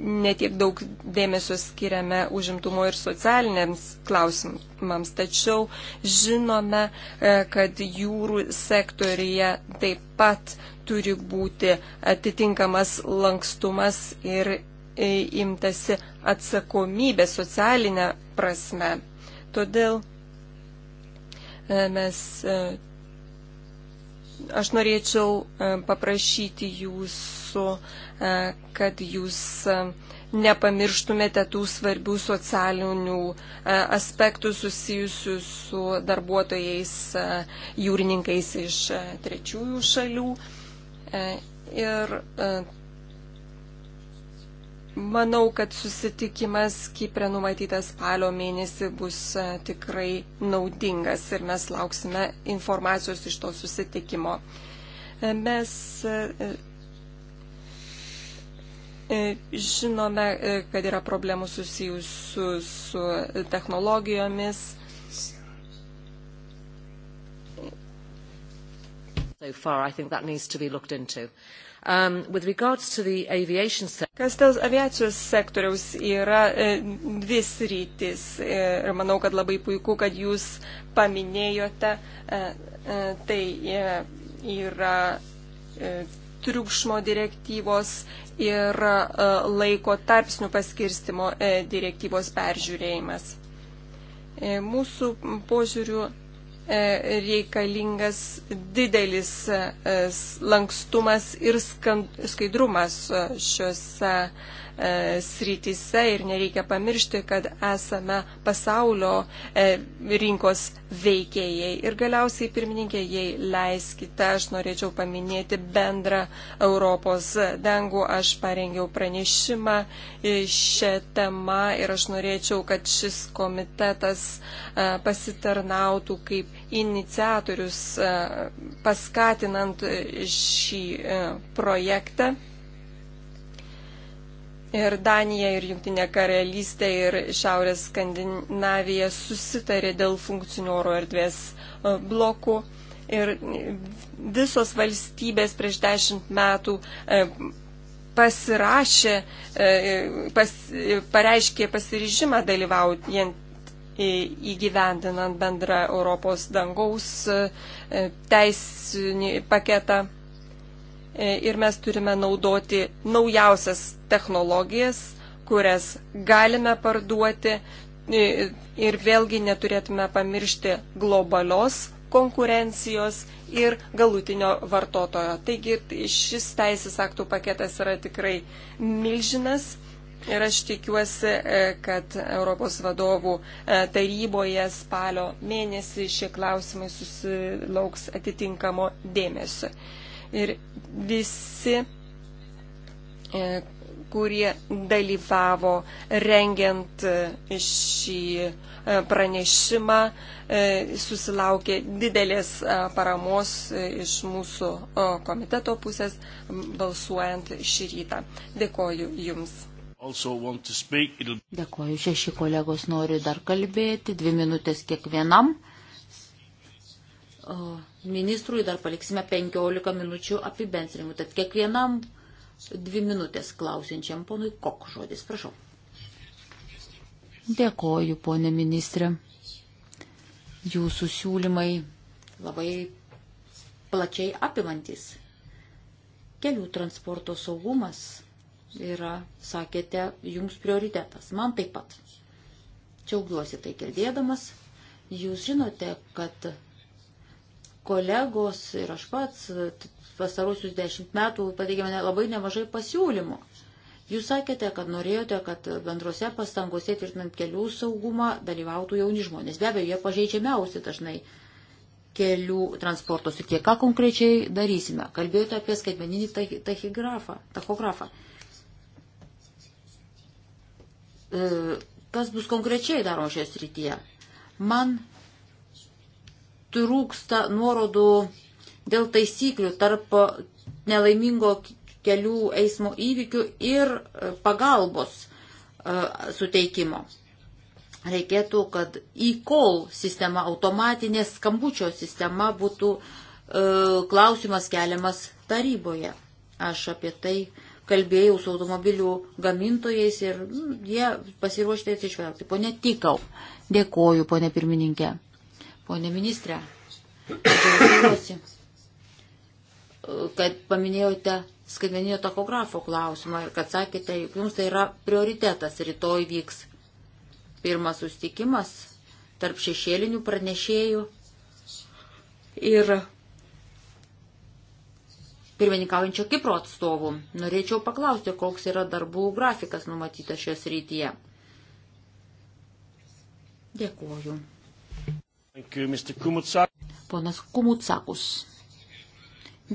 netiek daug dėmesio skiriame užimtumo ir socialiniams klausimams, tačiau žinome, e, kad jūrų sektorija taip pat turi būti atitinkamas lankstumas ir e, imtasi atsakomybė socialinė prasme. Todėl e, mes Aš norėčiau e, paprašyti jūsų, e, kad jūs e, nepamirštumėte tų svarbių socialinių aspektų susijusių su darbuotojais jūrininkais iš trečiųjų šalių. Ir Manau, kad susitikimas Kiprė numatytas spalio mėnesį bus e, tikrai naudingas ir mes lauksime informacijos iš to susitikimo. E, mes e, žinome, kad yra problemų susijusių su technologijomis. So far, I think that needs to be looked into. Uh, Um, Kas dėl aviacijos sektoriaus yra e, dvi srytis e, ir manau, kad labai puiku, kad jūs paminėjote, e, e, tai e, yra e, triukšmo direktyvos ir e, laiko tarpsnių paskirstimo e, direktyvos peržiūrėjimas. E, mūsų požiūrių E, reikalingas didelis e, lankstumas ir skaidrumas e, šiuose E, srityse ir nereikia pamiršti, kad esame pasaulio e, rinkos veikėjai. Ir galiausiai, pirmininkė, jei leiskite, aš norėčiau paminėti bendrą Europos dangų. Aš parengiau pranešimą šią temą ir aš norėčiau, kad šis komitetas e, pasitarnautų kaip iniciatorius paskatinant šį projektą ir Danija, ir Junktinė karalystė, ir Šiaurės Skandinavija susitarė dėl funkcinių oro erdvės e, blokų. Ir visos valstybės prieš dešimt metų e, pasirašė, e, pas, pareiškė pasiryžimą dalyvaujant įgyvendinant bendrą Europos dangaus teisinį paketą E, ir mes turime naudoti naujausias technologijas, kurias galime parduoti e, ir vėlgi neturėtume pamiršti globalios konkurencijos ir galutinio vartotojo. Taigi šis teisės aktų paketas yra tikrai milžinas. Ir aš tikiuosi, e, kad Europos vadovų taryboje spalio mėnesį šie klausimai susilauks atitinkamo dėmesio ir visi, e, kurie dalyvavo rengiant e, šį e, pranešimą, susilaukė didelės paramos iš mūsų komiteto pusės balsuojant šį rytą. Dėkoju Jums. Dėkoju, šeši kolegos nori dar kalbėti, dvi minutės kiekvienam ministrui dar paliksime 15 minučių apibendrinimų. Tad kiekvienam dvi minutės klausinčiam ponui Kok žodis. Prašau. Dėkoju, ponė ministrė. Jūsų siūlymai labai plačiai apimantis. Kelių transporto saugumas yra, sakėte, jums prioritetas. Man taip pat. Čiaugiuosi tai girdėdamas. Jūs žinote, kad kolegos ir aš pats pastarusius dešimt metų pateikėme labai nemažai pasiūlymų. Jūs sakėte, kad norėjote, kad bendrose pastangose tvirtinant kelių saugumą dalyvautų jauni žmonės. Be abejo, jie pažeidžiamiausi dažnai kelių transporto srityje. Ką konkrečiai darysime? Kalbėjote apie skaitmeninį tachigrafą, tachografą. E, kas bus konkrečiai daroma šioje srityje? Man trūksta nuorodų dėl taisyklių tarp nelaimingo kelių eismo įvykių ir e, pagalbos e, suteikimo. Reikėtų, kad e-call sistema, automatinė skambučio sistema būtų e, klausimas keliamas taryboje. Aš apie tai kalbėjau su automobilių gamintojais ir mm, jie pasiruošti atsižvelgti. Pone Tikau, dėkoju, pone pirmininkė. Pone ministrė, džiaugiuosi, kad paminėjote skaitmeninio takografo klausimą ir kad sakėte, jog jums tai yra prioritetas. Rytoj vyks pirmas sustikimas tarp šešėlinių pranešėjų ir pirmininkaujančio Kipro atstovų. Norėčiau paklausti, koks yra darbų grafikas numatytas šios rytyje. Dėkuoju. Ponas Kumutsakus.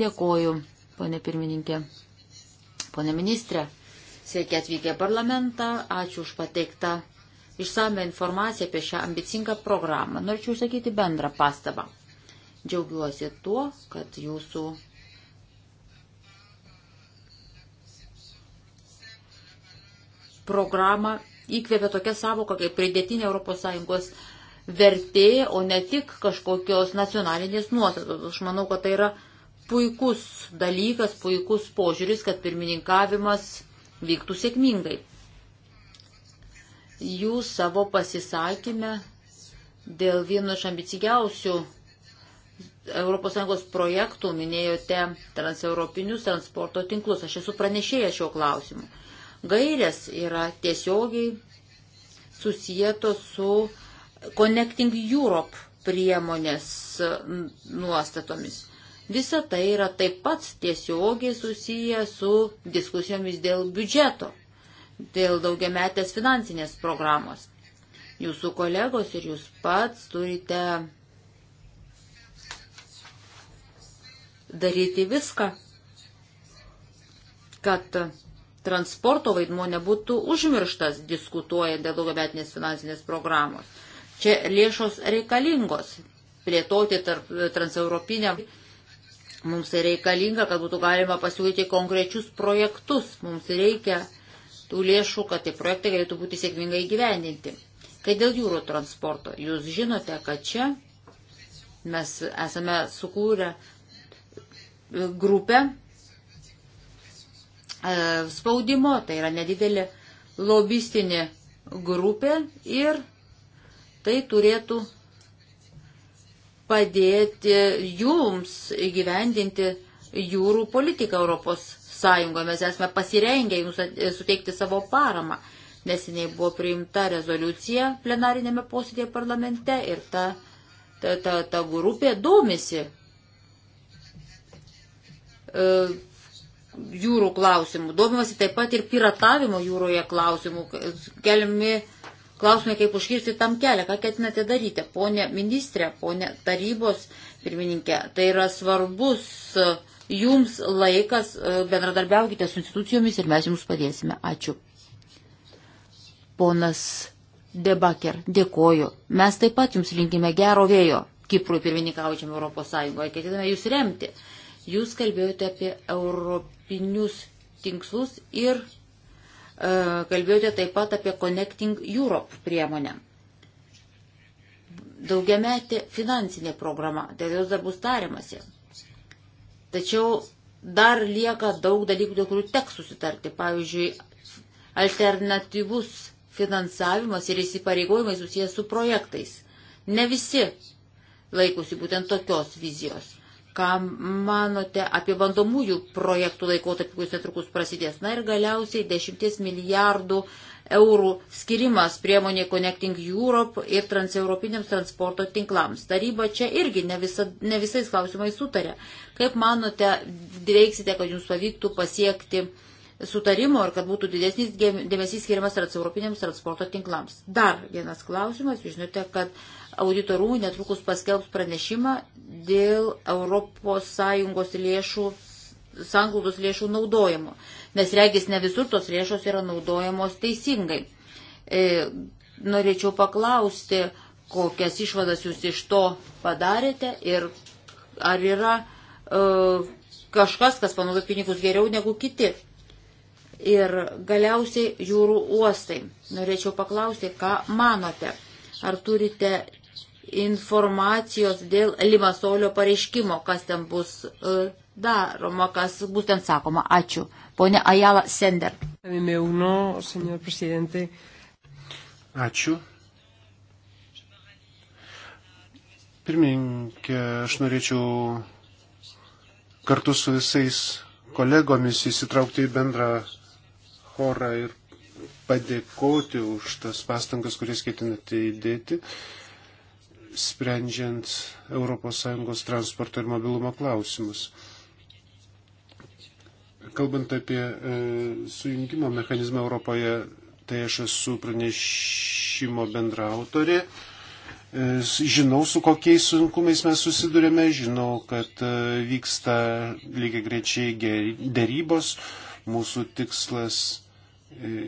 Dėkoju, ponė pirmininkė. Pone ministrė, sveiki atvykę parlamentą, ačiū už pateiktą išsame informaciją apie šią ambicingą programą. Norėčiau išsakyti bendrą pastabą. Džiaugiuosi tuo, kad jūsų programą įkvėpė tokia savoka kaip pridėtinė ES vertė, o ne tik kažkokios nacionalinės nuostatos. Aš manau, kad tai yra puikus dalykas, puikus požiūris, kad pirmininkavimas vyktų sėkmingai. Jūs savo pasisakymę dėl vieno iš ambicingiausių ES projektų minėjote transeuropinius transporto tinklus. Aš esu pranešėjęs šio klausimu. Gairės yra tiesiogiai susijęto su Connecting Europe priemonės nuostatomis. Visa tai yra taip pat tiesiogiai susiję su diskusijomis dėl biudžeto, dėl daugiametės finansinės programos. Jūsų kolegos ir jūs pats turite daryti viską, kad transporto vaidmuo nebūtų užmirštas diskutuojant dėl daugiametinės finansinės programos Čia lėšos reikalingos plėtoti tarp e, transeuropinę. Mums tai reikalinga, kad būtų galima pasiūlyti konkrečius projektus. Mums reikia tų lėšų, kad tie projektai galėtų būti sėkmingai gyveninti. Kai dėl jūrų transporto, jūs žinote, kad čia mes esame sukūrę e, grupę e, spaudimo, tai yra nedidelė lobistinė grupė ir Tai turėtų padėti jums įgyvendinti jūrų politiką Europos Sąjungoje. Mes esame pasirengę jums suteikti savo paramą. Nesiniai buvo priimta rezoliucija plenarinėme posėdėje parlamente ir ta, ta, ta, ta grupė domisi e, jūrų klausimų. Domimasi taip pat ir piratavimo jūroje klausimų. Keliami Klausime, kaip užkirsti tam kelią, ką ketinate daryti. Pone ministrė, pone tarybos pirmininkė, tai yra svarbus e, jums laikas, e, bendradarbiaukite su institucijomis ir mes jums padėsime. Ačiū. Ponas Debaker, dėkoju. Mes taip pat jums linkime gero vėjo. Kiprui pirmininkaučiam Europos Sąjungoje, ketiname jūs remti. Jūs kalbėjote apie europinius tinkslus ir E, kalbėjote taip pat apie Connecting Europe priemonę. Daugiametė finansinė programa, dėl jos dar bus tariamasi. Tačiau dar lieka daug dalykų, dėl kurių teks susitarti. Pavyzdžiui, alternatyvus finansavimas ir įsipareigojimai susijęs su projektais. Ne visi laikosi būtent tokios vizijos. Ką manote apie bandomųjų projektų laikotarpį, kuris netrukus prasidės? Na ir galiausiai 10 milijardų eurų skirimas priemonė Connecting Europe ir transeuropiniams transporto tinklams. Taryba čia irgi ne, visa, ne visais klausimais sutarė. Kaip manote, veiksite, kad jums pavyktų pasiekti sutarimo ir kad būtų didesnis dėmesys skiriamas transeuropiniams transporto tinklams? Dar vienas klausimas. Jūs žinote, kad auditorų netrukus paskelbs pranešimą dėl ES lėšų, sanglaudos lėšų naudojimo, nes regis ne visur tos lėšos yra naudojamos teisingai. E, norėčiau paklausti, kokias išvadas jūs iš to padarėte ir ar yra e, kažkas, kas panaudoja pinigus geriau negu kiti. Ir galiausiai jūrų uostai. Norėčiau paklausti, ką manote. Ar turite informacijos dėl Limasolio pareiškimo, kas ten bus e, daroma, kas bus ten sakoma. Ačiū. Pone Ajala Sender. Ačiū. Pirmininkė, aš norėčiau kartu su visais kolegomis įsitraukti į bendrą chorą ir padėkoti už tas pastangas, kurias ketinate įdėti. Uh, sprendžiant ES transporto ir mobilumo klausimus. Kalbant apie e, sujungimo mechanizmą Europoje, tai aš esu pranešimo bendraautorė. E, žinau, su kokiais sunkumais mes susidurėme, žinau, kad e, vyksta lygiai grečiai dėrybos. Mūsų tikslas e,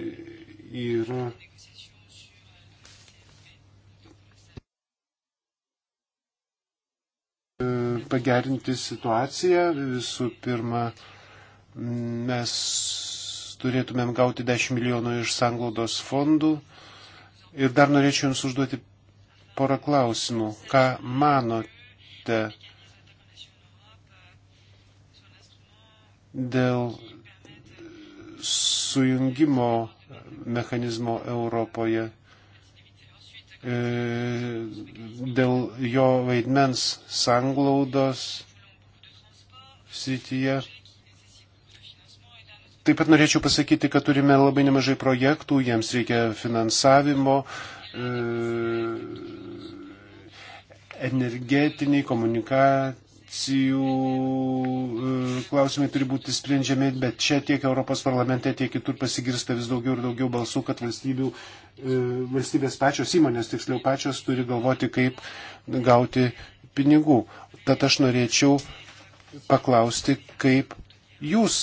yra. Ir pagerinti situaciją. Visų pirma, mes turėtumėm gauti 10 milijonų iš sanglaudos fondų. Ir dar norėčiau Jums užduoti porą klausimų. Ką manote dėl sujungimo mechanizmo Europoje? E, dėl jo vaidmens sanglaudos srityje. Taip pat norėčiau pasakyti, kad turime labai nemažai projektų, jiems reikia finansavimo, e, energetiniai, komunikacijai frakcijų e, klausimai turi būti sprendžiami, bet čia tiek Europos parlamente, tiek kitur pasigirsta vis daugiau ir daugiau balsų, kad valstybių, e, valstybės pačios įmonės, tiksliau pačios, turi galvoti, kaip gauti pinigų. Tad aš norėčiau paklausti, kaip jūs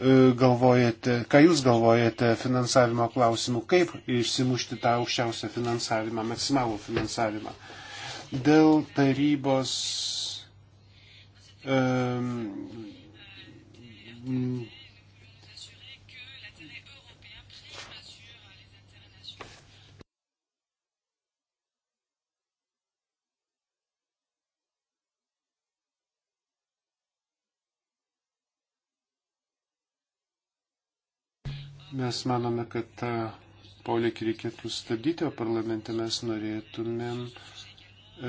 e, galvojate, ką jūs galvojate finansavimo klausimu, kaip išsimušti tą aukščiausią finansavimą, maksimalų finansavimą. Dėl tarybos Ehm, mes manome, kad tą polėkį reikėtų stabdyti, o parlamente mes norėtumėm uh, E,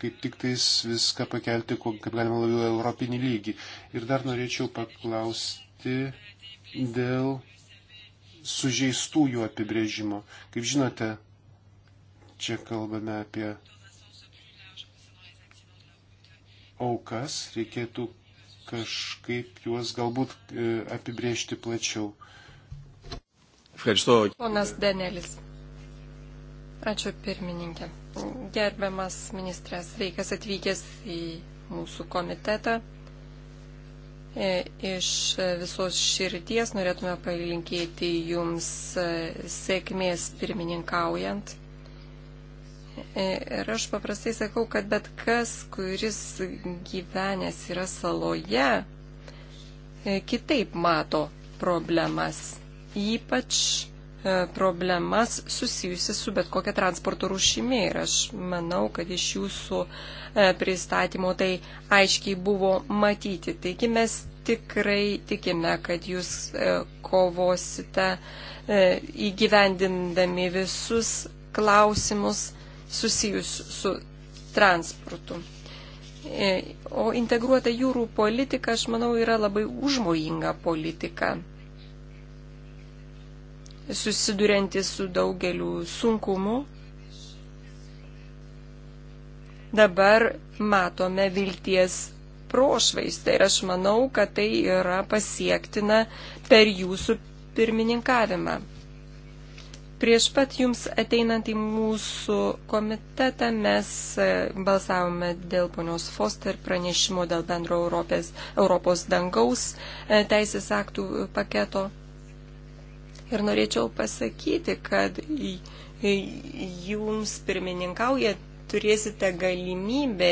kaip tik tais viską pakelti, kaip galima labiau, europinį lygį. Ir dar norėčiau paklausti dėl sužeistųjų apibrėžimo. Kaip žinote, čia kalbame apie aukas, reikėtų kažkaip juos galbūt e, apibrėžti plačiau. Ponas Denelis. Ačiū pirmininkė. Gerbiamas ministras, sveikas atvykęs į mūsų komitetą. E, iš visos širties norėtume palinkėti jums e, sėkmės pirmininkaujant. E, ir aš paprastai sakau, kad bet kas, kuris gyvenęs yra saloje, kitaip mato problemas, ypač E, problemas susijusi su bet kokia transporto rūšimi. Ir aš manau, kad iš jūsų e, pristatymo tai aiškiai buvo matyti. Taigi mes tikrai tikime, kad jūs e, kovosite įgyvendindami visus klausimus susijus su transportu. O integruota jūrų politika, aš manau, yra labai užmojinga politika susidurianti su daugeliu sunkumu, dabar matome vilties prošvaistą ir aš manau, kad tai yra pasiektina per jūsų pirmininkavimą. Prieš pat jums ateinant į mūsų komitetą mes e, balsavome dėl ponios Foster pranešimo dėl bendro Europės, Europos dangaus e, teisės aktų paketo. Ir norėčiau pasakyti, kad jums pirmininkauja turėsite galimybę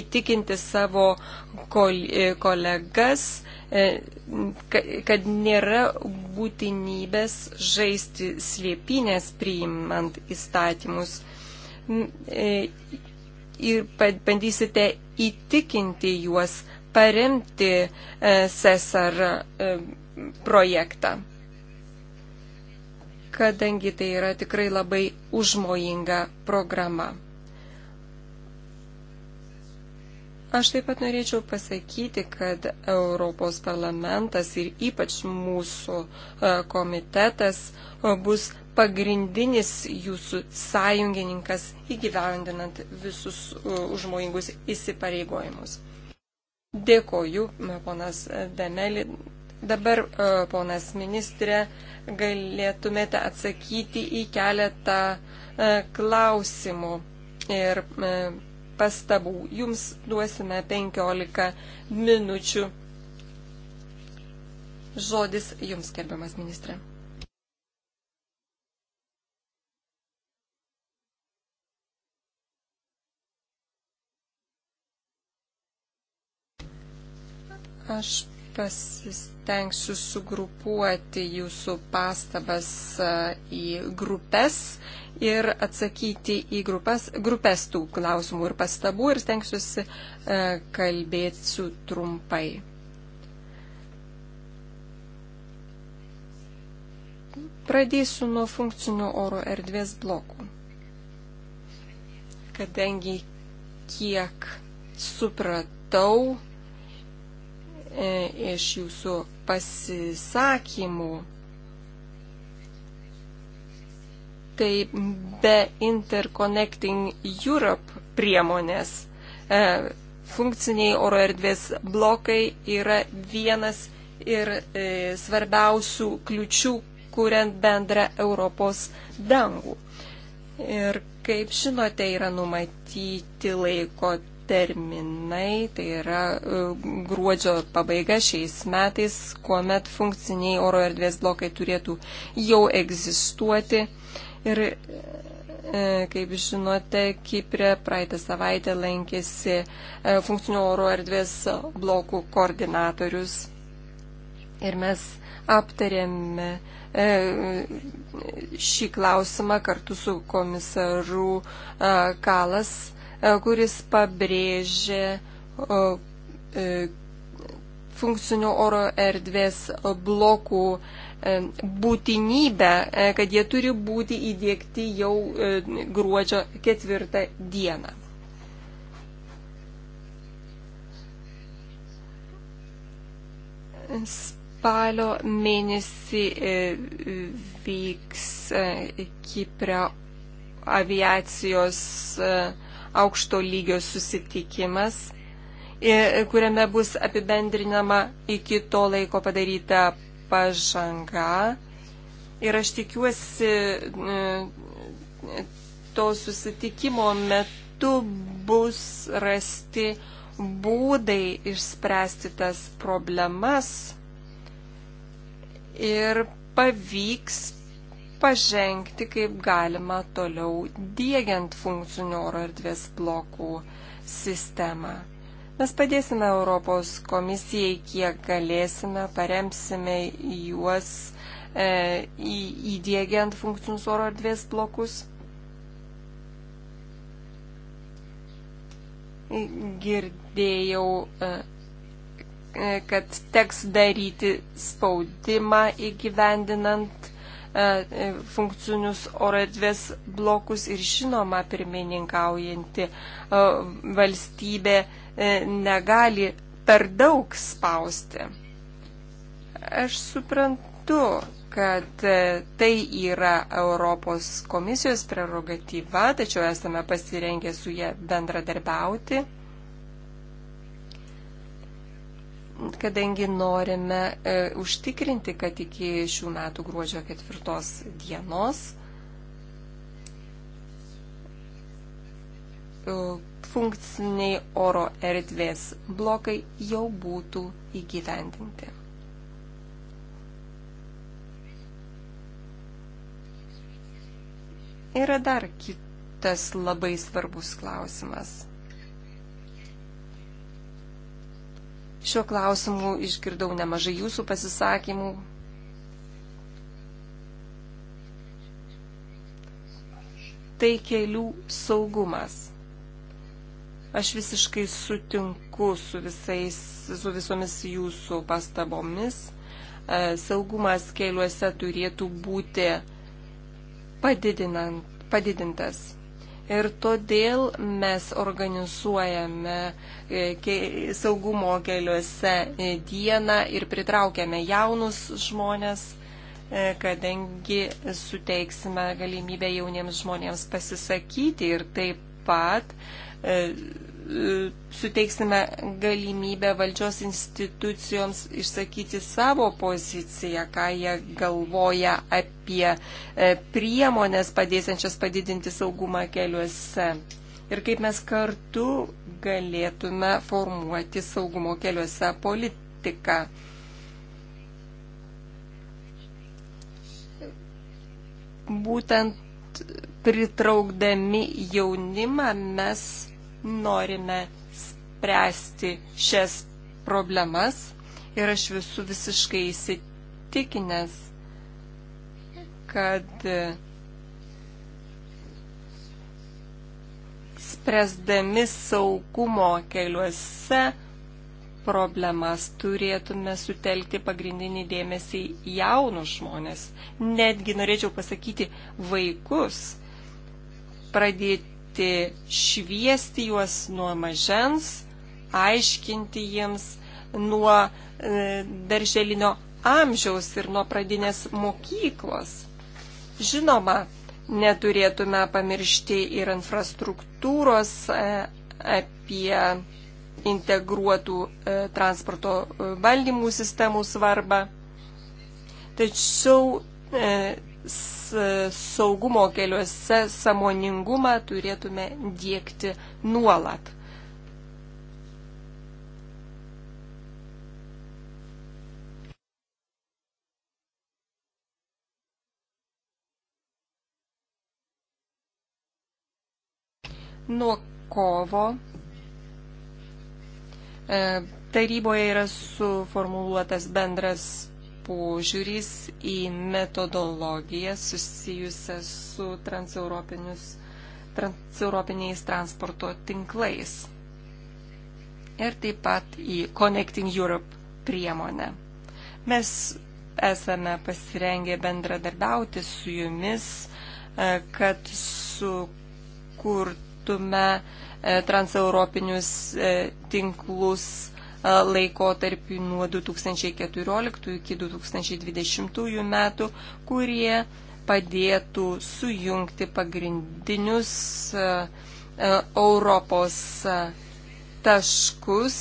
įtikinti savo e, kolegas, e, kad nėra būtinybės žaisti slėpinės priimant įstatymus. E, ir bandysite įtikinti juos paremti Cesar projektą kadangi tai yra tikrai labai užmojinga programa. Aš taip pat norėčiau pasakyti, kad Europos parlamentas ir ypač mūsų e, komitetas e, bus pagrindinis jūsų sąjungininkas įgyvendinant visus e, užmojingus įsipareigojimus. Dėkoju, ponas Demeli, Dabar, e, ponas ministrė, galėtumėte atsakyti į keletą e, klausimų ir e, pastabų. Jums duosime 15 minučių. Žodis jums, gerbiamas ministrė. Aš Pasistengsiu sugrupuoti jūsų pastabas e, į grupės ir atsakyti į grupės, grupės tų klausimų ir pastabų ir stengsiuosi e, kalbėti trumpai. Pradėsiu nuo funkcinio oro erdvės blokų. Kadangi kiek supratau, E, iš jūsų pasisakymų. Tai be Interconnecting Europe priemonės e, funkciniai oro erdvės blokai yra vienas ir e, svarbiausių kliučių, kuriant bendrą Europos dangų. Ir kaip žinote, yra numatyti laiko terminai, tai yra e, gruodžio pabaiga šiais metais, kuomet funkciniai oro erdvės blokai turėtų jau egzistuoti. Ir, e, kaip žinote, Kiprė praeitą savaitę lankėsi e, funkcinio oro erdvės blokų koordinatorius. Ir mes aptarėme šį klausimą kartu su komisaru Kalas E, kuris pabrėžė e, funkcinio oro erdvės blokų e, būtinybę, kad jie turi būti įdėkti jau gruodžio ketvirtą dieną. Spalio mėnesį vyks Kipre aviacijos aukšto lygio susitikimas, kuriame bus apibendrinama iki to laiko padaryta pažanga. Ir aš tikiuosi to susitikimo metu bus rasti būdai išspręsti tas problemas ir pavyks pažengti kaip galima toliau dėgiant funkcinio oro erdvės blokų sistemą. Mes padėsime Europos komisijai, kiek galėsime, paremsime juos e, į, įdėgiant funkcinius oro erdvės blokus. Girdėjau. E, e kad teks daryti spaudimą įgyvendinant E, funkcinius oro erdvės blokus ir žinoma pirmininkaujanti e, valstybė e, negali per daug spausti. Aš suprantu, kad tai yra Europos komisijos prerogatyva, tačiau esame pasirengę su ją bendradarbiauti kadangi norime e, užtikrinti, kad iki šių metų gruodžio ketvirtos dienos e, funkciniai oro erdvės blokai jau būtų įgyvendinti. Yra dar kitas labai svarbus klausimas. Šiuo klausimu išgirdau nemažai jūsų pasisakymų. Tai kelių saugumas. Aš visiškai sutinku su, visais, su visomis jūsų pastabomis. E, saugumas keliuose turėtų būti padidintas Ir todėl mes organizuojame e, saugumo keliuose e, dieną ir pritraukiame jaunus žmonės, e, kadangi suteiksime galimybę jauniems žmonėms pasisakyti ir taip pat suteiksime galimybę valdžios institucijoms išsakyti savo poziciją, ką jie galvoja apie e, priemonės padėsiančias padidinti saugumą keliuose. Ir kaip mes kartu galėtume formuoti saugumo keliuose politiką. Būtent pritraukdami jaunimą mes norime spręsti šias problemas ir aš visų visiškai įsitikinęs, kad spręsdami saugumo keliuose problemas turėtume sutelkti pagrindinį dėmesį jaunus žmonės, netgi norėčiau pasakyti vaikus, pradėti bandyti šviesti juos nuo mažens, aiškinti jiems nuo e, darželinio amžiaus ir nuo pradinės mokyklos. Žinoma, neturėtume pamiršti ir infrastruktūros e, apie integruotų e, transporto valdymų sistemų svarbą. Tačiau E, saugumo keliuose samoningumą turėtume dėkti nuolat. Nuo kovo e, taryboje yra suformuluotas bendras požiūris į metodologiją susijusią su transeuropiniais transporto tinklais ir taip pat į Connecting Europe priemonę. Mes esame pasirengę bendradarbiauti su jumis, e, kad sukurtume e, transeuropinius e, tinklus laikotarpį nuo 2014 iki 2020 metų, kurie padėtų sujungti pagrindinius e, e, Europos e, taškus,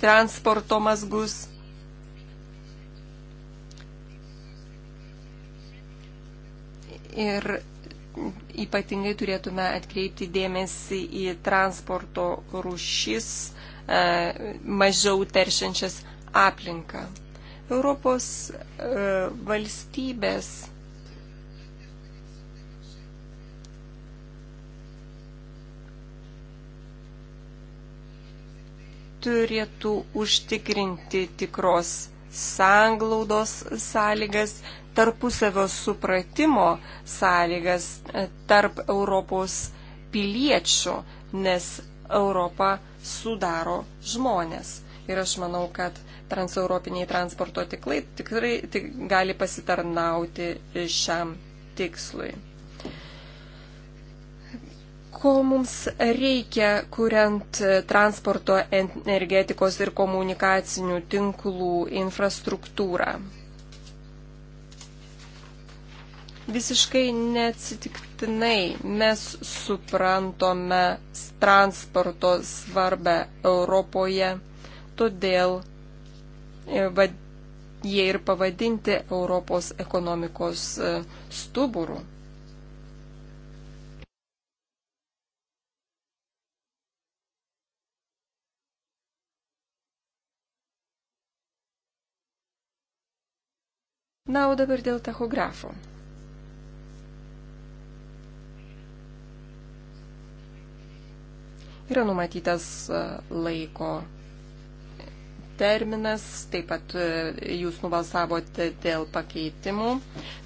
transporto mazgus. Ir ypatingai turėtume atkreipti dėmesį į transporto rušis, E, mažiau teršiančias aplinką. Europos e, valstybės turėtų užtikrinti tikros sanglaudos sąlygas, tarpusavio supratimo sąlygas e, tarp Europos piliečių, nes Europa sudaro žmonės. Ir aš manau, kad transeuropiniai transporto tiklai tikrai tik gali pasitarnauti šiam tikslui. Ko mums reikia, kuriant transporto energetikos ir komunikacinių tinklų infrastruktūrą? Visiškai neatsitiktinai mes suprantome transporto svarbę Europoje, todėl e, vad, jie ir pavadinti Europos ekonomikos e, stuburų. Na, o dabar dėl tachografų. Yra numatytas e, laiko terminas, taip pat e, jūs nubalsavote dėl pakeitimų.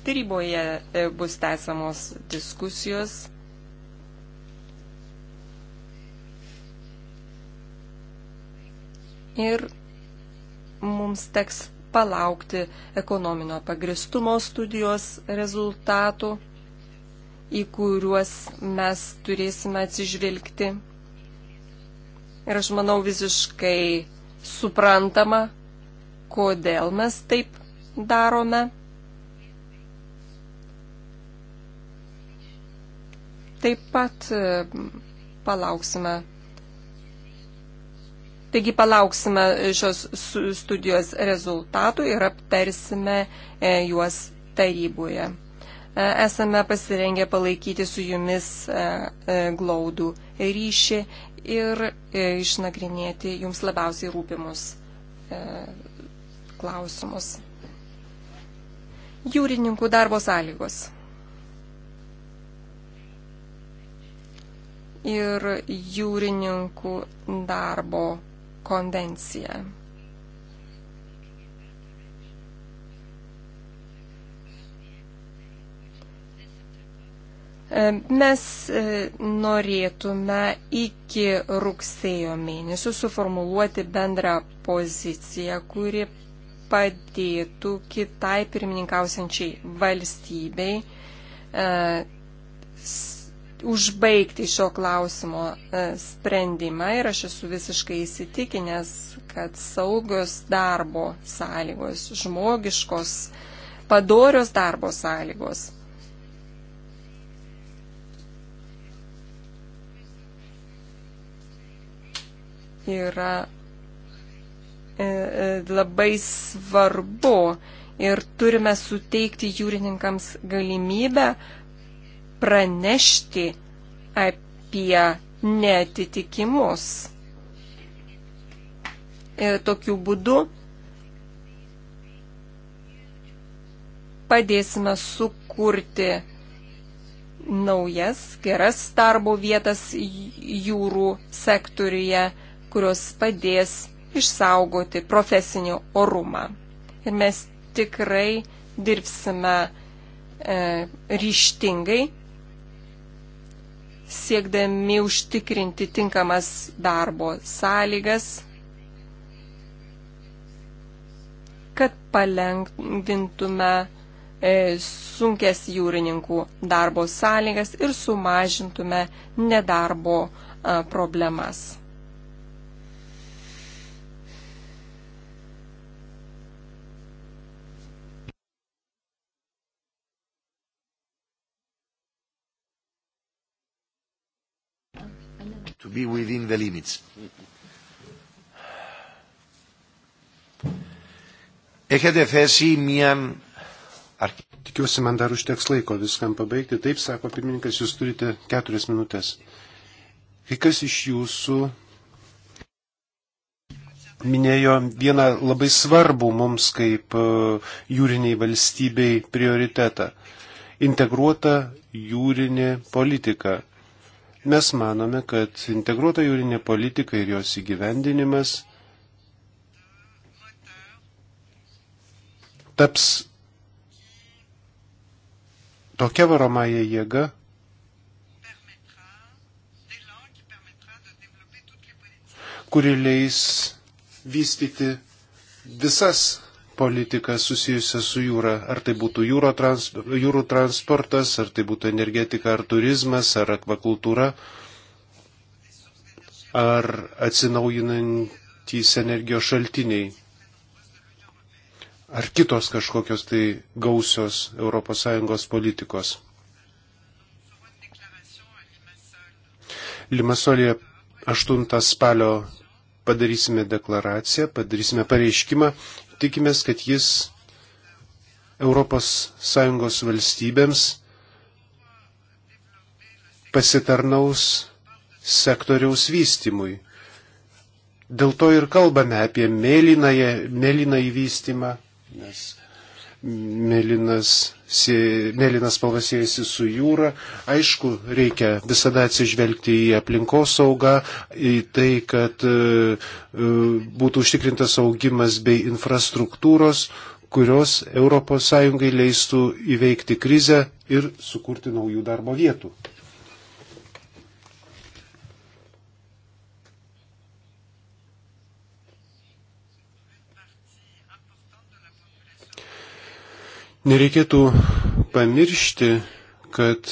Taryboje e, bus tęsiamos diskusijos. Ir mums teks palaukti ekonominio pagristumo studijos rezultatų, į kuriuos mes turėsime atsižvelgti. Ir aš manau visiškai suprantama, kodėl mes taip darome. Taip pat e, palauksime. Taigi palauksime šios studijos rezultatų ir aptarsime e, juos taryboje. E, esame pasirengę palaikyti su jumis glaudų ryšį ir e, išnagrinėti jums labiausiai rūpimus e, klausimus. Jūrininkų darbo sąlygos. Ir jūrininkų darbo konvencija. E, mes e, norėtume iki rugsėjo mėnesio suformuluoti bendrą poziciją, kuri padėtų kitai pirmininkausiančiai valstybei e, užbaigti šio klausimo sprendimą ir aš esu visiškai įsitikinęs, kad saugios darbo sąlygos, žmogiškos, padorios darbo sąlygos yra e, e, labai svarbu ir turime suteikti jūrininkams galimybę pranešti apie netitikimus. Ir e, tokiu būdu padėsime sukurti naujas, geras darbo vietas jūrų sektoriuje kurios padės išsaugoti profesinį orumą. Ir mes tikrai dirbsime e, ryštingai, siekdami užtikrinti tinkamas darbo sąlygas, kad palengvintume e, sunkes jūrininkų darbo sąlygas ir sumažintume nedarbo e, problemas. to be within the limits. Έχετε θέσει μια Tikiuosi, man dar užteks laiko viskam pabaigti. Taip, sako pirmininkas, jūs turite keturias minutės. Kai kas iš jūsų minėjo vieną labai svarbų mums kaip e, jūriniai valstybei prioritetą - integruota jūrinė politika. Mes manome, kad integruota jūrinė politika ir jos įgyvendinimas taps tokia varomąją jėgą, kuri leis vystyti visas politiką susijusią su jūra. Ar tai būtų jūro trans, jūrų transportas, ar tai būtų energetika, ar turizmas, ar akvakultūra, ar atsinaujinantys energijos šaltiniai, ar kitos kažkokios tai gausios ES politikos. Limasolėje 8 spalio padarysime deklaraciją, padarysime pareiškimą tikimės, kad jis ES valstybėms pasitarnaus sektoriaus vystimui. Dėl to ir kalbame apie mėlynąją, mėlyną įvystymą, nes mėlynas mėlynas spalva siejasi su jūra. Aišku, reikia visada atsižvelgti į aplinkos saugą, į tai, kad e, e, būtų užtikrintas augimas bei infrastruktūros, kurios ES leistų įveikti krizę ir sukurti naujų darbo vietų. Nereikėtų pamiršti, kad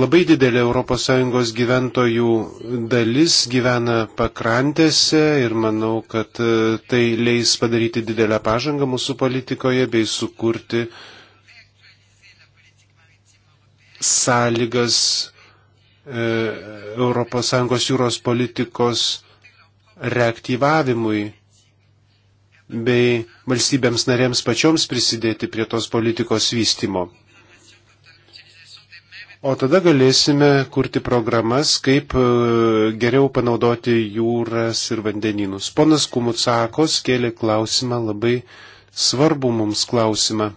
labai didelė ES gyventojų dalis gyvena pakrantėse ir manau, kad e, tai leis padaryti didelę pažangą mūsų politikoje bei sukurti sąlygas ES jūros politikos reaktyvavimui bei valstybėms narėms pačioms prisidėti prie tos politikos vystimo. O tada galėsime kurti programas, kaip e, geriau panaudoti jūras ir vandenynus. Ponas Kumutsakos kėlė klausimą labai svarbu mums klausimą.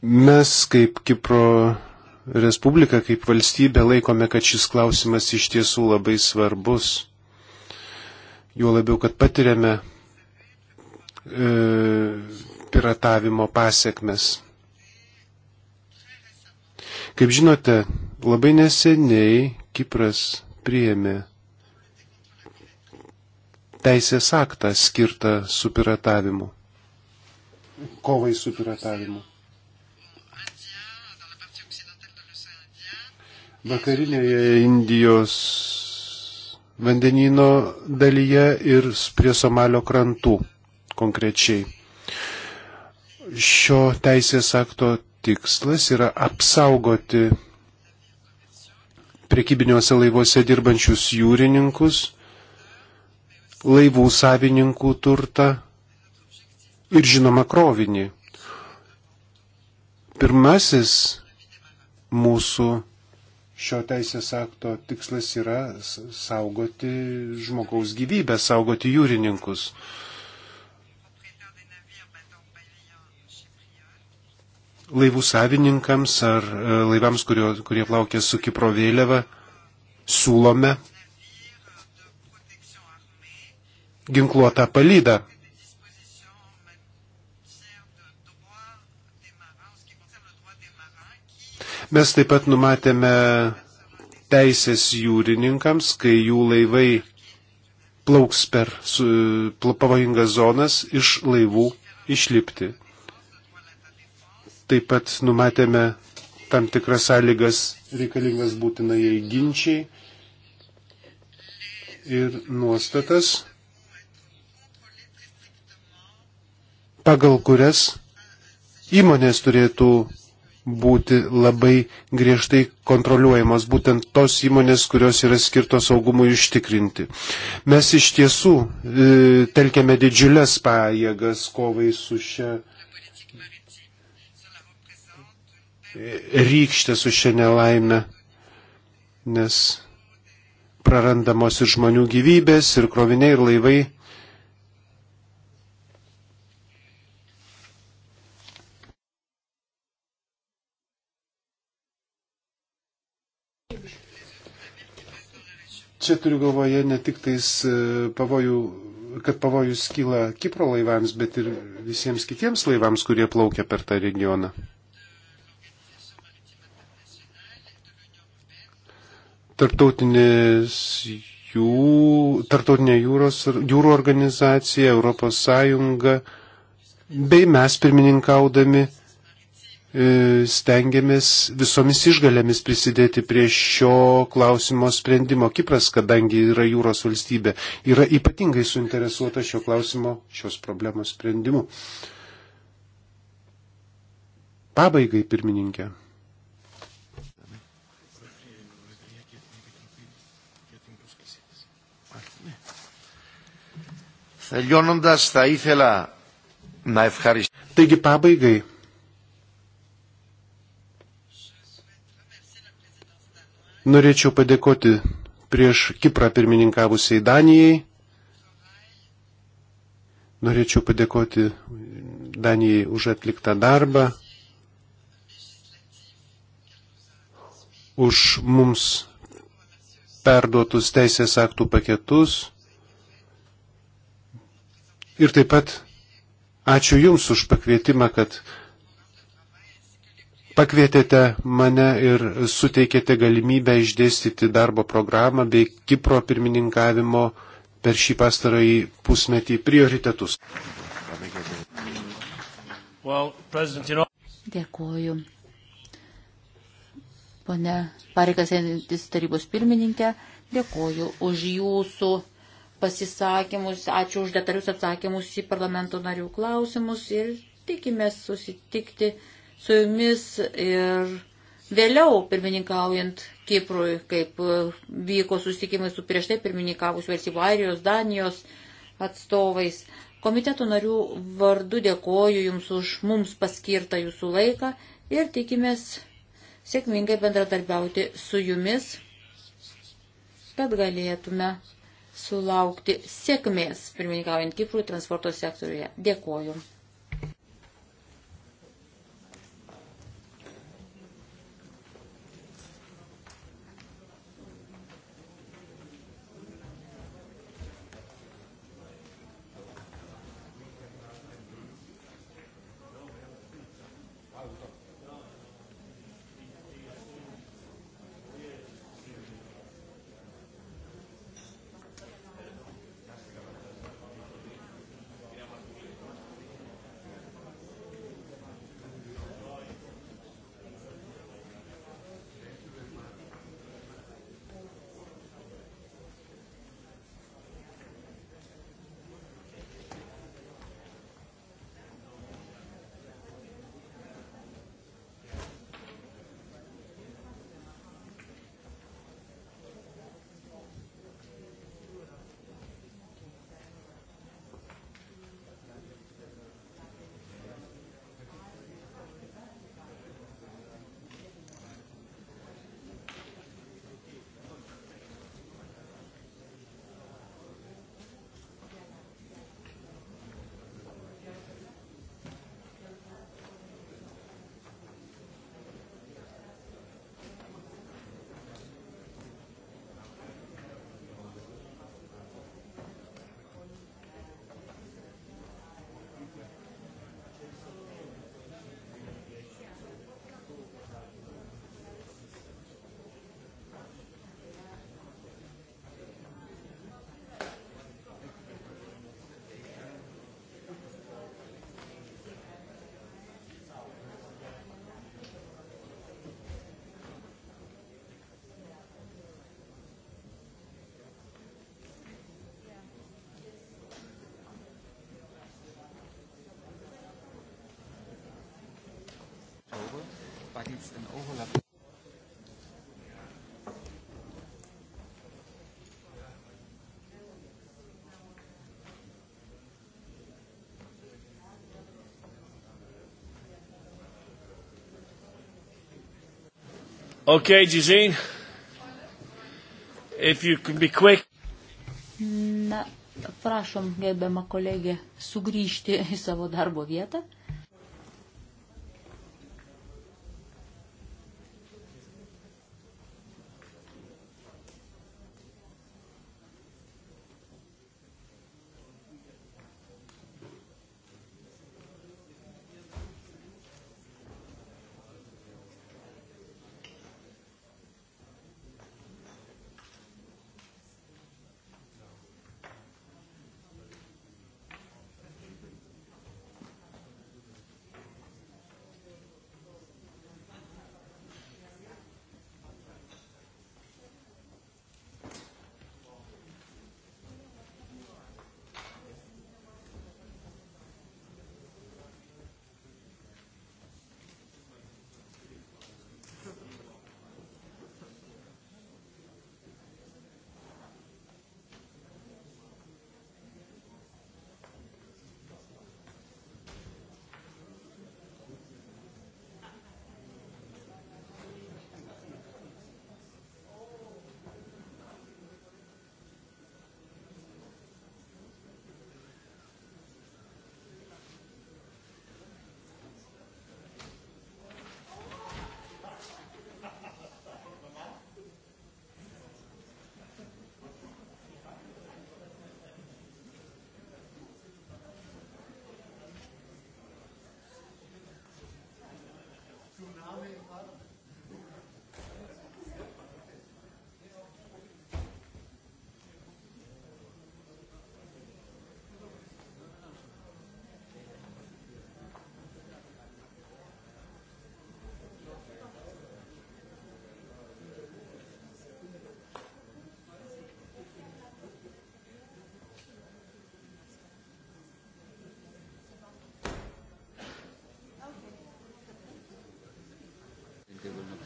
Mes kaip Kipro Respubliką kaip valstybę laikome, kad šis klausimas iš tiesų labai svarbus. Juo labiau, kad patiriame e, piratavimo pasiekmes. Kaip žinote, labai neseniai Kipras priėmė teisės aktą skirtą su piratavimu. Kovai su piratavimu. vakarinėje Indijos vandenino dalyje ir prie Somalio krantų konkrečiai. Šio teisės akto tikslas yra apsaugoti priekybiniuose laivuose dirbančius jūrininkus, laivų savininkų turtą ir žinoma krovinį. Pirmasis mūsų Šio teisės akto tikslas yra saugoti žmogaus gyvybę, saugoti jūrininkus. Laivų savininkams ar e, laivams, kurio, kurie plaukia su Kipro vėliava, siūlome ginkluotą palydą Mes taip pat numatėme teisės jūrininkams, kai jų laivai plauks per pavojingas zonas iš laivų išlipti. Taip pat numatėme tam tikras sąlygas reikalingas būtinai ginčiai ir nuostatas, pagal kurias įmonės turėtų būti labai griežtai kontroliuojamos, būtent tos įmonės, kurios yra skirtos saugumui užtikrinti. Mes iš tiesų e, telkėme didžiulės pajėgas kovai su šia rykštė, su šia nelaime, nes prarandamos ir žmonių gyvybės, ir kroviniai, ir laivai Čia turiu galvoje ne tik tais e, pavojų, kad pavojus kyla Kipro laivams, bet ir visiems kitiems laivams, kurie plaukia per tą regioną. Tartautinės jų, tartautinė jūros, jūrų organizacija, Europos Sąjunga, bei mes pirmininkaudami E, stengiamės visomis išgalėmis prisidėti prie šio klausimo sprendimo. Kipras, kadangi yra jūros valstybė, yra ypatingai suinteresuota šio klausimo, šios problemos sprendimu. Pabaigai, pirmininkė. Taigi pabaigai Norėčiau padėkoti prieš Kiprą pirmininkavusiai Danijai. Norėčiau padėkoti Danijai už atliktą darbą, už mums perduotus teisės aktų paketus. Ir taip pat ačiū Jums už pakvietimą, kad pakvietėte mane ir suteikėte galimybę išdėstyti darbo programą bei Kipro pirmininkavimo per šį pastarąjį pusmetį prioritetus. Dėkuoju. Pone pareikas einantis tarybos pirmininkė, dėkuoju už jūsų pasisakymus, ačiū už detalius atsakymus į parlamento narių klausimus ir tikimės susitikti su jumis ir vėliau pirmininkaujant Kiprui, kaip e, vyko susitikimai su prieš tai pirmininkavus valstybių Airijos, Danijos atstovais. Komiteto narių vardu dėkoju Jums už mums paskirtą Jūsų laiką ir tikimės sėkmingai bendradarbiauti su Jumis, kad galėtume sulaukti sėkmės pirmininkaujant Kiprui transporto sektoriuje. Dėkoju. but it's an overlap. Okay, Gisine, if you can be quick. Na, prašom, gerbiama kolegė, sugrįžti į savo darbo vietą.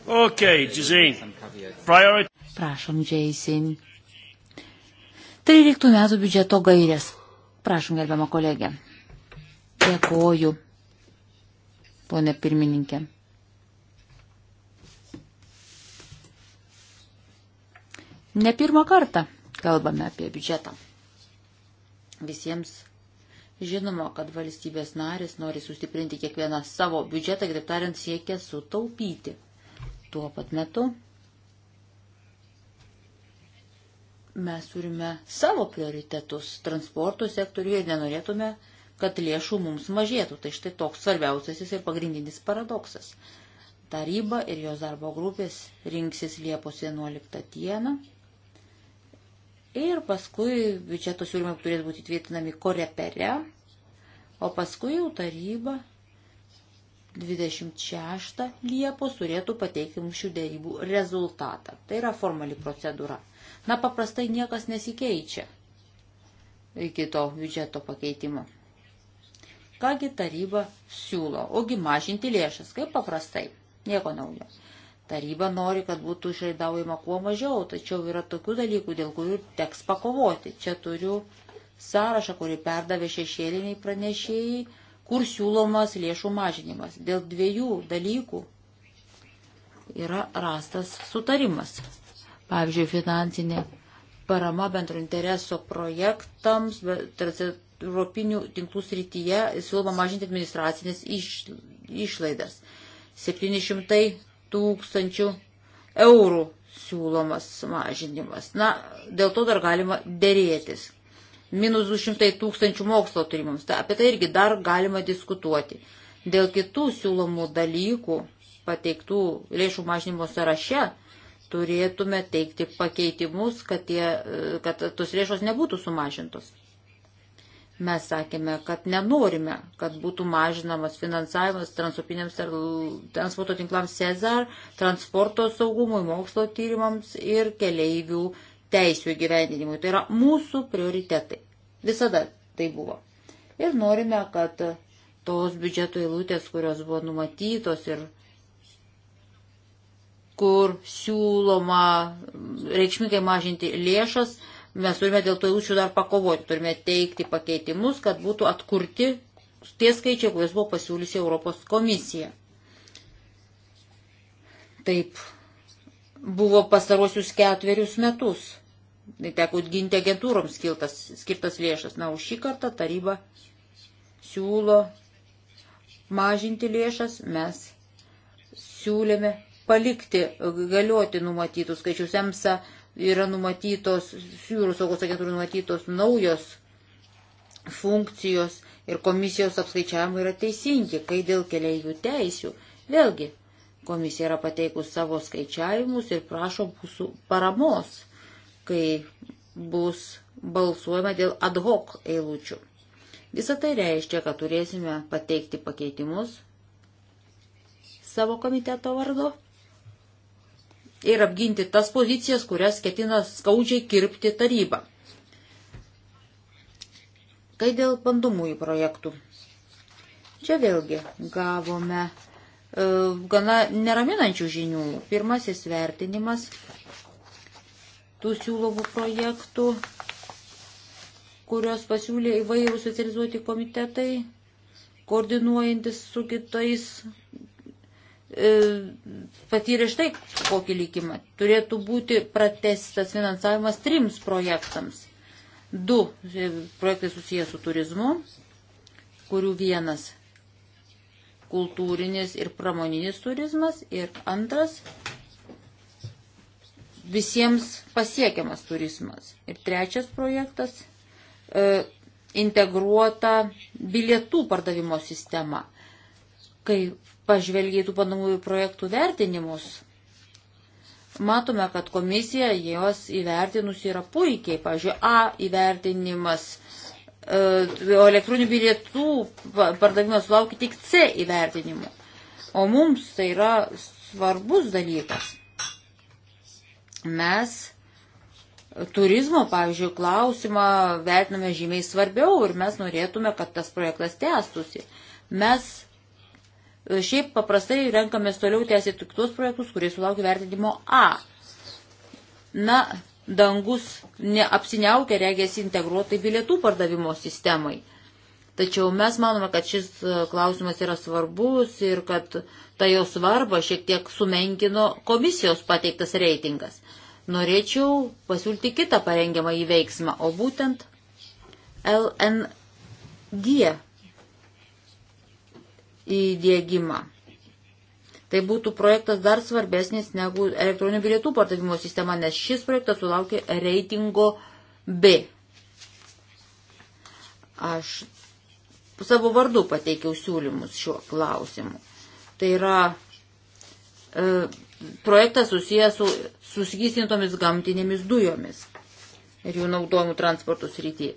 Okay, Jazin. Priority. Prašom, Jason. 13 metų biudžeto gairės. Prašom, gerbiamą kolegę. Dėkoju, ponė pirmininkė. Ne pirmą kartą kalbame apie biudžetą. Visiems žinoma, kad valstybės narės nori sustiprinti kiekvieną savo biudžetą, kitaip tariant, siekia sutaupyti. Tuo pat metu mes turime savo prioritetus transporto sektoriuje ir nenorėtume, kad lėšų mums mažėtų. Tai štai toks svarbiausiasis ir pagrindinis paradoksas. Taryba ir jos darbo grupės rinksis Liepos 11 dieną. Ir paskui biudžeto siūlymai turės būti tvirtinami korepere, o paskui jau taryba 26 Liepos turėtų pateikti mums šių dėrybų rezultatą. Tai yra formali procedūra. Na, paprastai niekas nesikeičia iki to biudžeto pakeitimo. Kągi taryba siūlo, ogi mažinti lėšas, kaip paprastai, nieko naujo. Taryba nori, kad būtų išraidaujama kuo mažiau, tačiau yra tokių dalykų, dėl kurių teks pakovoti. Čia turiu sąrašą, kurį perdavė šešėliniai pranešėjai kur siūlomas lėšų mažinimas. Dėl dviejų dalykų yra rastas sutarimas. Pavyzdžiui, finansinė parama bendro intereso projektams, europinių tinklų srityje siūloma mažinti administracinės iš, išlaidas. 700 tūkstančių eurų siūlomas mažinimas. Na, dėl to dar galima dėrėtis minus 200 tūkstančių mokslo turimams. Ta, apie tai irgi dar galima diskutuoti. Dėl kitų siūlomų dalykų pateiktų lėšų mažinimo sąraše turėtume teikti pakeitimus, kad, tie, kad tos lėšos nebūtų sumažintos. Mes sakėme, kad nenorime, kad būtų mažinamas finansavimas transopiniams transporto tinklams Cezar, transporto saugumui, mokslo tyrimams ir keleivių teisų įgyvendinimui. Tai yra mūsų prioritetai. Visada tai buvo. Ir norime, kad tos biudžeto eilutės, kurios buvo numatytos ir kur siūloma reikšmingai mažinti lėšas, mes turime dėl to eilučių dar pakovoti, turime teikti pakeitimus, kad būtų atkurti tie skaičiai, kuriuos buvo pasiūlysi Europos komisija. Taip buvo pastaruosius ketverius metus. Tai teko ginti agentūroms skirtas, skirtas lėšas. Na, už šį kartą taryba siūlo mažinti lėšas, mes siūlėme palikti galioti numatytus skaičius. EMSA yra numatytos, jūrų saugos agentūrų numatytos naujos funkcijos ir komisijos apskaičiavimai yra teisingi, kai dėl keliaivių teisių. Vėlgi, komisija yra pateikus savo skaičiavimus ir prašo mūsų paramos kai bus balsuojama dėl ad hoc eilučių. Visą tai reiškia, kad turėsime pateikti pakeitimus savo komiteto vardu ir apginti tas pozicijas, kurias ketina skaudžiai kirpti taryba. Kai dėl bandomųjų projektų. Čia vėlgi gavome e, gana neraminančių žinių. Pirmasis vertinimas tų siūlomų projektų, kurios pasiūlė įvairūs specializuoti komitetai, koordinuojantis su kitais, e, patyrė štai kokį likimą. Turėtų būti pratestas finansavimas trims projektams. Du e, projektai susijęs su turizmu, kurių vienas kultūrinis ir pramoninis turizmas ir antras visiems pasiekiamas turizmas. Ir trečias projektas e, - integruota bilietų pardavimo sistema. Kai pažvelgėtų panomųjų projektų vertinimus, matome, kad komisija juos įvertinus yra puikiai. Pavyzdžiui, A įvertinimas, e, o elektroninių bilietų pardavimas laukia tik C įvertinimu. O mums tai yra svarbus dalykas mes turizmo, pavyzdžiui, klausimą vertiname žymiai svarbiau ir mes norėtume, kad tas projektas tęstusi. Mes e, šiaip paprastai renkamės toliau tęsti tik tuos projektus, kurie sulaukia vertinimo A. Na, dangus neapsiniaukia, regėsi integruotai bilietų pardavimo sistemai. Tačiau mes manome, kad šis e, klausimas yra svarbus ir kad tą jo svarbą šiek tiek sumenkino komisijos pateiktas reitingas norėčiau pasiūlyti kitą parengiamą įveiksmą, o būtent LNG įdėgymą. Tai būtų projektas dar svarbesnis negu elektroninių bilietų pardavimo sistema, nes šis projektas sulaukė reitingo B. Aš savo vardu pateikiau siūlymus šiuo klausimu. Tai yra e, projektas susijęs su susigysintomis gamtinėmis dujomis ir jų naudojimų transporto srityje.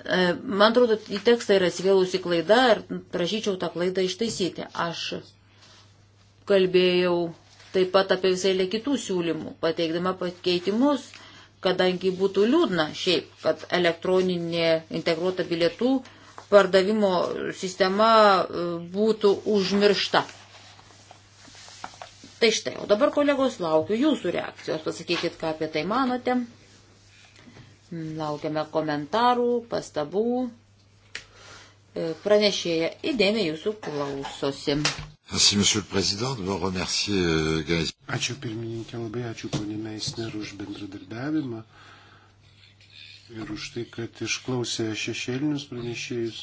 Man atrodo, į tekstą yra įsivėlusi klaida ir prašyčiau tą klaidą ištaisyti. Aš kalbėjau taip pat apie visai lė kitų siūlymų, pateikdama pakeitimus, kadangi būtų liūdna šiaip, kad elektroninė integruota bilietų pardavimo sistema e, būtų užmiršta. Tai štai, o dabar kolegos laukiu jūsų reakcijos, pasakykit, ką apie tai manote. Laukiame komentarų, pastabų. E, pranešėja įdėmė jūsų klausosi. Merci, monsieur le président, de vous remercier, euh, Gais. Ačiū pirmininkė, labai ačiū ponė Meisner už bendradarbiavimą ir už tai, kad išklausė šešėlinius pranešėjus.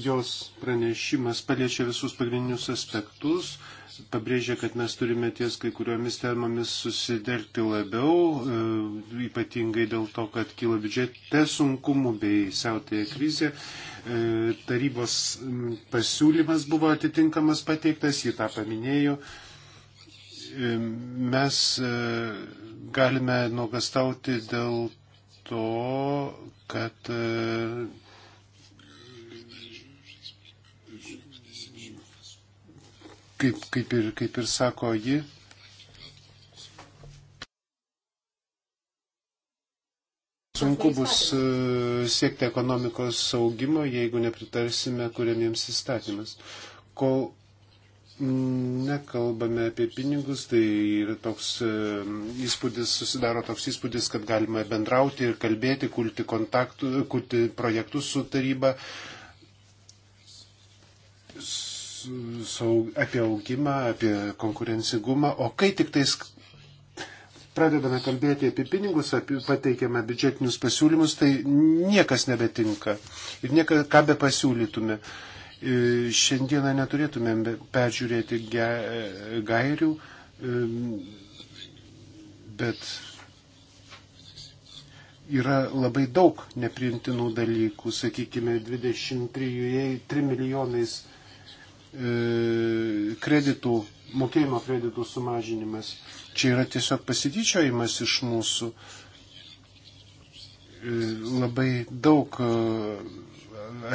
Jos pranešimas paliečia visus pagrindinius aspektus, pabrėžia, kad mes turime ties kai kuriomis temomis susiderti labiau, e, ypatingai dėl to, kad kyla biudžete sunkumų bei siautėja krizė. E, tarybos pasiūlymas buvo atitinkamas pateiktas, jį tą paminėjo. E, mes galime nuogastauti dėl to, kad kaip, kaip, ir, kaip ir sako ji. Sunku bus e, siekti ekonomikos saugimo, jeigu nepritarsime kuriamiems įstatymas. Kol nekalbame apie pinigus, tai yra toks e, įspūdis, susidaro toks įspūdis, kad galima bendrauti ir kalbėti, kulti, kontaktų, kulti projektus su taryba. Su saug, apie augimą, apie konkurencingumą, o kai tik tais pradedame kalbėti apie pinigus, apie pateikiame biudžetinius pasiūlymus, tai niekas nebetinka ir nieka, ką be pasiūlytume. E, šiandieną neturėtumėm peržiūrėti gairių, e, bet yra labai daug nepriimtinų dalykų, sakykime, 23 milijonais E, kreditų, mokėjimo kreditų sumažinimas. Čia yra tiesiog pasityčiojimas iš mūsų. E, labai daug e,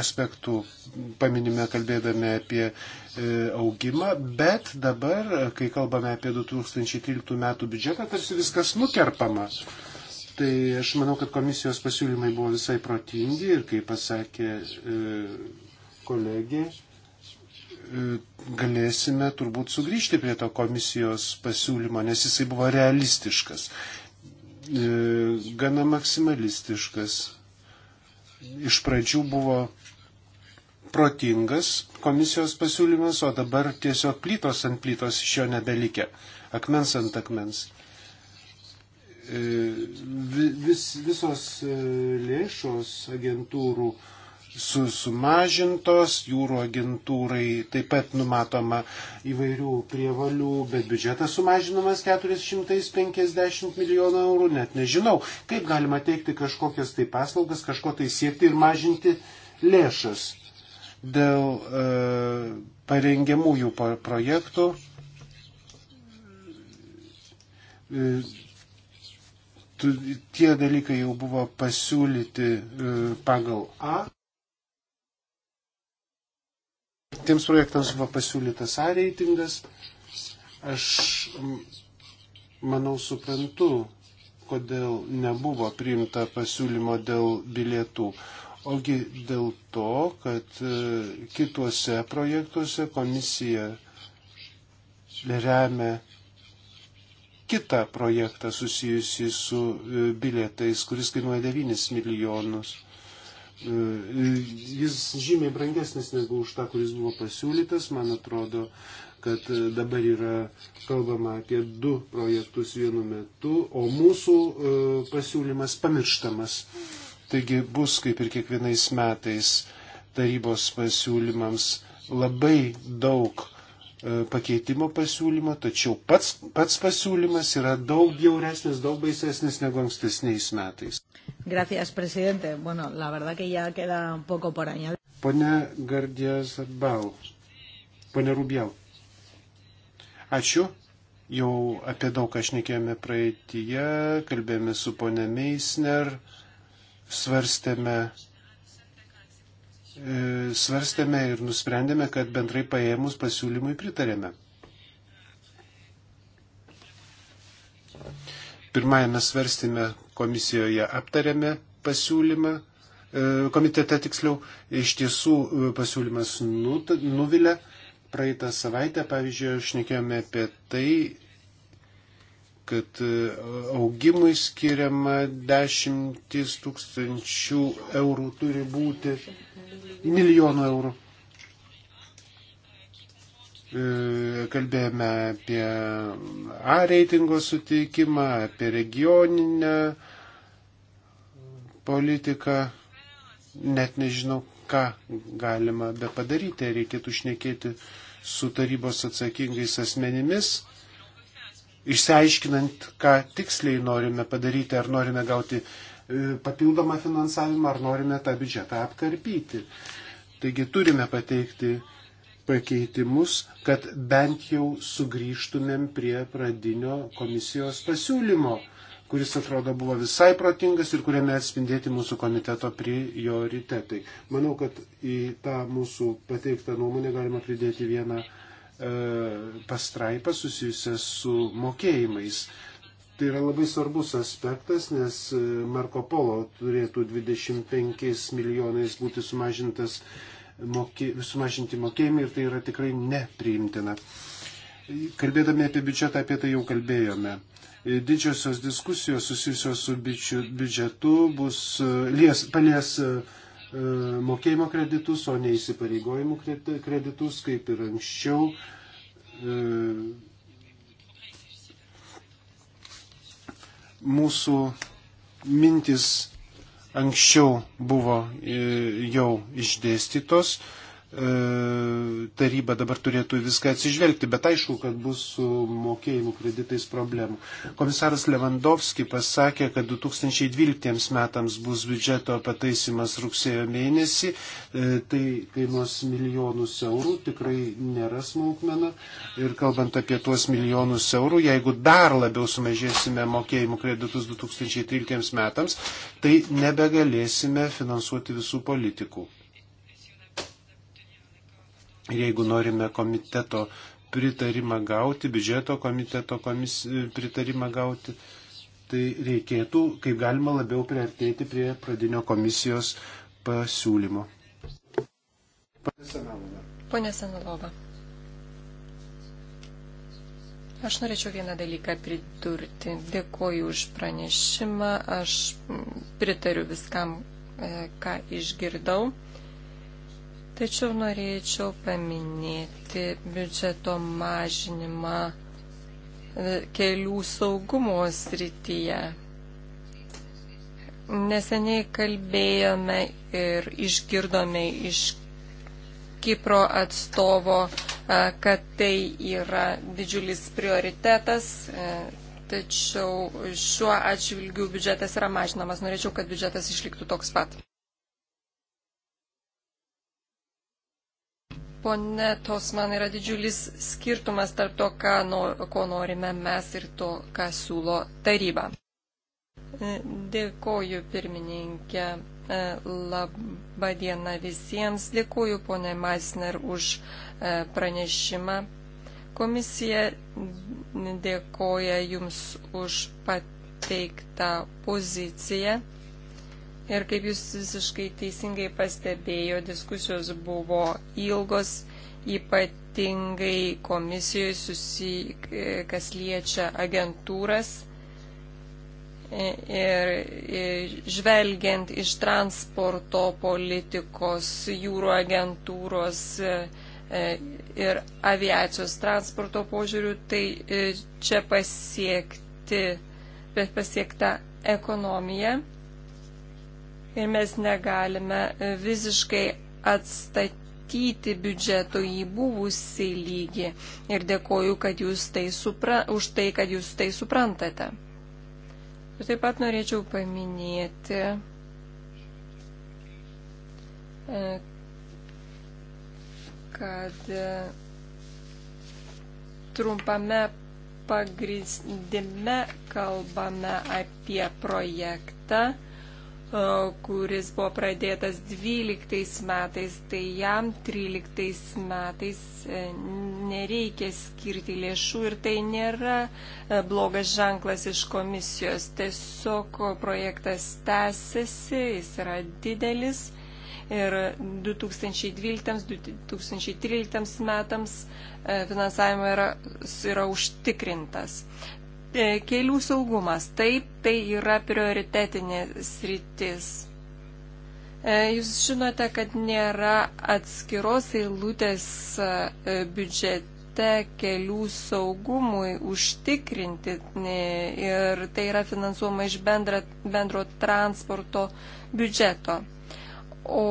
aspektų paminime kalbėdami apie augimą, bet dabar, kai kalbame apie 2013 metų biudžetą, tarsi viskas nukerpama. Tai aš manau, kad komisijos pasiūlymai buvo visai protingi ir, kaip pasakė kolegė, galėsime turbūt sugrįžti prie to komisijos pasiūlymo, nes jisai buvo realistiškas, e, gana maksimalistiškas. Iš pradžių buvo protingas komisijos pasiūlymas, o dabar tiesiog plytos ant plytos iš jo nebelikia, akmens ant akmens. E, vis, visos e, lėšos agentūrų su, sumažintos, jūrų agentūrai taip pat numatoma įvairių prievalių, bet biudžetas sumažinamas 450 milijonų eurų, net nežinau, kaip galima teikti kažkokias tai paslaugas, kažko tai siekti ir mažinti lėšas dėl e, parengiamųjų projektų. E, tie dalykai jau buvo pasiūlyti e, pagal A. Tiems projektams buvo pasiūlytas A reitingas. Aš manau suprantu, kodėl nebuvo priimta pasiūlymo dėl bilietų. Ogi dėl to, kad e, kituose projektuose komisija remia kitą projektą susijusi su e, bilietais, kuris kainuoja 9 milijonus. E, jis žymiai brangesnis negu už tą, kuris buvo pasiūlytas. Man atrodo, kad e, dabar yra kalbama apie du projektus vienu metu, o mūsų e, pasiūlymas pamirštamas. Taigi bus kaip ir kiekvienais metais tarybos pasiūlymams labai daug E, pakeitimo pasiūlymo, tačiau pats, pats pasiūlymas yra daug bjauresnis, daug baisesnis negu ankstesniais metais. Gracias, presidente. Bueno, la verdad que ya queda un poco por añadir. Pone Gardijas Bau. Pone Rubiau. Ačiū. Jau apie daug ką šnekėjome praeitįje, kalbėjome su ponė Meisner, svarstėme E, svarstėme ir nusprendėme, kad bendrai paėmus pasiūlymui pritarėme. Pirmajame svarstėme komisijoje aptarėme pasiūlymą, e, komitete tiksliau, iš tiesų e, pasiūlymas nuvilia. Praeitą savaitę, pavyzdžiui, šnekėjome apie tai, kad e, augimui skiriama dešimtis tūkstančių eurų turi būti milijonų eurų. E, kalbėjome apie A reitingo suteikimą, apie regioninę politiką. Net nežinau, ką galima be padaryti. Reikėtų šnekėti su tarybos atsakingais asmenimis išsiaiškinant, ką tiksliai norime padaryti, ar norime gauti e, papildomą finansavimą, ar norime tą biudžetą apkarpyti. Taigi turime pateikti pakeitimus, kad bent jau sugrįžtumėm prie pradinio komisijos pasiūlymo, kuris atrodo buvo visai protingas ir kuriame atspindėti mūsų komiteto prioritetai. Manau, kad į tą mūsų pateiktą nuomonę galima pridėti vieną E, pastraipą susijusią su mokėjimais. Tai yra labai svarbus aspektas, nes e, Marko Polo turėtų 25 milijonais būti sumažintas, mokė, sumažinti mokėjimai ir tai yra tikrai nepriimtina. Kalbėdami apie biudžetą, apie tai jau kalbėjome. Didžiosios diskusijos susijusios su bičiu, biudžetu bus e, lies, palies uh, E, mokėjimo kreditus, o ne įsipareigojimų kreditus, kaip ir anksčiau. E, mūsų mintis anksčiau buvo e, jau išdėstytos. E, E, taryba dabar turėtų viską atsižvelgti, bet aišku, kad bus su mokėjimų kreditais problemų. Komisaras Lewandowski pasakė, kad 2012 metams bus biudžeto pataisimas rugsėjo mėnesį, e, tai kainuos milijonus eurų, tikrai nėra smulkmena. Ir kalbant apie tuos milijonus eurų, jeigu dar labiau sumažėsime mokėjimų kreditus 2013 metams, tai nebegalėsime finansuoti visų politikų. Jeigu norime komiteto pritarimą gauti, biudžeto komiteto komis, pritarimą gauti, tai reikėtų kaip galima labiau priartėti prie pradinio komisijos pasiūlymo. Pone Senalova. Aš norėčiau vieną dalyką pridurti. Dėkuoju už pranešimą. Aš pritariu viskam, e, ką išgirdau. Tačiau norėčiau paminėti biudžeto mažinimą e, kelių saugumo srityje. Neseniai kalbėjome ir išgirdome iš Kipro atstovo, e, kad tai yra didžiulis prioritetas, e, tačiau šiuo atžvilgiu biudžetas yra mažinamas. Norėčiau, kad biudžetas išliktų toks pat. pone Tosman, yra didžiulis skirtumas tarp to, nor, ko norime mes ir to, ką siūlo taryba. E, dėkoju, pirmininkė. E, Labą dieną visiems. Dėkoju, ponė Masner, už e, pranešimą. Komisija dėkoja Jums už pateiktą poziciją. Ir kaip jūs visiškai teisingai pastebėjo, diskusijos buvo ilgos, ypatingai komisijoje susi, kas liečia agentūras. E, ir e, žvelgiant iš transporto politikos, jūro agentūros e, ir aviacijos transporto požiūrių, tai čia pasiekti, pasiekta ekonomija ir mes negalime visiškai atstatyti biudžeto į buvusį lygį. Ir dėkoju, kad jūs tai supra, už tai, kad jūs tai suprantate. Ir taip pat norėčiau paminėti, e, kad e, trumpame pagrindime kalbame apie projektą kuris buvo pradėtas 12 metais, tai jam 13 metais e, nereikia skirti lėšų ir tai nėra e, blogas ženklas iš komisijos. Tiesiog projektas tęsiasi, jis yra didelis ir 2012-2013 metams e, finansavimas yra, yra užtikrintas. E, kelių saugumas. Taip, tai yra prioritetinė sritis. E, jūs žinote, kad nėra atskiros eilutės e, biudžete kelių saugumui užtikrinti ir tai yra finansuoma iš bendra, bendro transporto biudžeto. O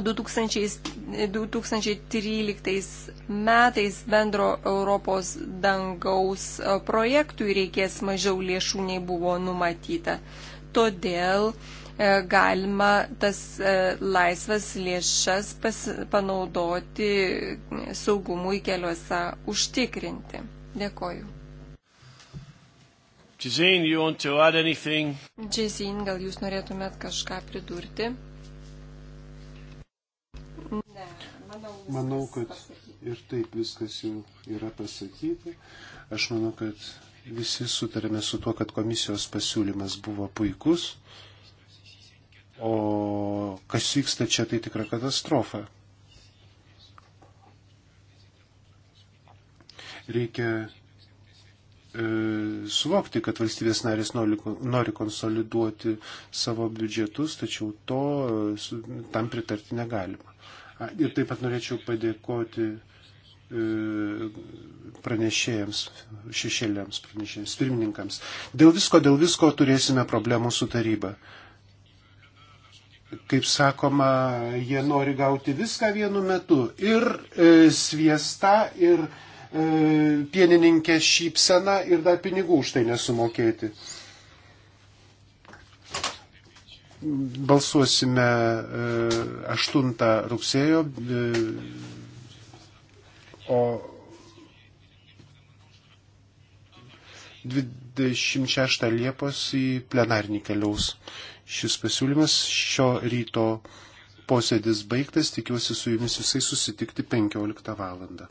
2013 metais bendro Europos dangaus e, projektui reikės mažiau lėšų nei buvo numatyta. Todėl e, galima tas e, laisvas lėšas panaudoti saugumui keliuose užtikrinti. Dėkoju. Jazin, gal jūs norėtumėt kažką pridurti? Ne, manau, manau, kad pasakyta. ir taip viskas jau yra pasakyti. Aš manau, kad visi sutarėme su tuo, kad komisijos pasiūlymas buvo puikus, o kas vyksta čia, tai tikra katastrofa. Reikia e, suvokti, kad valstybės narės nori, nori konsoliduoti savo biudžetus, tačiau to e, tam pritarti negalima. Ir taip pat norėčiau padėkoti e, pranešėjams, šešėliams pranešėjams, pirmininkams. Dėl visko, dėl visko turėsime problemų su taryba. Kaip sakoma, jie nori gauti viską vienu metu. Ir e, sviestą, ir e, pienininkę šypseną, ir dar pinigų už tai nesumokėti. E, Balsuosime 8 e, rugsėjo, e, o 26 Liepos į plenarnį keliaus šis pasiūlymas. Šio ryto posėdis baigtas, tikiuosi su jumis visai susitikti 15 valandą.